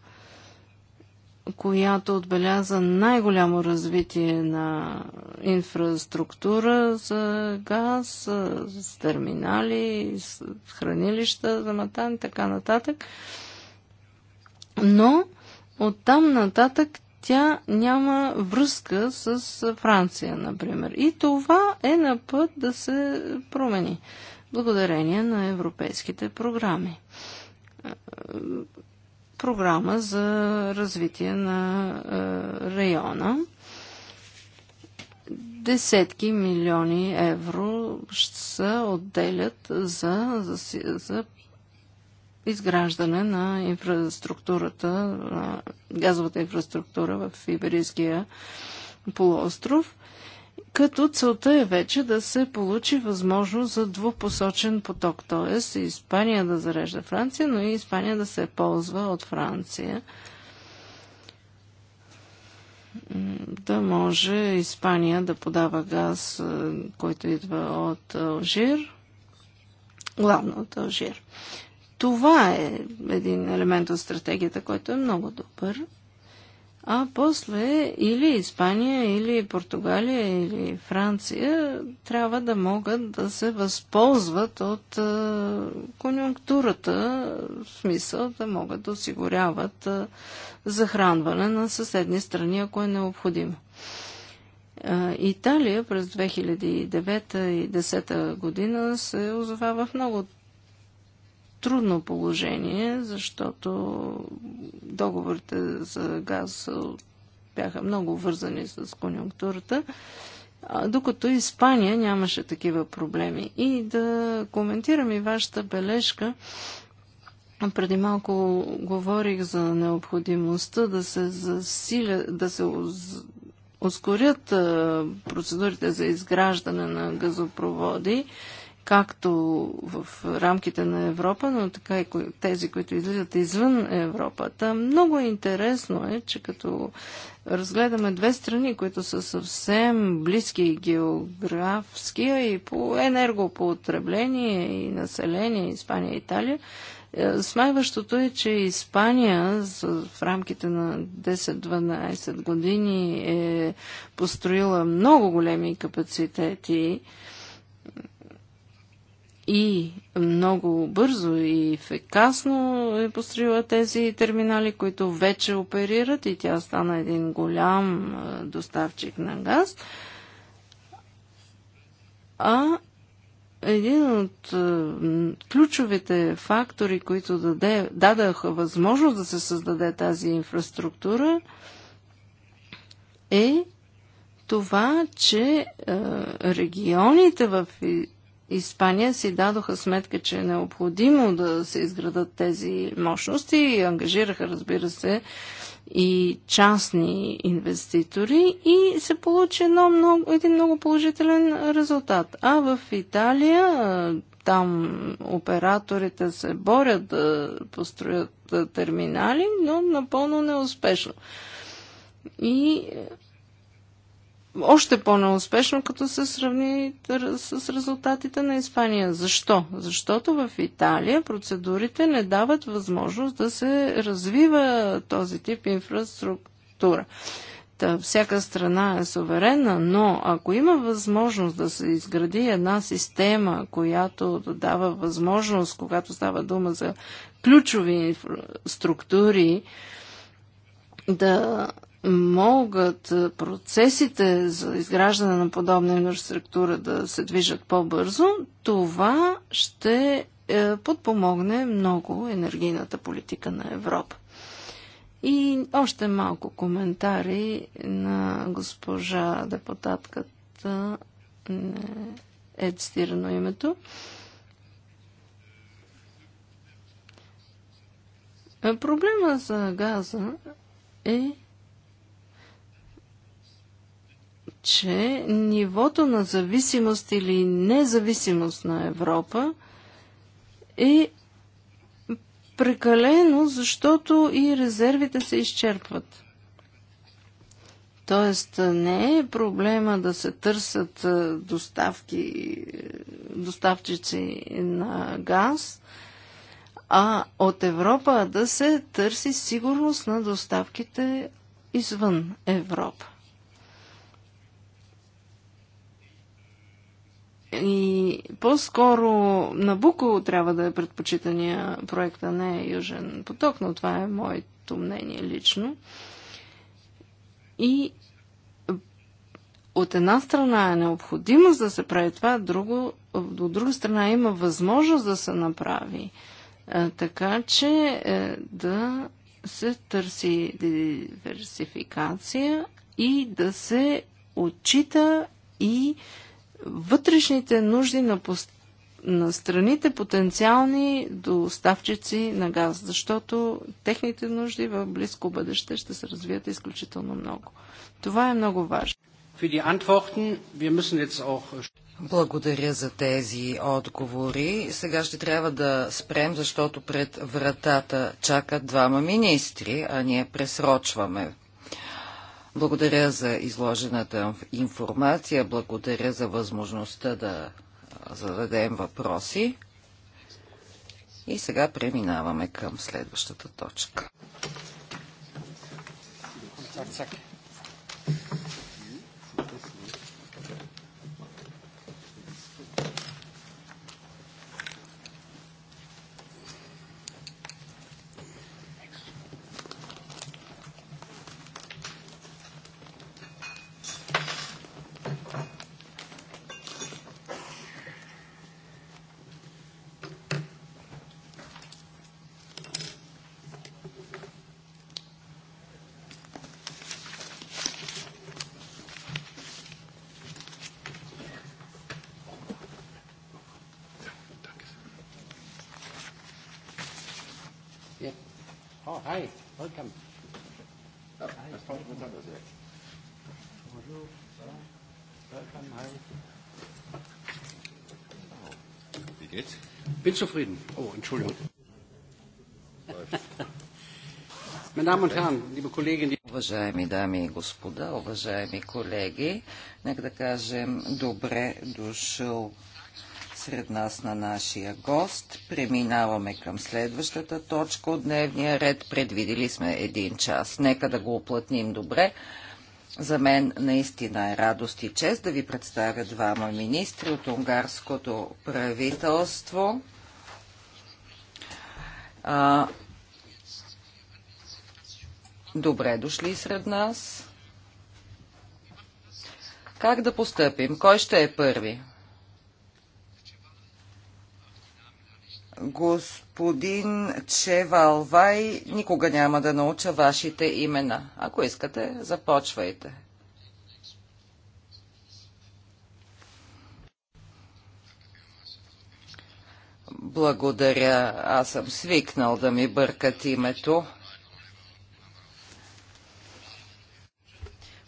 която отбеляза най-голямо развитие на инфраструктура за газ, с терминали, с хранилища за матан и така нататък. Но оттам нататък тя няма връзка с Франция, например. И това е на път да се промени благодарение на европейските програми програма за развитие на е, района. Десетки милиони евро ще се отделят за, за, за изграждане на инфраструктурата, е, газовата инфраструктура в Иберийския полуостров като целта е вече да се получи възможност за двупосочен поток, т.е. Испания да зарежда Франция, но и Испания да се ползва от Франция. Да може Испания да подава газ, е, който идва от Алжир, главно от Алжир. Това е един елемент от стратегията, който е много добър. А после или Испания, или Португалия, или Франция трябва да могат да се възползват от е, конюнктурата, в смисъл да могат да осигуряват е, захранване на съседни страни, ако е необходимо. Италия през 2009 и 2010 година се озова в много трудно положение, защото договорите за газ бяха много вързани с конюнктурата, докато Испания нямаше такива проблеми. И да коментирам и вашата бележка. Преди малко говорих за необходимостта да се засиля, да се ускорят процедурите за изграждане на газопроводи както в рамките на Европа, но така и тези, които излизат извън Европа. много интересно е, че като разгледаме две страни, които са съвсем близки географски и по енергопотребление и население, Испания и Италия, е, Смайващото е, че Испания в рамките на 10-12 години е построила много големи капацитети и много бързо и ефикасно е построила тези терминали, които вече оперират и тя стана един голям доставчик на газ. А един от ключовите фактори, които даде, дадаха възможност да се създаде тази инфраструктура, е това, че регионите в Испания си дадоха сметка, че е необходимо да се изградат тези мощности и ангажираха, разбира се, и частни инвеститори и се получи едно много, един много положителен резултат. А в Италия там операторите се борят да построят терминали, но напълно неуспешно. И още по-неуспешно, като се сравни с резултатите на Испания. Защо? Защото в Италия процедурите не дават възможност да се развива този тип инфраструктура. Та, всяка страна е суверена, но ако има възможност да се изгради една система, която дава възможност, когато става дума за ключови инфра... структури, да могат процесите за изграждане на подобна инфраструктура да се движат по-бързо, това ще е, подпомогне много енергийната политика на Европа. И още малко коментари на госпожа депутатката е цитирано името. Проблема за газа е че нивото на зависимост или независимост на Европа е прекалено, защото и резервите се изчерпват. Тоест не е проблема да се търсят доставки, доставчици на газ, а от Европа да се търси сигурност на доставките извън Европа. И по-скоро Набуко трябва да е предпочитания проект, а не Южен поток, но това е моето мнение лично. И от една страна е необходимост да се прави това, друго, от друга страна има възможност да се направи. Така че е, да се търси диверсификация и да се отчита и вътрешните нужди на, по... на страните потенциални доставчици на газ, защото техните нужди в близко бъдеще ще се развият изключително много. Това е много важно. Благодаря за тези отговори. Сега ще трябва да спрем, защото пред вратата чакат двама министри, а ние пресрочваме благодаря за изложената информация, благодаря за възможността да зададем въпроси. И сега преминаваме към следващата точка. Цак, цак. bin zufrieden. Oh, Entschuldigung. Уважаеми дами и господа, уважаеми колеги, нека да кажем добре дошъл сред нас на нашия гост. Преминаваме към следващата точка от дневния ред. Предвидели сме един час. Нека да го оплътним добре. За мен наистина е радост и чест да ви представя двама министри от унгарското правителство а, добре дошли сред нас. Как да постъпим? Кой ще е първи? Господин Чевалвай, никога няма да науча вашите имена. Ако искате, започвайте. Благодаря. Аз съм свикнал да ми бъркат името.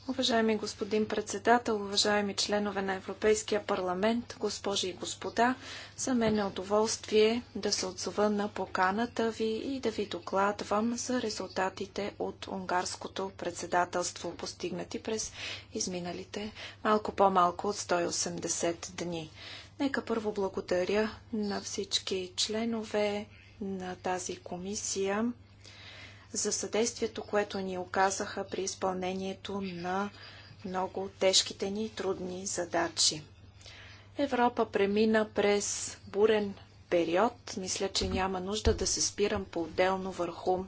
Уважаеми господин председател, уважаеми членове на Европейския парламент, госпожи и господа, за мен е удоволствие да се отзова на поканата ви и да ви докладвам за резултатите от унгарското председателство, постигнати през изминалите малко по-малко от 180 дни. Нека първо благодаря на всички членове на тази комисия за съдействието, което ни оказаха при изпълнението на много тежките ни трудни задачи. Европа премина през бурен период. Мисля, че няма нужда да се спирам по-отделно върху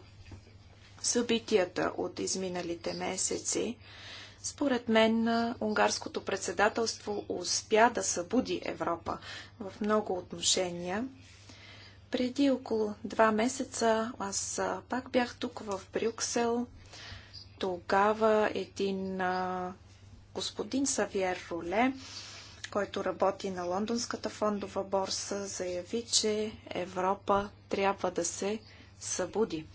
събитията от изминалите месеци. Според мен, унгарското председателство успя да събуди Европа в много отношения. Преди около два месеца аз пак бях тук в Брюксел. Тогава един а, господин Савиер Роле, който работи на Лондонската фондова борса, заяви, че Европа трябва да се събуди.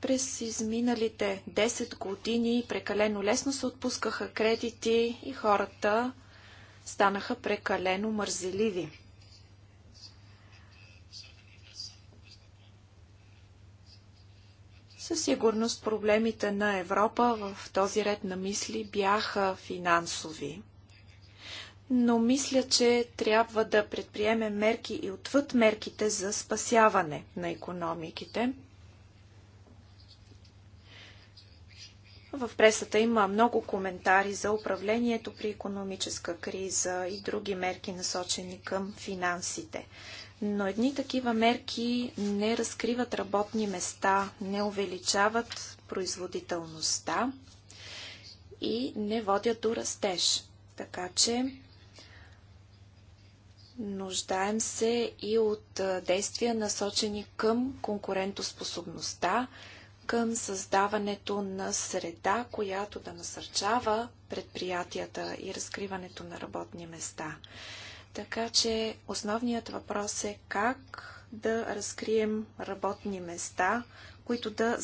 През изминалите 10 години прекалено лесно се отпускаха кредити и хората станаха прекалено мързеливи. Със сигурност проблемите на Европа в този ред на мисли бяха финансови. Но мисля, че трябва да предприеме мерки и отвъд мерките за спасяване на економиките – В пресата има много коментари за управлението при економическа криза и други мерки насочени към финансите. Но едни такива мерки не разкриват работни места, не увеличават производителността и не водят до растеж. Така че нуждаем се и от действия насочени към конкурентоспособността, към създаването на среда, която да насърчава предприятията и разкриването на работни места. Така че основният въпрос е как да разкрием работни места, които да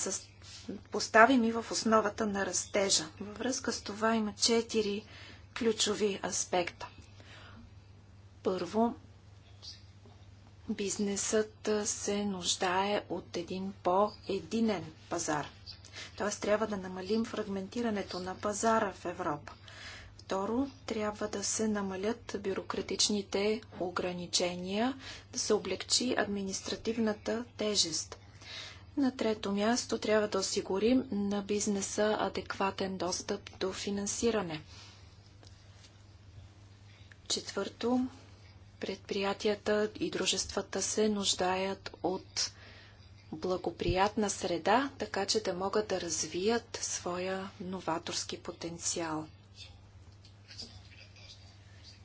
поставим и в основата на растежа. Във връзка с това има четири ключови аспекта. Първо, бизнесът се нуждае от един по-единен пазар. Т.е. трябва да намалим фрагментирането на пазара в Европа. Второ, трябва да се намалят бюрократичните ограничения, да се облегчи административната тежест. На трето място трябва да осигурим на бизнеса адекватен достъп до финансиране. Четвърто, Предприятията и дружествата се нуждаят от благоприятна среда, така че да могат да развият своя новаторски потенциал.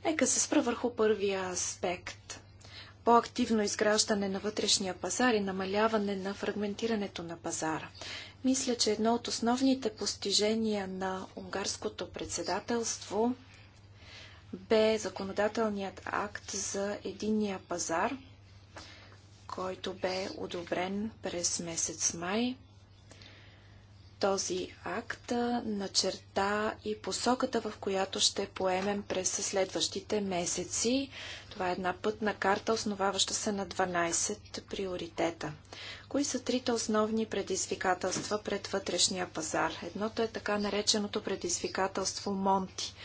Нека се спра върху първия аспект. По-активно изграждане на вътрешния пазар и намаляване на фрагментирането на пазара. Мисля, че едно от основните постижения на унгарското председателство – бе законодателният акт за единния пазар, който бе одобрен през месец май. Този акт начерта и посоката, в която ще поемем през следващите месеци. Това е една пътна карта, основаваща се на 12 приоритета. Кои са трите основни предизвикателства пред вътрешния пазар? Едното е така нареченото предизвикателство Монти –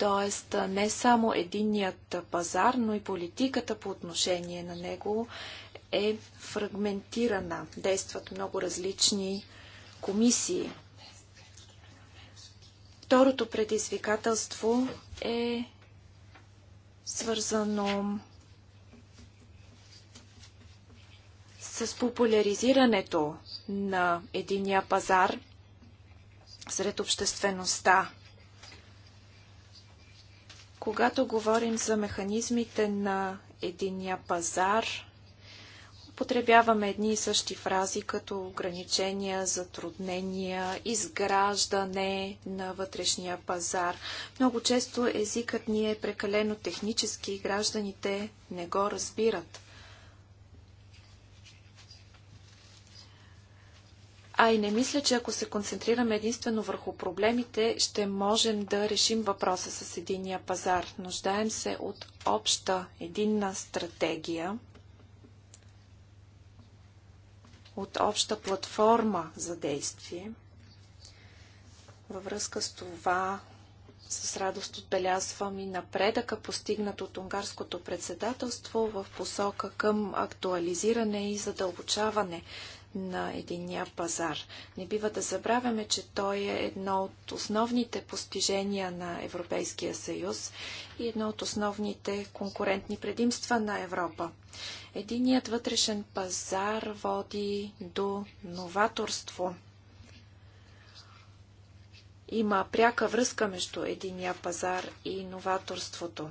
т.е. не само единният пазар, но и политиката по отношение на него е фрагментирана. Действат много различни комисии. Второто предизвикателство е свързано с популяризирането на единия пазар сред обществеността. Когато говорим за механизмите на единия пазар, употребяваме едни и същи фрази, като ограничения, затруднения, изграждане на вътрешния пазар. Много често езикът ни е прекалено технически и гражданите не го разбират. А и не мисля, че ако се концентрираме единствено върху проблемите, ще можем да решим въпроса с единия пазар. Нуждаем се от обща единна стратегия, от обща платформа за действие. Във връзка с това с радост отбелязвам и напредъка, постигнат от унгарското председателство в посока към актуализиране и задълбочаване на единния пазар. Не бива да забравяме, че той е едно от основните постижения на Европейския съюз и едно от основните конкурентни предимства на Европа. Единият вътрешен пазар води до новаторство. Има пряка връзка между единия пазар и новаторството.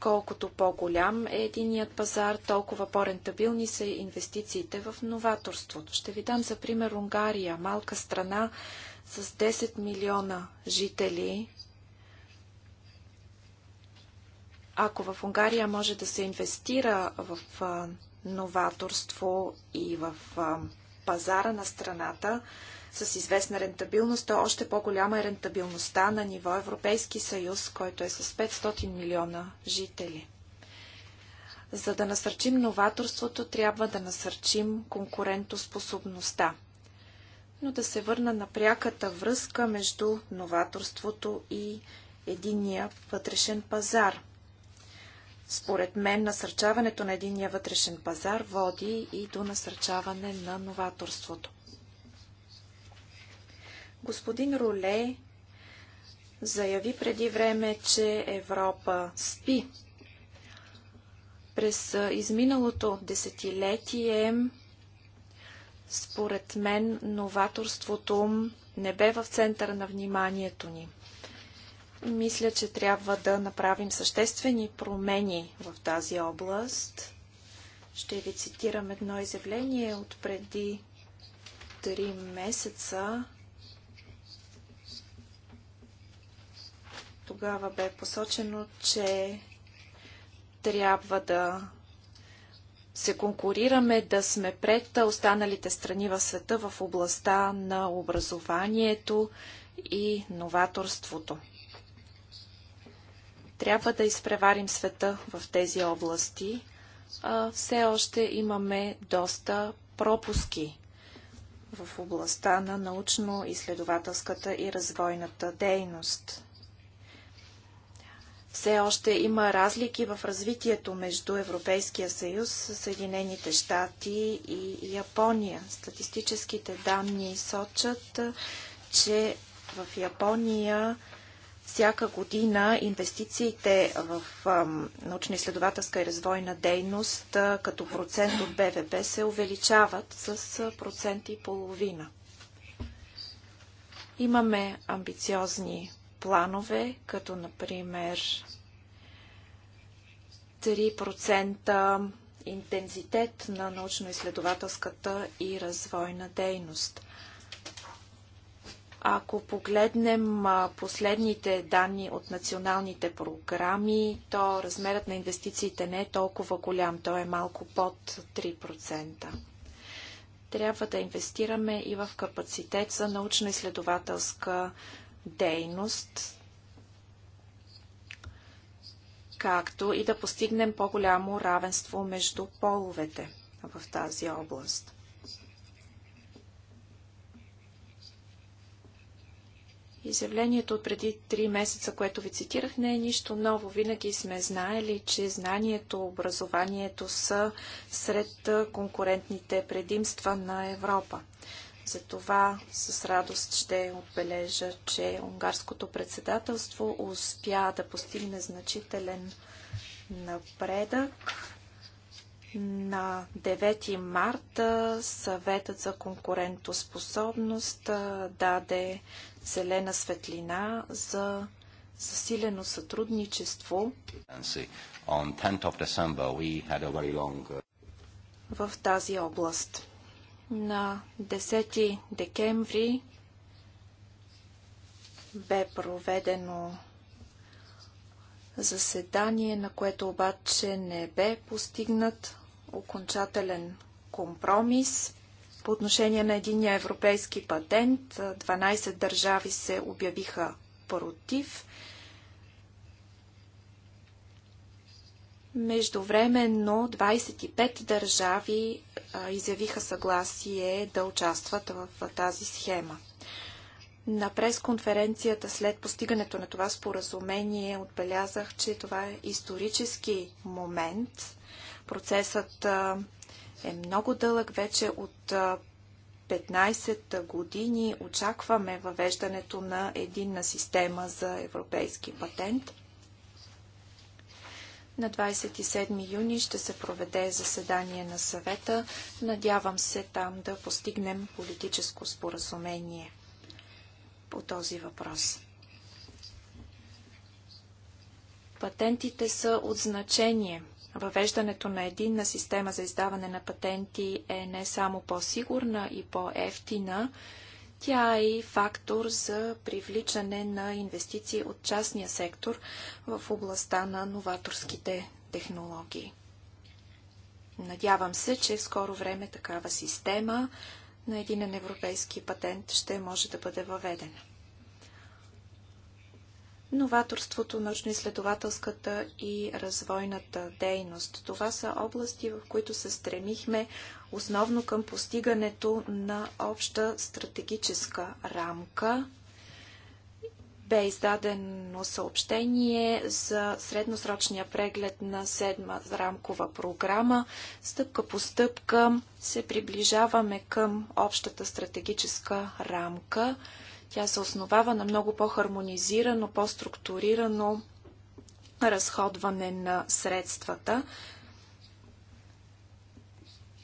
Колкото по-голям е единият пазар, толкова по-рентабилни са инвестициите в новаторството. Ще ви дам за пример Унгария, малка страна с 10 милиона жители. Ако в Унгария може да се инвестира в новаторство и в пазара на страната, с известна рентабилност, то още по-голяма е рентабилността на ниво Европейски съюз, който е с 500 милиона жители. За да насърчим новаторството, трябва да насърчим конкурентоспособността. Но да се върна на пряката връзка между новаторството и единния вътрешен пазар. Според мен, насърчаването на единния вътрешен пазар води и до насърчаване на новаторството. Господин Роле заяви преди време, че Европа спи. През изминалото десетилетие, според мен, новаторството не бе в центъра на вниманието ни. Мисля, че трябва да направим съществени промени в тази област. Ще ви цитирам едно изявление от преди три месеца Тогава бе посочено, че трябва да се конкурираме да сме пред останалите страни в света в областта на образованието и новаторството. Трябва да изпреварим света в тези области. А все още имаме доста пропуски в областта на научно-изследователската и развойната дейност все още има разлики в развитието между Европейския съюз, Съединените щати и Япония. Статистическите данни сочат, че в Япония всяка година инвестициите в научно-изследователска и развойна дейност като процент от БВП се увеличават с процент и половина. Имаме амбициозни планове, като например 3% интензитет на научно-изследователската и развойна дейност. Ако погледнем последните данни от националните програми, то размерът на инвестициите не е толкова голям, той е малко под 3%. Трябва да инвестираме и в капацитет за научно-изследователска дейност, както и да постигнем по-голямо равенство между половете в тази област. Изявлението от преди три месеца, което ви цитирах, не е нищо ново. Винаги сме знаели, че знанието, образованието са сред конкурентните предимства на Европа това с радост ще отбележа, че унгарското председателство успя да постигне значителен напредък. На 9 марта съветът за конкурентоспособност даде зелена светлина за засилено сътрудничество. В тази област. На 10 декември бе проведено заседание, на което обаче не бе постигнат окончателен компромис. По отношение на един европейски патент, 12 държави се обявиха против. Междувременно 25 държави а, изявиха съгласие да участват в, в тази схема. На пресконференцията след постигането на това споразумение отбелязах, че това е исторически момент. Процесът а, е много дълъг. Вече от а, 15 години очакваме въвеждането на единна система за европейски патент – на 27 юни ще се проведе заседание на съвета. Надявам се там да постигнем политическо споразумение по този въпрос. Патентите са от значение. Въвеждането на единна система за издаване на патенти е не само по-сигурна и по-ефтина, тя е и фактор за привличане на инвестиции от частния сектор в областта на новаторските технологии. Надявам се, че в скоро време такава система на един европейски патент ще може да бъде въведена. Новаторството, научно-изследователската и развойната дейност. Това са области, в които се стремихме основно към постигането на обща стратегическа рамка. Бе издадено съобщение за средносрочния преглед на седма рамкова програма. Стъпка по стъпка се приближаваме към общата стратегическа рамка. Тя се основава на много по-хармонизирано, по-структурирано разходване на средствата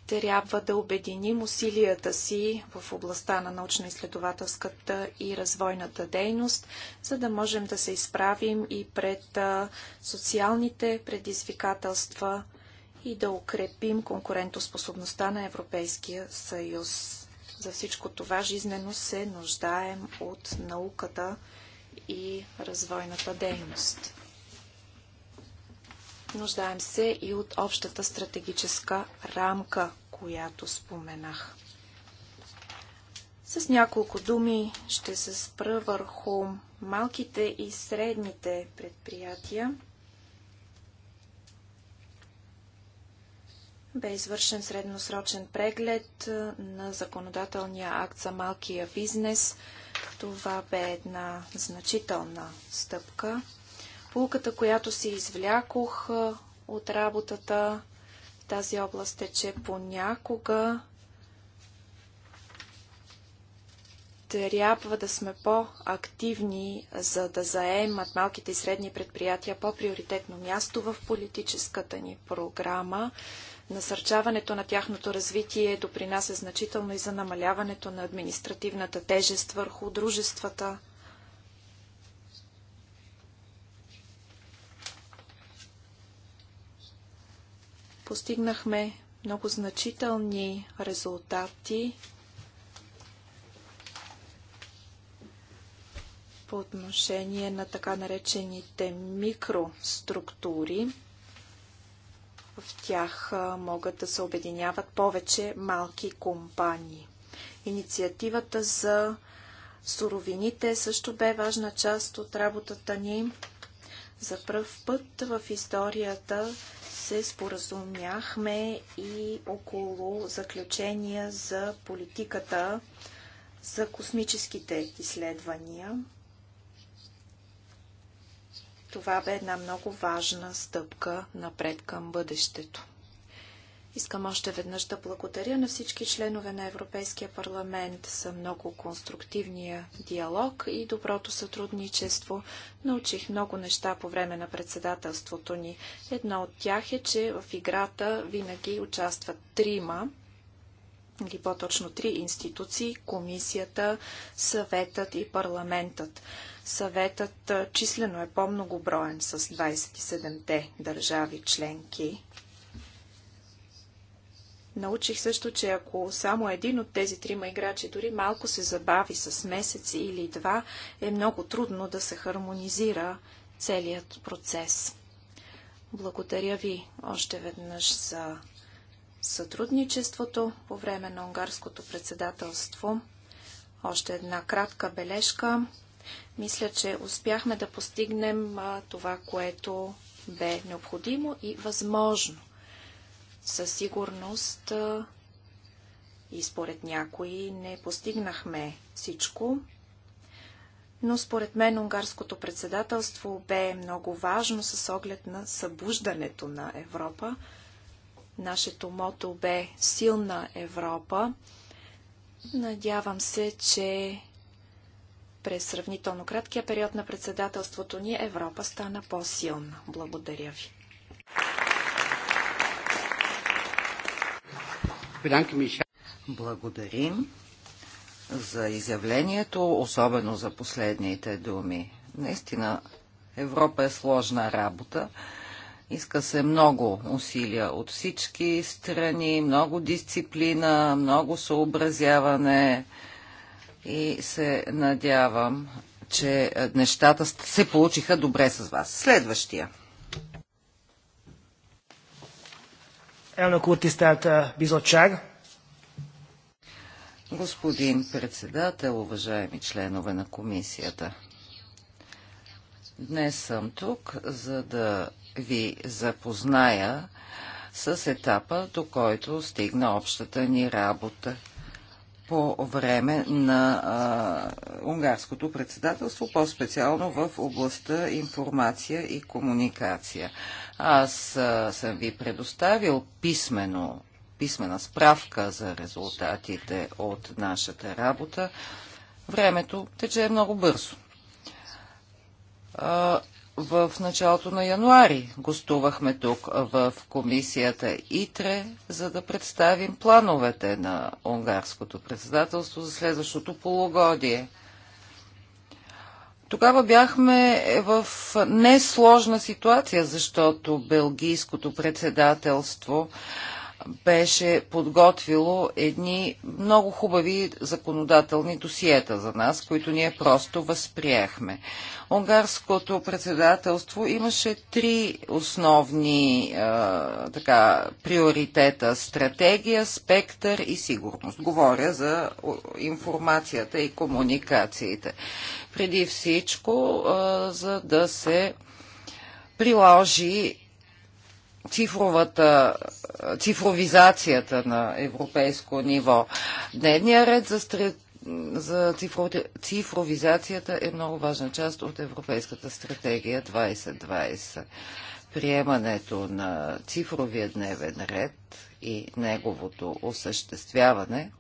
трябва да обединим усилията си в областта на научно-изследователската и развойната дейност, за да можем да се изправим и пред социалните предизвикателства и да укрепим конкурентоспособността на Европейския съюз. За всичко това жизнено се нуждаем от науката и развойната дейност. Нуждаем се и от общата стратегическа рамка, която споменах. С няколко думи ще се спра върху малките и средните предприятия. Бе извършен средносрочен преглед на законодателния акт за малкия бизнес. Това бе една значителна стъпка. Пулката, която си извлякох от работата в тази област е, че понякога трябва да сме по-активни, за да заемат малките и средни предприятия по-приоритетно място в политическата ни програма. Насърчаването на тяхното развитие допринася значително и за намаляването на административната тежест върху дружествата – Постигнахме много значителни резултати по отношение на така наречените микроструктури. В тях могат да се обединяват повече малки компании. Инициативата за суровините също бе важна част от работата ни. За пръв път в историята се споразумяхме и около заключения за политиката за космическите изследвания. Това бе една много важна стъпка напред към бъдещето. Искам още веднъж да благодаря на всички членове на Европейския парламент за много конструктивния диалог и доброто сътрудничество. Научих много неща по време на председателството ни. Едно от тях е, че в играта винаги участват трима или по-точно три институции – комисията, съветът и парламентът. Съветът числено е по-многоброен с 27-те държави членки Научих също, че ако само един от тези трима играчи дори малко се забави с месец или два, е много трудно да се хармонизира целият процес. Благодаря ви още веднъж за сътрудничеството по време на унгарското председателство. Още една кратка бележка. Мисля, че успяхме да постигнем това, което бе необходимо и възможно – със сигурност и според някои не постигнахме всичко, но според мен унгарското председателство бе много важно с оглед на събуждането на Европа. Нашето мото бе Силна Европа. Надявам се, че през сравнително краткия период на председателството ни Европа стана по-силна. Благодаря ви. Благодарим за изявлението, особено за последните думи. Наистина, Европа е сложна работа. Иска се много усилия от всички страни, много дисциплина, много съобразяване и се надявам, че нещата се получиха добре с вас. Следващия. Eh, Господин председател, уважаеми членове на комисията, днес съм тук, за да ви запозная с етапа, до който стигна общата ни работа по време на а, унгарското председателство, по-специално в областта информация и комуникация. Аз а, съм ви предоставил писмено, писмена справка за резултатите от нашата работа. Времето тече много бързо. А, в началото на януари гостувахме тук в комисията ИТРЕ, за да представим плановете на унгарското председателство за следващото полугодие – тогава бяхме в несложна ситуация, защото Белгийското председателство беше подготвило едни много хубави законодателни досиета за нас, които ние просто възприехме. Унгарското председателство имаше три основни е, така, приоритета – стратегия, спектър и сигурност. Говоря за информацията и комуникациите. Преди всичко, е, за да се приложи цифровата, цифровизацията на европейско ниво. Дневният ред за, стр... за цифро, цифровизацията е много важна част от Европейската стратегия 2020. Приемането на цифровия дневен ред и неговото осъществяване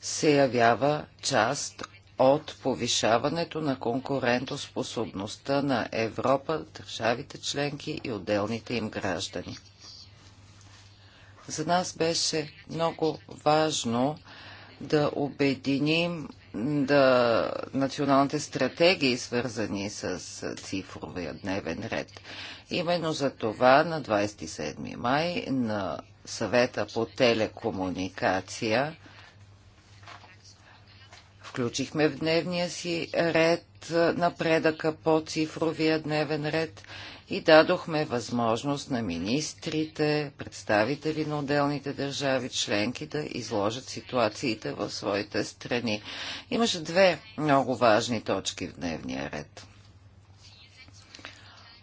се явява част от повишаването на конкурентоспособността на Европа, държавите членки и отделните им граждани. За нас беше много важно да обединим да, националните стратегии, свързани с цифровия дневен ред. Именно за това на 27 май на съвета по телекомуникация включихме в дневния си ред напредъка по цифровия дневен ред и дадохме възможност на министрите, представители на отделните държави членки да изложат ситуациите в своите страни. Имаше две много важни точки в дневния ред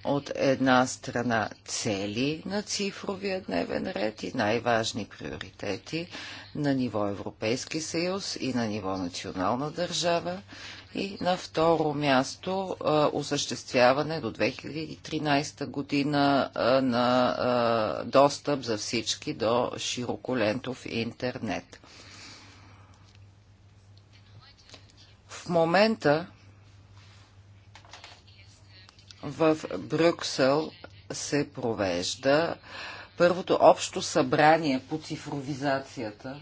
от една страна цели на цифровия дневен ред и най-важни приоритети на ниво Европейски съюз и на ниво национална държава и на второ място осъществяване до 2013 година на достъп за всички до широколентов интернет. В момента в Брюксел се провежда първото общо събрание по цифровизацията,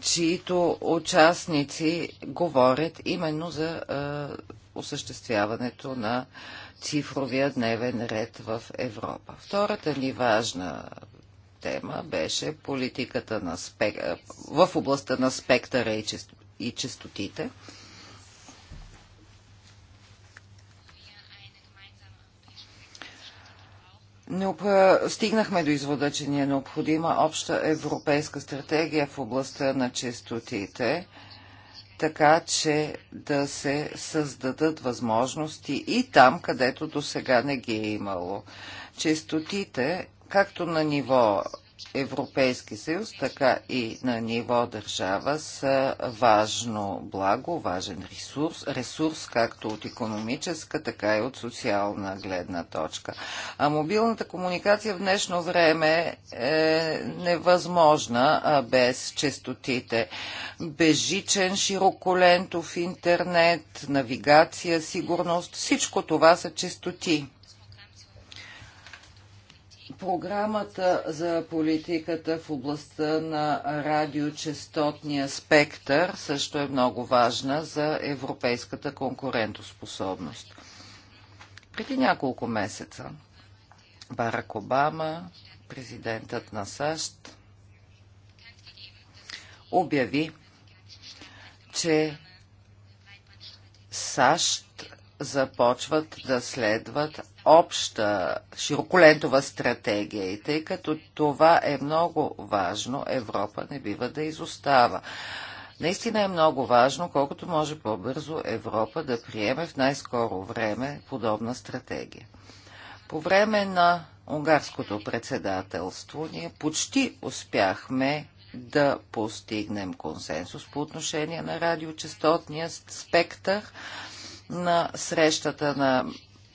чието участници говорят именно за е, осъществяването на цифровия дневен ред в Европа. Втората ни важна тема беше политиката на спек... в областта на спектъра и, чест... и честотите. Стигнахме до извода, че ни е необходима обща европейска стратегия в областта на честотите, така че да се създадат възможности и там, където до сега не ги е имало. Честотите, както на ниво Европейски съюз, така и на ниво държава са важно благо, важен ресурс, ресурс както от економическа, така и от социална гледна точка. А мобилната комуникация в днешно време е невъзможна без честотите. Бежичен, широколентов интернет, навигация, сигурност, всичко това са честоти Програмата за политиката в областта на радиочестотния спектър също е много важна за европейската конкурентоспособност. Преди няколко месеца Барак Обама, президентът на САЩ, обяви, че САЩ започват да следват обща широколентова стратегия и тъй като това е много важно, Европа не бива да изостава. Наистина е много важно, колкото може по-бързо Европа да приеме в най-скоро време подобна стратегия. По време на унгарското председателство ние почти успяхме да постигнем консенсус по отношение на радиочастотния спектър на срещата на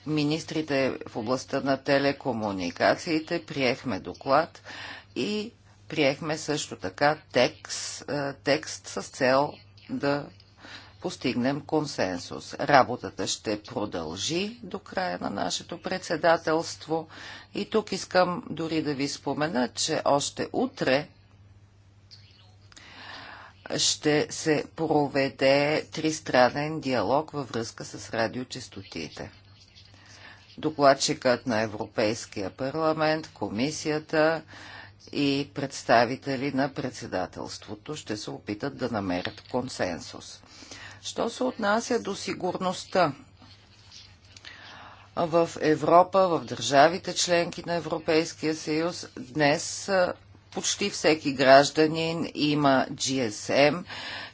министрите в областта на телекомуникациите приехме доклад и приехме също така текст, е, текст с цел да постигнем консенсус. Работата ще продължи до края на нашето председателство и тук искам дори да ви спомена, че още утре ще се проведе тристранен диалог във връзка с радиочестотите докладчикът на Европейския парламент, комисията и представители на председателството ще се опитат да намерят консенсус. Що се отнася до сигурността в Европа, в държавите членки на Европейския съюз, днес почти всеки гражданин има GSM,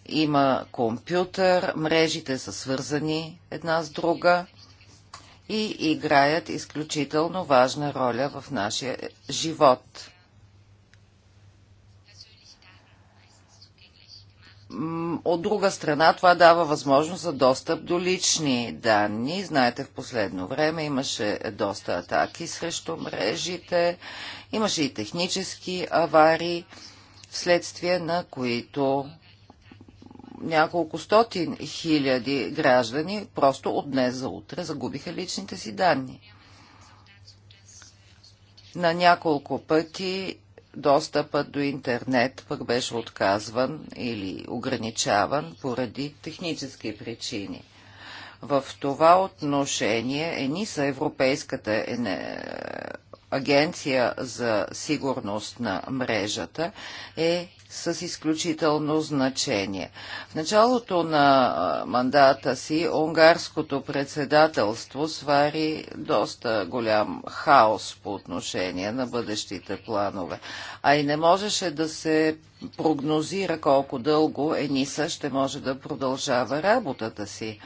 има компютър, мрежите са свързани една с друга и играят изключително важна роля в нашия живот. От друга страна, това дава възможност за достъп до лични данни. Знаете, в последно време имаше доста атаки срещу мрежите, имаше и технически аварии, вследствие на които няколко стотин хиляди граждани просто от днес за утре загубиха личните си данни. На няколко пъти достъпът до интернет пък беше отказван или ограничаван поради технически причини. В това отношение ЕНИСА, Европейската агенция за сигурност на мрежата, е с изключително значение. В началото на мандата си унгарското председателство свари доста голям хаос по отношение на бъдещите планове, а и не можеше да се прогнозира колко дълго ЕНИСА ще може да продължава работата си.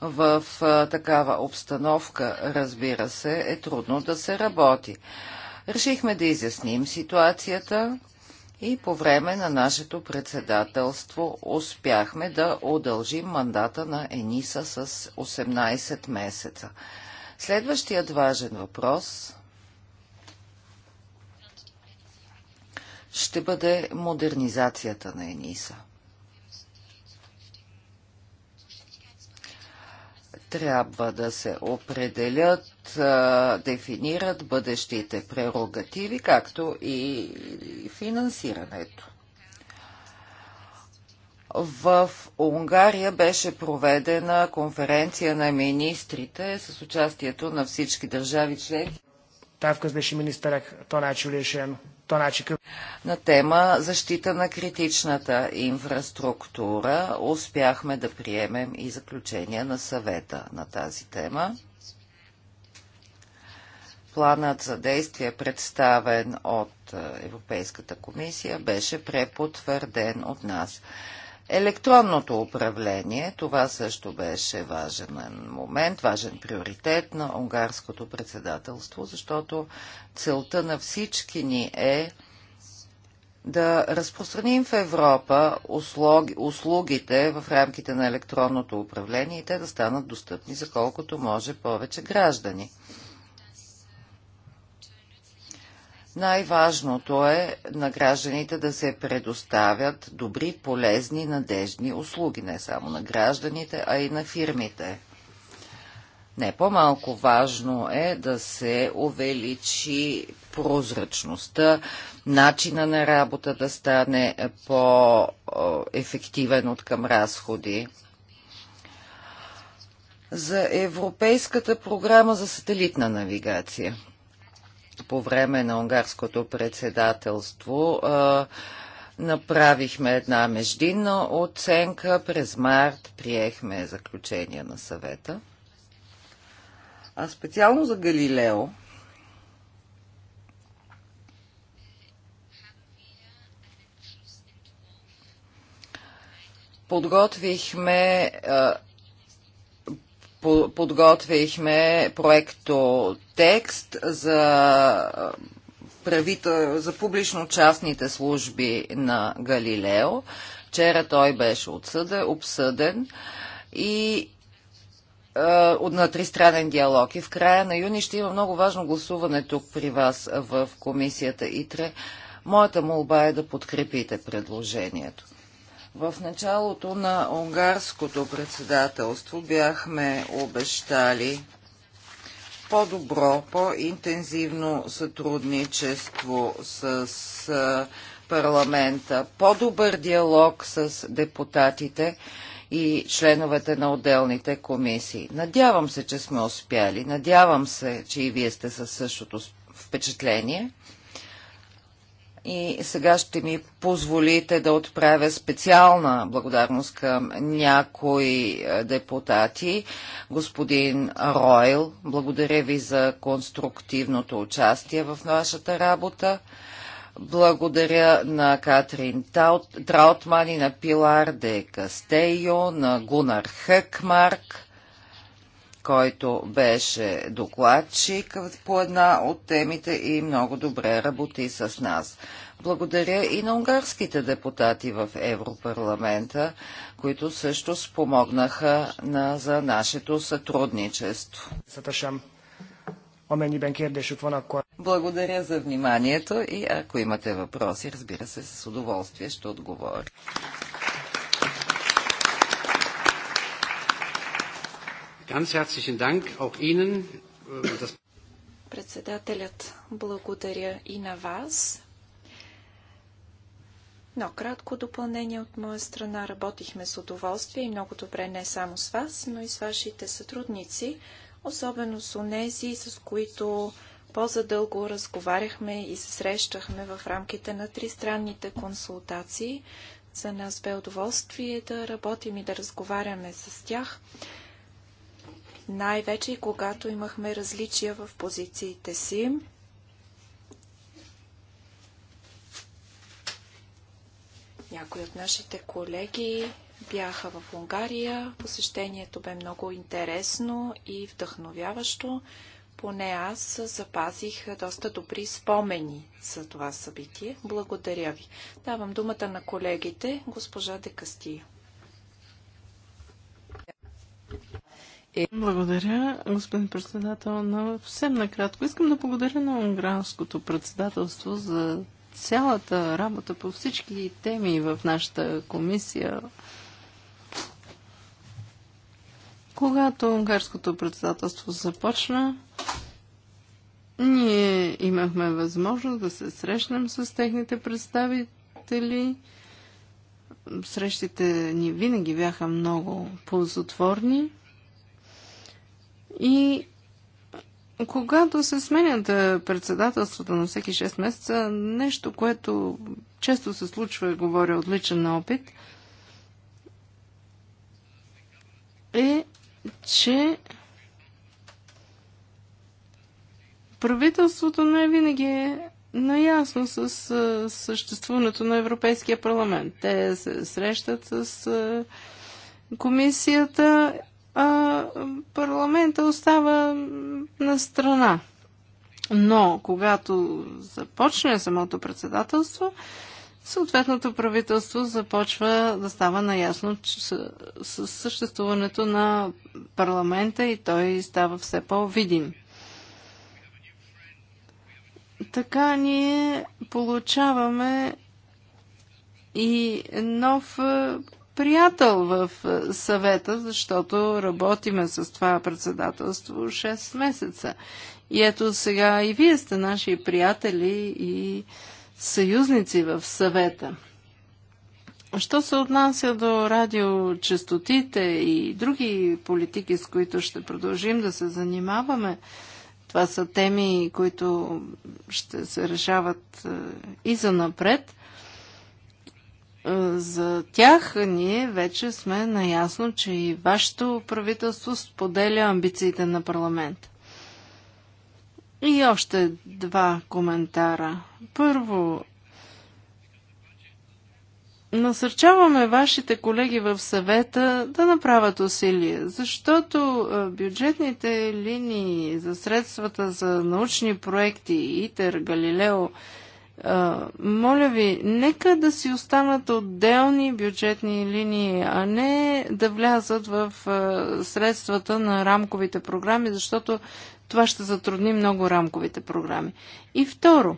В такава обстановка, разбира се, е трудно да се работи. Решихме да изясним ситуацията, и по време на нашето председателство успяхме да удължим мандата на ЕНИСА с 18 месеца. Следващият важен въпрос ще бъде модернизацията на ЕНИСА. Трябва да се определят дефинират бъдещите прерогативи, както и финансирането. В Унгария беше проведена конференция на министрите с участието на всички държави членки. Távközlési miniszterek е на тема защита на критичната инфраструктура успяхме да приемем и заключения на съвета на тази тема. Планът за действие, представен от е, Европейската комисия, беше препотвърден от нас. Електронното управление, това също беше важен момент, важен приоритет на унгарското председателство, защото целта на всички ни е да разпространим в Европа услугите в рамките на електронното управление и те да станат достъпни за колкото може повече граждани. Най-важното е на гражданите да се предоставят добри, полезни, надежни услуги, не само на гражданите, а и на фирмите. Не по-малко важно е да се увеличи прозрачността, начина на работа да стане по-ефективен от към разходи. За Европейската програма за сателитна навигация – по време на унгарското председателство направихме една междинна оценка. През март приехме заключение на съвета. А специално за Галилео, подготвихме подготвихме проекто текст за, правител... за публично-частните служби на Галилео. Вчера той беше отсъден, обсъден и на тристранен диалог. И в края на юни ще има много важно гласуване тук при вас в комисията ИТРЕ. Моята молба е да подкрепите предложението. В началото на унгарското председателство бяхме обещали по-добро, по-интензивно сътрудничество с парламента, по-добър диалог с депутатите и членовете на отделните комисии. Надявам се, че сме успяли. Надявам се, че и вие сте със същото впечатление – и сега ще ми позволите да отправя специална благодарност към някои е, депутати. Господин Ройл, благодаря ви за конструктивното участие в нашата работа. Благодаря на Катрин Траутман и на Пилар де Кастейо, на Гунар Хъкмарк който беше докладчик по една от темите и много добре работи с нас. Благодаря и на унгарските депутати в Европарламента, които също спомогнаха на, за нашето сътрудничество. Благодаря за вниманието и ако имате въпроси, разбира се, с удоволствие ще отговоря. Ganz herzlichen Dank auch Ihnen. Äh, Председателят, благодаря и на вас. Но кратко допълнение от моя страна. Работихме с удоволствие и много добре не само с вас, но и с вашите сътрудници, особено с онези, с които по-задълго разговаряхме и се срещахме в рамките на тристранните консултации. За нас бе удоволствие да работим и да разговаряме с тях най-вече и когато имахме различия в позициите си. Някои от нашите колеги бяха в Унгария. Посещението бе много интересно и вдъхновяващо. Поне аз запазих доста добри спомени за това събитие. Благодаря ви. Давам думата на колегите, госпожа Декастия. Благодаря, господин председател. но съвсем накратко искам да благодаря на унгарското председателство за цялата работа по всички теми в нашата комисия. Когато унгарското председателство започна, ние имахме възможност да се срещнем с техните представители. Срещите ни винаги бяха много ползотворни. И когато се сменят председателствата на всеки 6 месеца, нещо, което често се случва, говоря от личен опит, е, че правителството не винаги е наясно с съществуването на Европейския парламент. Те се срещат с комисията а, парламента остава на страна. Но, когато започне самото председателство, съответното правителство започва да става наясно че, с съществуването на парламента и той става все по-видим. Така ние получаваме и нов приятел в е, съвета, защото работиме с това председателство 6 месеца. И ето сега и вие сте наши приятели и съюзници в съвета. Що се отнася до радиочастотите и други политики, с които ще продължим да се занимаваме, това са теми, които ще се решават е, и за напред – е, за тях ние вече сме наясно, че и вашето правителство споделя амбициите на парламент. И още два коментара. Първо, насърчаваме вашите колеги в съвета да направят усилие, защото е, бюджетните линии за средствата за научни проекти ИТЕР, Галилео, моля ви, нека да си останат отделни бюджетни линии, а не да влязат в средствата на рамковите програми, защото това ще затрудни много рамковите програми. И второ,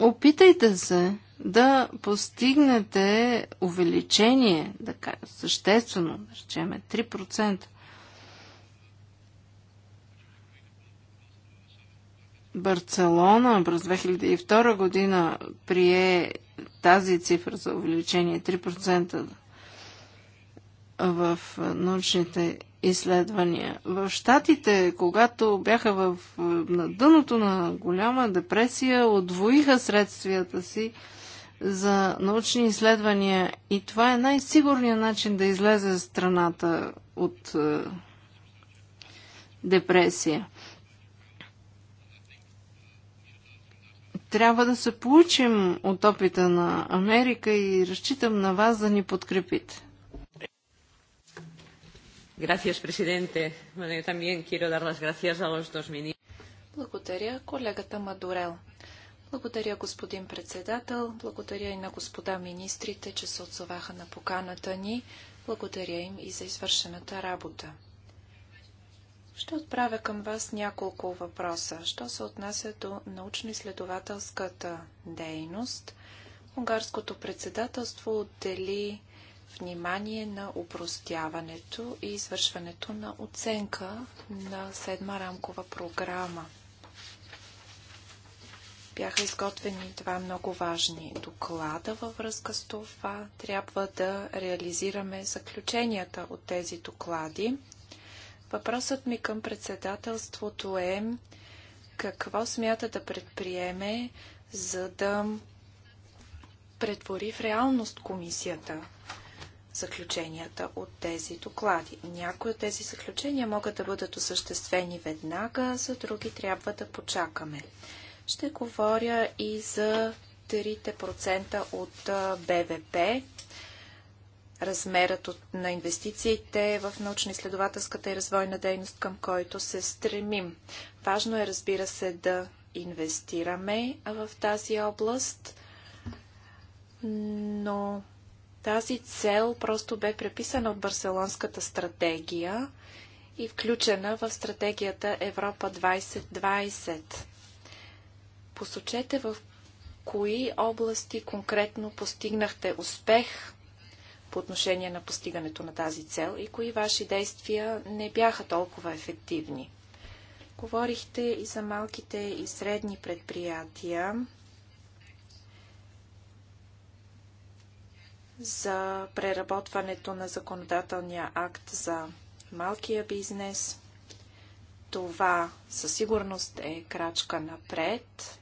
опитайте се да постигнете увеличение, да кажа, съществено, да речеме 3%, Барселона през 2002 година прие тази цифра за увеличение 3% в научните изследвания. В Штатите, когато бяха в, на дъното на голяма депресия, отвоиха средствията си за научни изследвания и това е най-сигурният начин да излезе страната от е, депресия. трябва да се получим от опита на Америка и разчитам на вас да ни подкрепите. Gracias, presidente. Bueno, yo también quiero dar las gracias a los dos ministros. Благодаря, колегата Мадурел. Благодаря, господин председател. Благодаря и на господа министрите, че се отзоваха на поканата ни. Благодаря им и за извършената работа. Ще отправя към вас няколко въпроса. Що се отнася до научно-изследователската дейност, унгарското председателство отдели внимание на упростяването и извършването на оценка на седма рамкова програма. Бяха изготвени два много важни доклада във връзка с това. Трябва да реализираме заключенията от тези доклади. Въпросът ми към председателството е какво смята да предприеме, за да претвори в реалност комисията заключенията от тези доклади. Някои от тези заключения могат да бъдат осъществени веднага, за други трябва да почакаме. Ще говоря и за 3% от БВП, размерът от, на инвестициите в научно-изследователската и развойна дейност, към който се стремим. Важно е, разбира се, да инвестираме в тази област, но тази цел просто бе преписана от Барселонската стратегия и включена в стратегията Европа 2020. Посочете в кои области конкретно постигнахте успех по отношение на постигането на тази цел и кои ваши действия не бяха толкова ефективни? Говорихте и за малките и средни предприятия, за преработването на законодателния акт за малкия бизнес. Това със сигурност е крачка напред.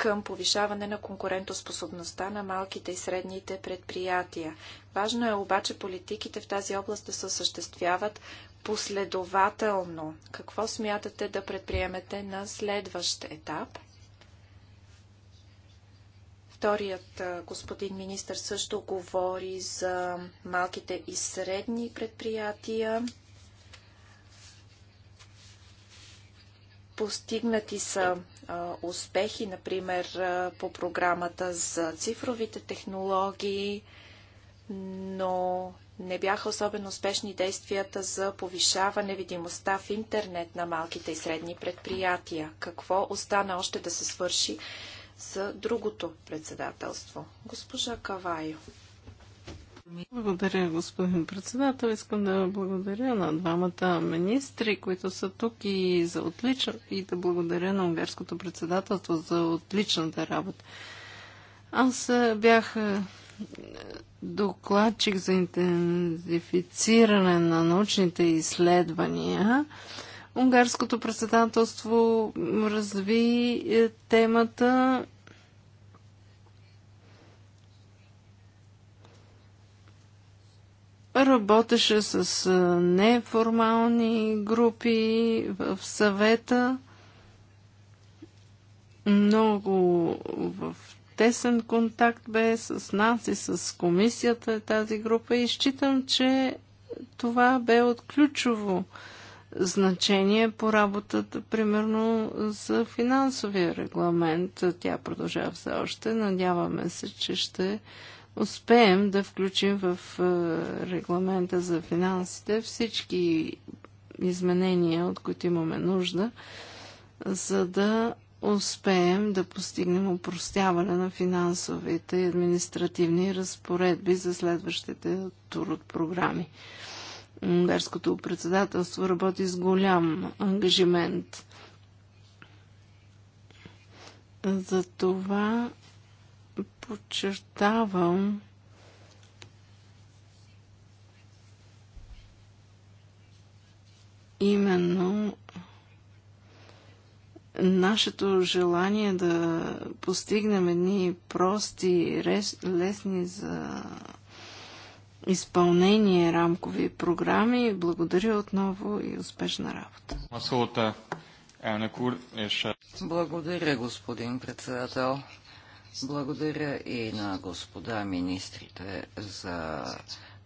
към повишаване на конкурентоспособността на малките и средните предприятия. Важно е обаче политиките в тази област да се осъществяват последователно. Какво смятате да предприемете на следващ етап? Вторият господин министр също говори за малките и средни предприятия. Постигнати са успехи, например, по програмата за цифровите технологии, но не бяха особено успешни действията за повишаване видимостта в интернет на малките и средни предприятия. Какво остана още да се свърши за другото председателство? Госпожа Кавайо. Благодаря, господин председател. Искам да благодаря на двамата министри, които са тук и, за отлично, и да благодаря на унгарското председателство за отличната работа. Аз бях докладчик за интензифициране на научните изследвания. Унгарското председателство разви е, темата работеше с неформални групи в съвета, много в тесен контакт бе с нас и с комисията тази група и считам, че това бе от ключово значение по работата, примерно за финансовия регламент. Тя продължава все още. Надяваме се, че ще успеем да включим в е, регламента за финансите всички изменения, от които имаме нужда, за да успеем да постигнем упростяване на финансовите и административни разпоредби за следващите тур от програми. Унгарското председателство работи с голям ангажимент. За това подчертавам, именно нашето желание да постигнем едни прости, лесни за изпълнение рамкови програми. Благодаря отново и успешна работа. Е Благодаря, господин председател. Благодаря и на господа министрите за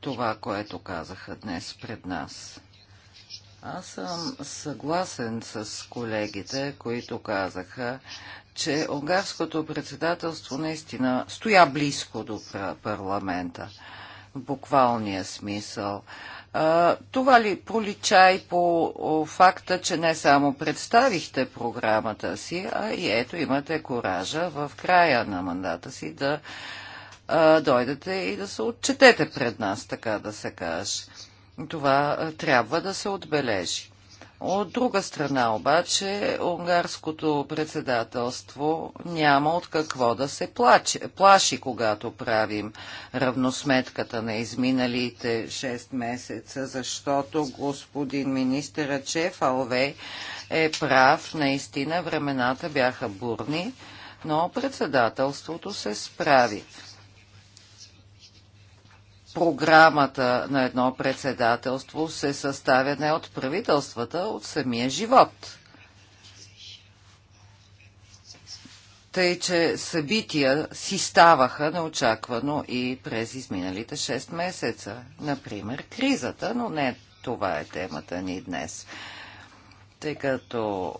това, което казаха днес пред нас. Аз съм съгласен с колегите, които казаха, че унгарското председателство наистина стоя близко до парламента. В буквалния смисъл. Това ли пролича и по факта, че не само представихте програмата си, а и ето имате коража в края на мандата си да а, дойдете и да се отчетете пред нас, така да се каже. Това трябва да се отбележи. От друга страна обаче, унгарското председателство няма от какво да се плаче, плаши, когато правим равносметката на изминалите 6 месеца, защото господин министър Чеф Алвей е прав, наистина времената бяха бурни, но председателството се справи програмата на едно председателство се съставя не от правителствата, а от самия живот. Тъй, че събития си ставаха неочаквано и през изминалите 6 месеца. Например, кризата, но не това е темата ни днес. Тъй като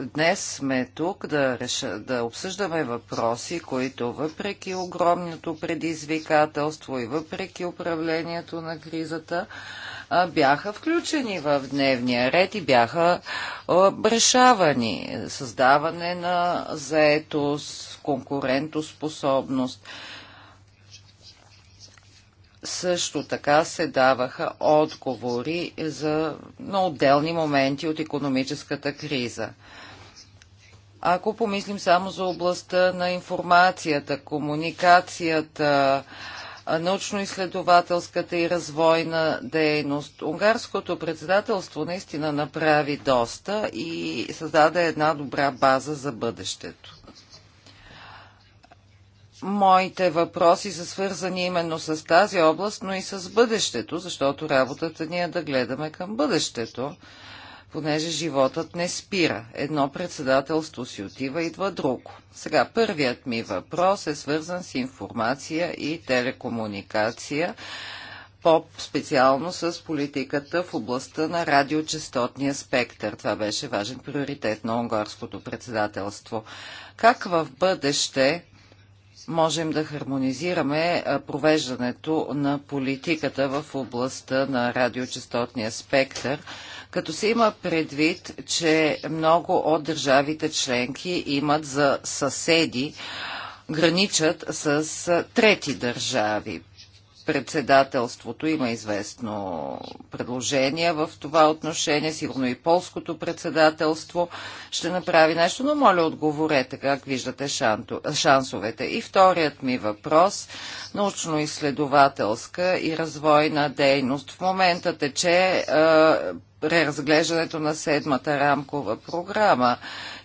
Днес сме тук да, реша, да обсъждаме въпроси, които въпреки огромното предизвикателство и въпреки управлението на кризата, бяха включени в дневния ред и бяха решавани. Създаване на заетост, конкурентоспособност. Също така се даваха отговори за, на отделни моменти от економическата криза. Ако помислим само за областта на информацията, комуникацията, научно-изследователската и развойна дейност. Унгарското председателство наистина направи доста и създаде една добра база за бъдещето. Моите въпроси са свързани именно с тази област, но и с бъдещето, защото работата ни е да гледаме към бъдещето понеже животът не спира. Едно председателство си отива, идва друго. Сега, първият ми въпрос е свързан с информация и телекомуникация, по-специално с политиката в областта на радиочастотния спектър. Това беше важен приоритет на унгарското председателство. Как в бъдеще можем да хармонизираме провеждането на политиката в областта на радиочастотния спектър, като се има предвид, че много от държавите членки имат за съседи граничат с трети държави председателството има известно предложение в това отношение. Сигурно и полското председателство ще направи нещо, но моля отговорете как виждате шансовете. И вторият ми въпрос – научно-изследователска и развойна дейност. В момента тече е, преразглеждането на седмата рамкова програма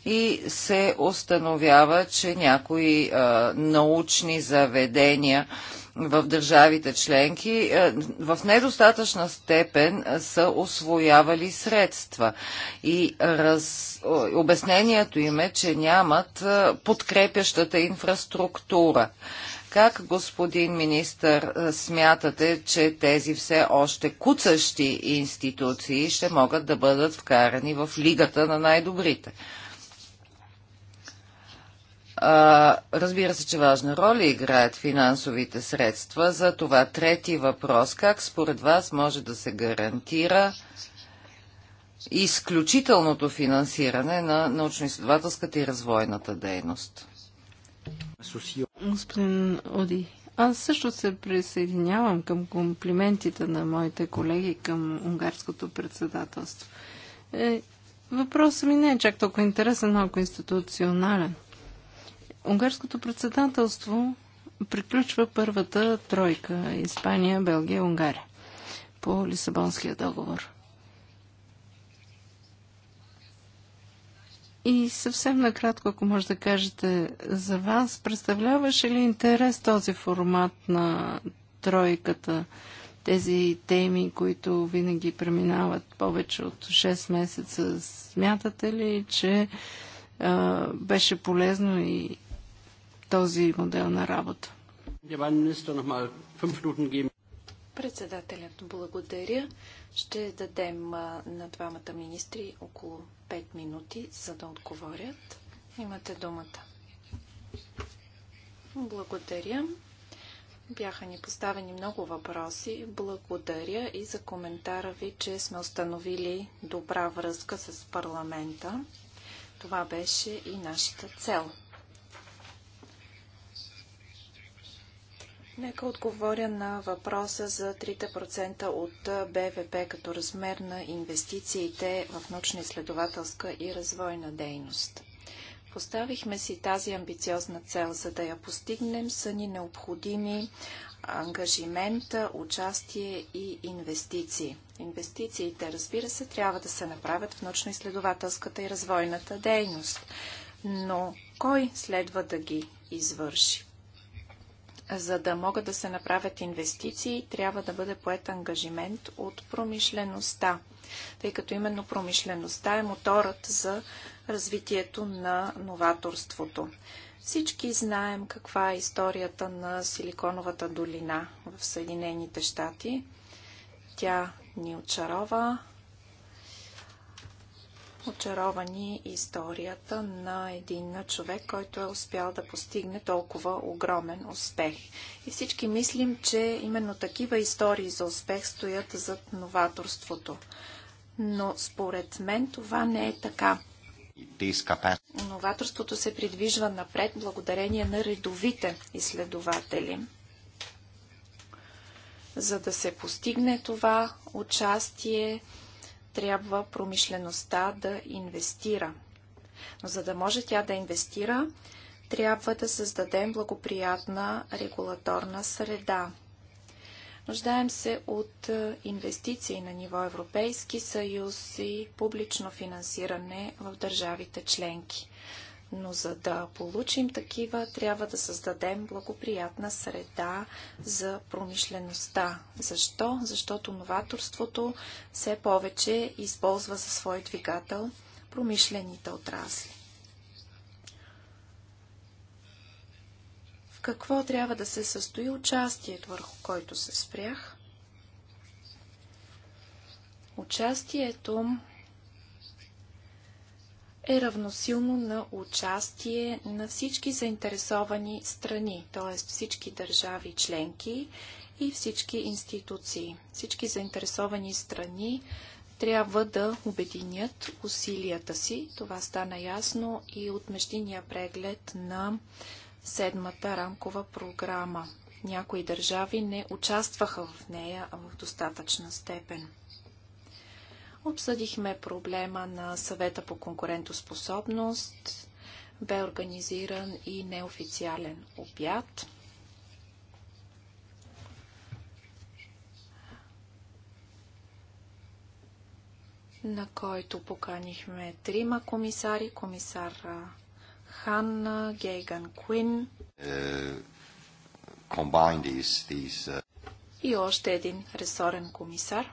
и се установява, че някои е, научни заведения – в държавите членки е, в недостатъчна степен са освоявали средства. И раз... обяснението им е, че нямат е, подкрепящата инфраструктура. Как, господин министър, е, смятате, че тези все още куцащи институции ще могат да бъдат вкарани в лигата на най-добрите? А, разбира се, че важна роля играят финансовите средства. За това трети въпрос. Как според вас може да се гарантира изключителното финансиране на научно-изследователската и развойната дейност? Господин Оди, аз също се присъединявам към комплиментите на моите колеги към унгарското председателство. Е, въпросът ми не е чак толкова интересен, но институционален. Унгарското председателство приключва първата тройка Испания, Белгия, Унгария по Лисабонския договор. И съвсем накратко, ако може да кажете за вас, представляваше ли интерес този формат на тройката, тези теми, които винаги преминават повече от 6 месеца? Смятате ли, че а, беше полезно и този модел на работа. Председателят, благодаря. Ще дадем на двамата министри около 5 минути, за да отговорят. Имате думата. Благодаря. Бяха ни поставени много въпроси. Благодаря и за коментара ви, че сме установили добра връзка с парламента. Това беше и нашата цел. Нека отговоря на въпроса за 3% от БВП като размер на инвестициите в научно-изследователска и развойна дейност. Поставихме си тази амбициозна цел. За да я постигнем са ни необходими ангажимента, участие и инвестиции. Инвестициите, разбира се, трябва да се направят в научно-изследователската и развойната дейност. Но кой следва да ги извърши? за да могат да се направят инвестиции, трябва да бъде поет ангажимент от промишлеността, тъй като именно промишлеността е моторът за развитието на новаторството. Всички знаем каква е историята на Силиконовата долина в Съединените щати. Тя ни очарова, очаровани историята на един човек, който е успял да постигне толкова огромен успех. И всички мислим, че именно такива истории за успех стоят зад новаторството. Но според мен това не е така. Новаторството се придвижва напред благодарение на редовите изследователи. За да се постигне това участие, трябва промишлеността да инвестира. Но за да може тя да инвестира, трябва да създадем благоприятна регулаторна среда. Нуждаем се от е, инвестиции на ниво Европейски съюз и публично финансиране в държавите членки но за да получим такива, трябва да създадем благоприятна среда за промишлеността. Защо? Защото новаторството все повече използва за свой двигател промишлените отрасли. В какво трябва да се състои участието, върху който се спрях? Участието е равносилно на участие на всички заинтересовани страни, т.е. всички държави членки и всички институции. Всички заинтересовани страни трябва да обединят усилията си. Това стана ясно и от междиния преглед на седмата рамкова програма. Някои държави не участваха в нея в достатъчна степен. Обсъдихме проблема на съвета по конкурентоспособност. Бе организиран и неофициален обяд. на който поканихме трима комисари. Комисар Хан, Гейган Куин uh, uh, и още един ресорен комисар.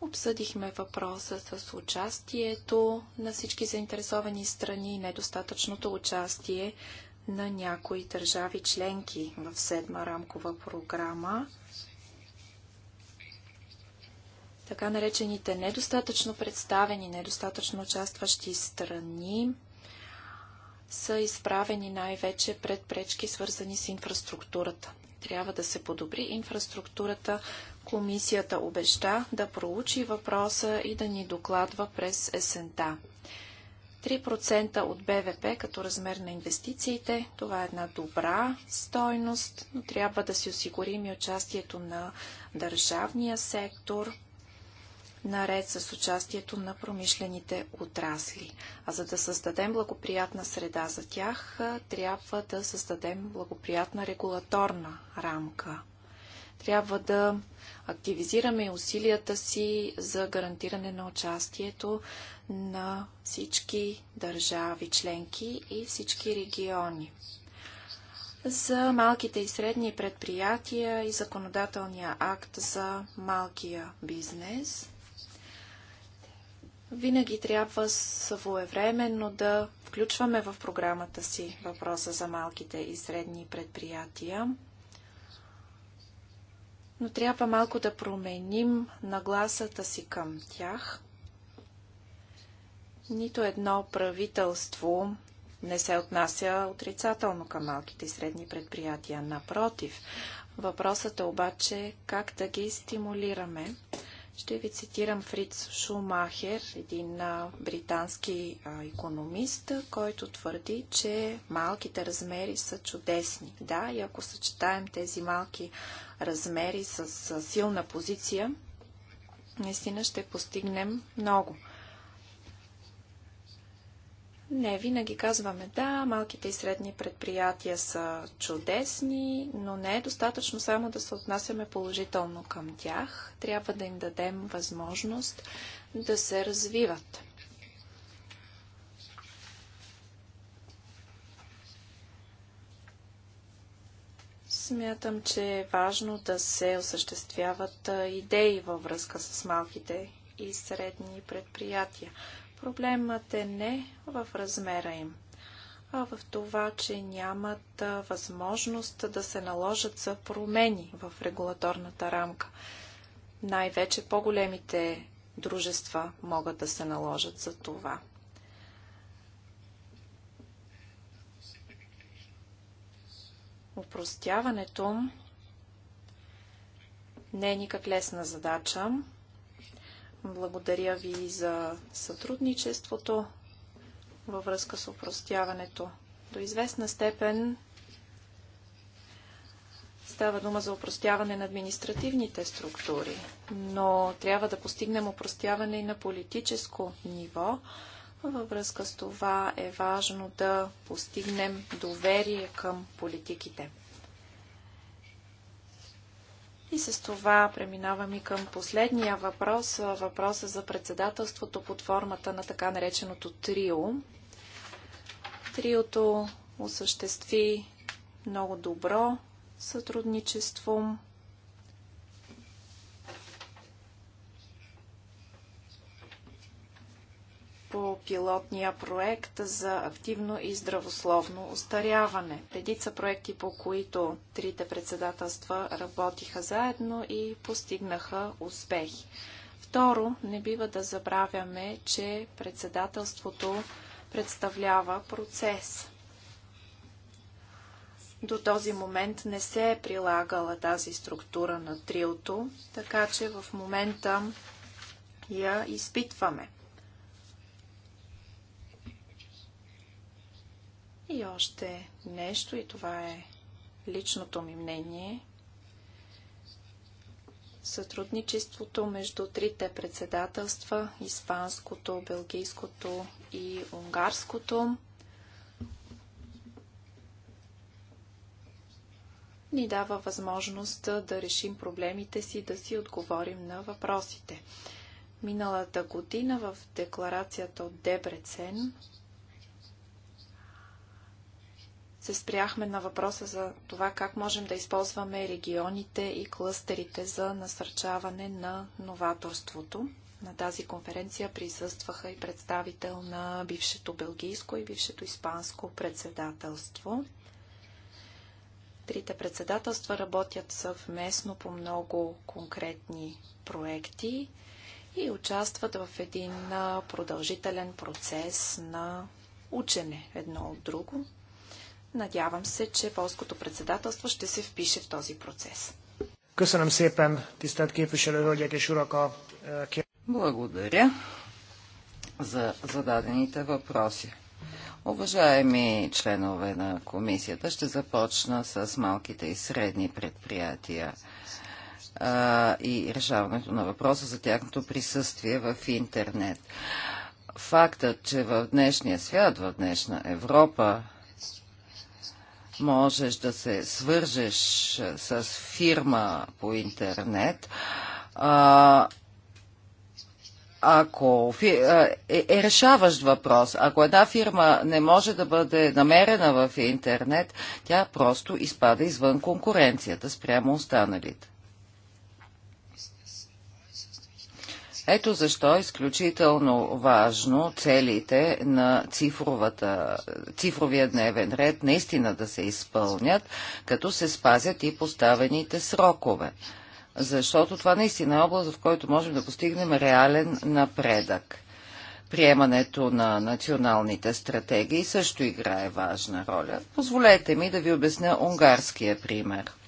Обсъдихме въпроса с участието на всички заинтересовани страни и недостатъчното участие на някои държави членки в седма рамкова програма. Така наречените недостатъчно представени, недостатъчно участващи страни са изправени най-вече пред пречки, свързани с инфраструктурата. Трябва да се подобри инфраструктурата, Комисията обеща да проучи въпроса и да ни докладва през есента. 3% от БВП като размер на инвестициите. Това е една добра стойност, но трябва да си осигурим и участието на държавния сектор, наред с участието на промишлените отрасли. А за да създадем благоприятна среда за тях, трябва да създадем благоприятна регулаторна рамка. Трябва да активизираме усилията си за гарантиране на участието на всички държави членки и всички региони. За малките и средни предприятия и законодателния акт за малкия бизнес винаги трябва своевременно да включваме в програмата си въпроса за малките и средни предприятия но трябва малко да променим нагласата си към тях. Нито едно правителство не се отнася отрицателно към малките и средни предприятия. Напротив, въпросът е обаче как да ги стимулираме ще ви цитирам Фриц Шумахер, един британски економист, който твърди, че малките размери са чудесни. Да, и ако съчетаем тези малки размери с силна позиция, наистина ще постигнем много – не, винаги казваме да, малките и средни предприятия са чудесни, но не е достатъчно само да се отнасяме положително към тях. Трябва да им дадем възможност да се развиват. Смятам, че е важно да се осъществяват идеи във връзка с малките и средни предприятия. Проблемът е не в размера им, а в това, че нямат възможност да се наложат за промени в регулаторната рамка. Най-вече по-големите дружества могат да се наложат за това. Упростяването не е никак лесна задача. Благодаря ви за сътрудничеството във връзка с упростяването. До известна степен става дума за упростяване на административните структури, но трябва да постигнем упростяване и на политическо ниво. Във връзка с това е важно да постигнем доверие към политиките. И с това преминавам и към последния въпрос, въпроса за председателството под формата на така нареченото трио. Триото осъществи много добро сътрудничество. по пилотния проект за активно и здравословно остаряване. Редица проекти, по които трите председателства работиха заедно и постигнаха успехи. Второ, не бива да забравяме, че председателството представлява процес. До този момент не се е прилагала тази структура на триото, така че в момента я изпитваме. И още нещо, и това е личното ми мнение. Сътрудничеството между трите председателства испанското, белгийското и унгарското ни дава възможност да решим проблемите си, да си отговорим на въпросите. Миналата година в декларацията от Дебрецен се спряхме на въпроса за това как можем да използваме регионите и клъстерите за насърчаване на новаторството. На тази конференция присъстваха и представител на бившето белгийско и бившето испанско председателство. Трите председателства работят съвместно по много конкретни проекти и участват в един продължителен процес на учене едно от друго, Надявам се, че полското председателство ще се впише в този процес. Е, Благодаря за зададените въпроси. Уважаеми членове на комисията, ще започна с малките и средни предприятия а, е, и решаването на въпроса за тяхното присъствие в интернет. Фактът, че в днешния свят, в днешна Европа, можеш да се свържеш с фирма по интернет, а, ако е, е решаващ въпрос, ако една фирма не може да бъде намерена в интернет, тя просто изпада извън конкуренцията спрямо останалите. Ето защо е изключително важно целите на цифровата, цифровия дневен ред наистина да се изпълнят, като се спазят и поставените срокове. Защото това наистина е област, в който можем да постигнем реален напредък. Приемането на националните стратегии също играе важна роля. Позволете ми да ви обясня унгарския пример –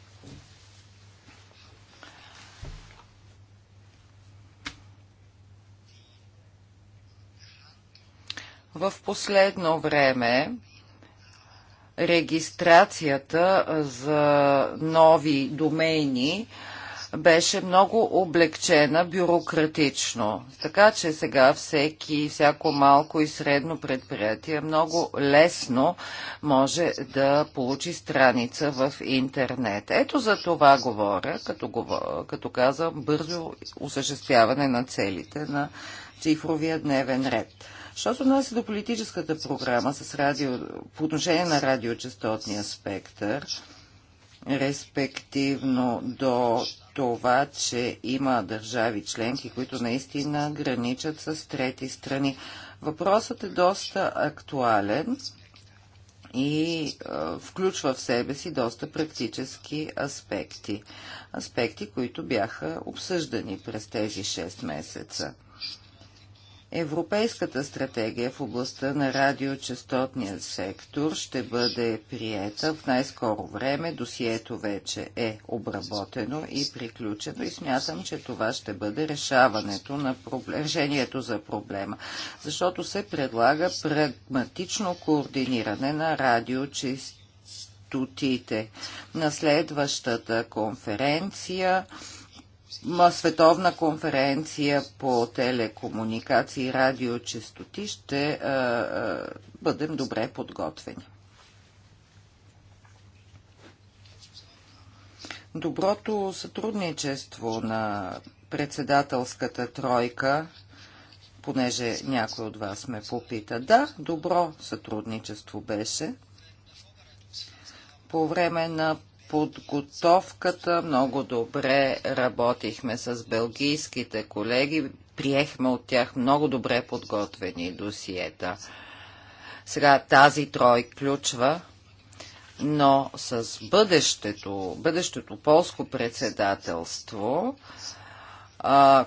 В последно време регистрацията за нови домейни беше много облегчена бюрократично. Така че сега всеки, всяко малко и средно предприятие много лесно може да получи страница в интернет. Ето за това говоря, като, говоря, като казвам бързо осъществяване на целите на цифровия дневен ред. Що се отнася до политическата програма с радио, по отношение на радиочастотния спектър, респективно до това, че има държави членки, които наистина граничат с трети страни. Въпросът е доста актуален и е, включва в себе си доста практически аспекти. Аспекти, които бяха обсъждани през тези 6 месеца. Европейската стратегия в областта на радиочастотния сектор ще бъде приета в най-скоро време. Досието вече е обработено и приключено и смятам, че това ще бъде решаването на решението за проблема, защото се предлага прагматично координиране на радиочастотите. На следващата конференция световна конференция по телекомуникации и радиочестоти ще а, е, а, е, бъдем добре подготвени. Доброто сътрудничество на председателската тройка, понеже някой от вас ме попита. Да, добро сътрудничество беше по време на подготовката. Много добре работихме с белгийските колеги. Приехме от тях много добре подготвени досиета. Сега тази трой ключва, но с бъдещето, бъдещето полско председателство,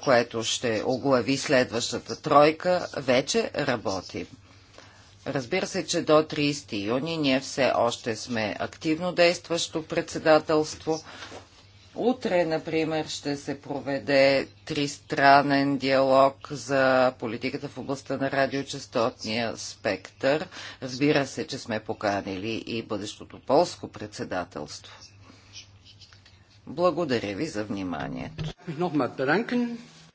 което ще оглави следващата тройка, вече работим. Разбира се, че до 30 юни ние все още сме активно действащо председателство. Утре, например, ще се проведе тристранен диалог за политиката в областта на радиочастотния спектър. Разбира се, че сме поканили и бъдещото полско председателство. Благодаря ви за вниманието.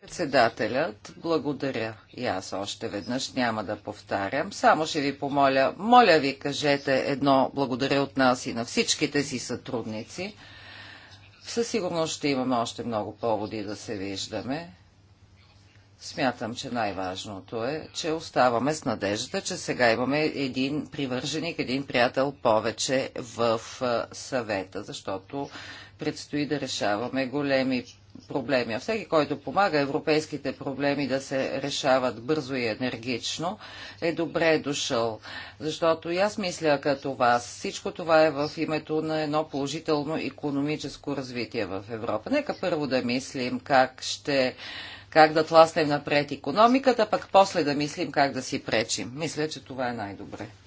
Председателят, благодаря. И аз още веднъж няма да повтарям. Само ще ви помоля, моля ви кажете едно благодаря от нас и на всичките си сътрудници. Със сигурност ще имаме още много поводи да се виждаме. Смятам, че най-важното е, че оставаме с надеждата, че сега имаме един привърженик, един приятел повече в съвета, защото предстои да решаваме големи проблеми. А всеки, който помага европейските проблеми да се решават бързо и енергично, е добре дошъл. Защото и аз мисля като вас, всичко това е в името на едно положително економическо развитие в Европа. Нека първо да мислим как ще как да тласнем напред економиката, пък после да мислим как да си пречим. Мисля, че това е най-добре.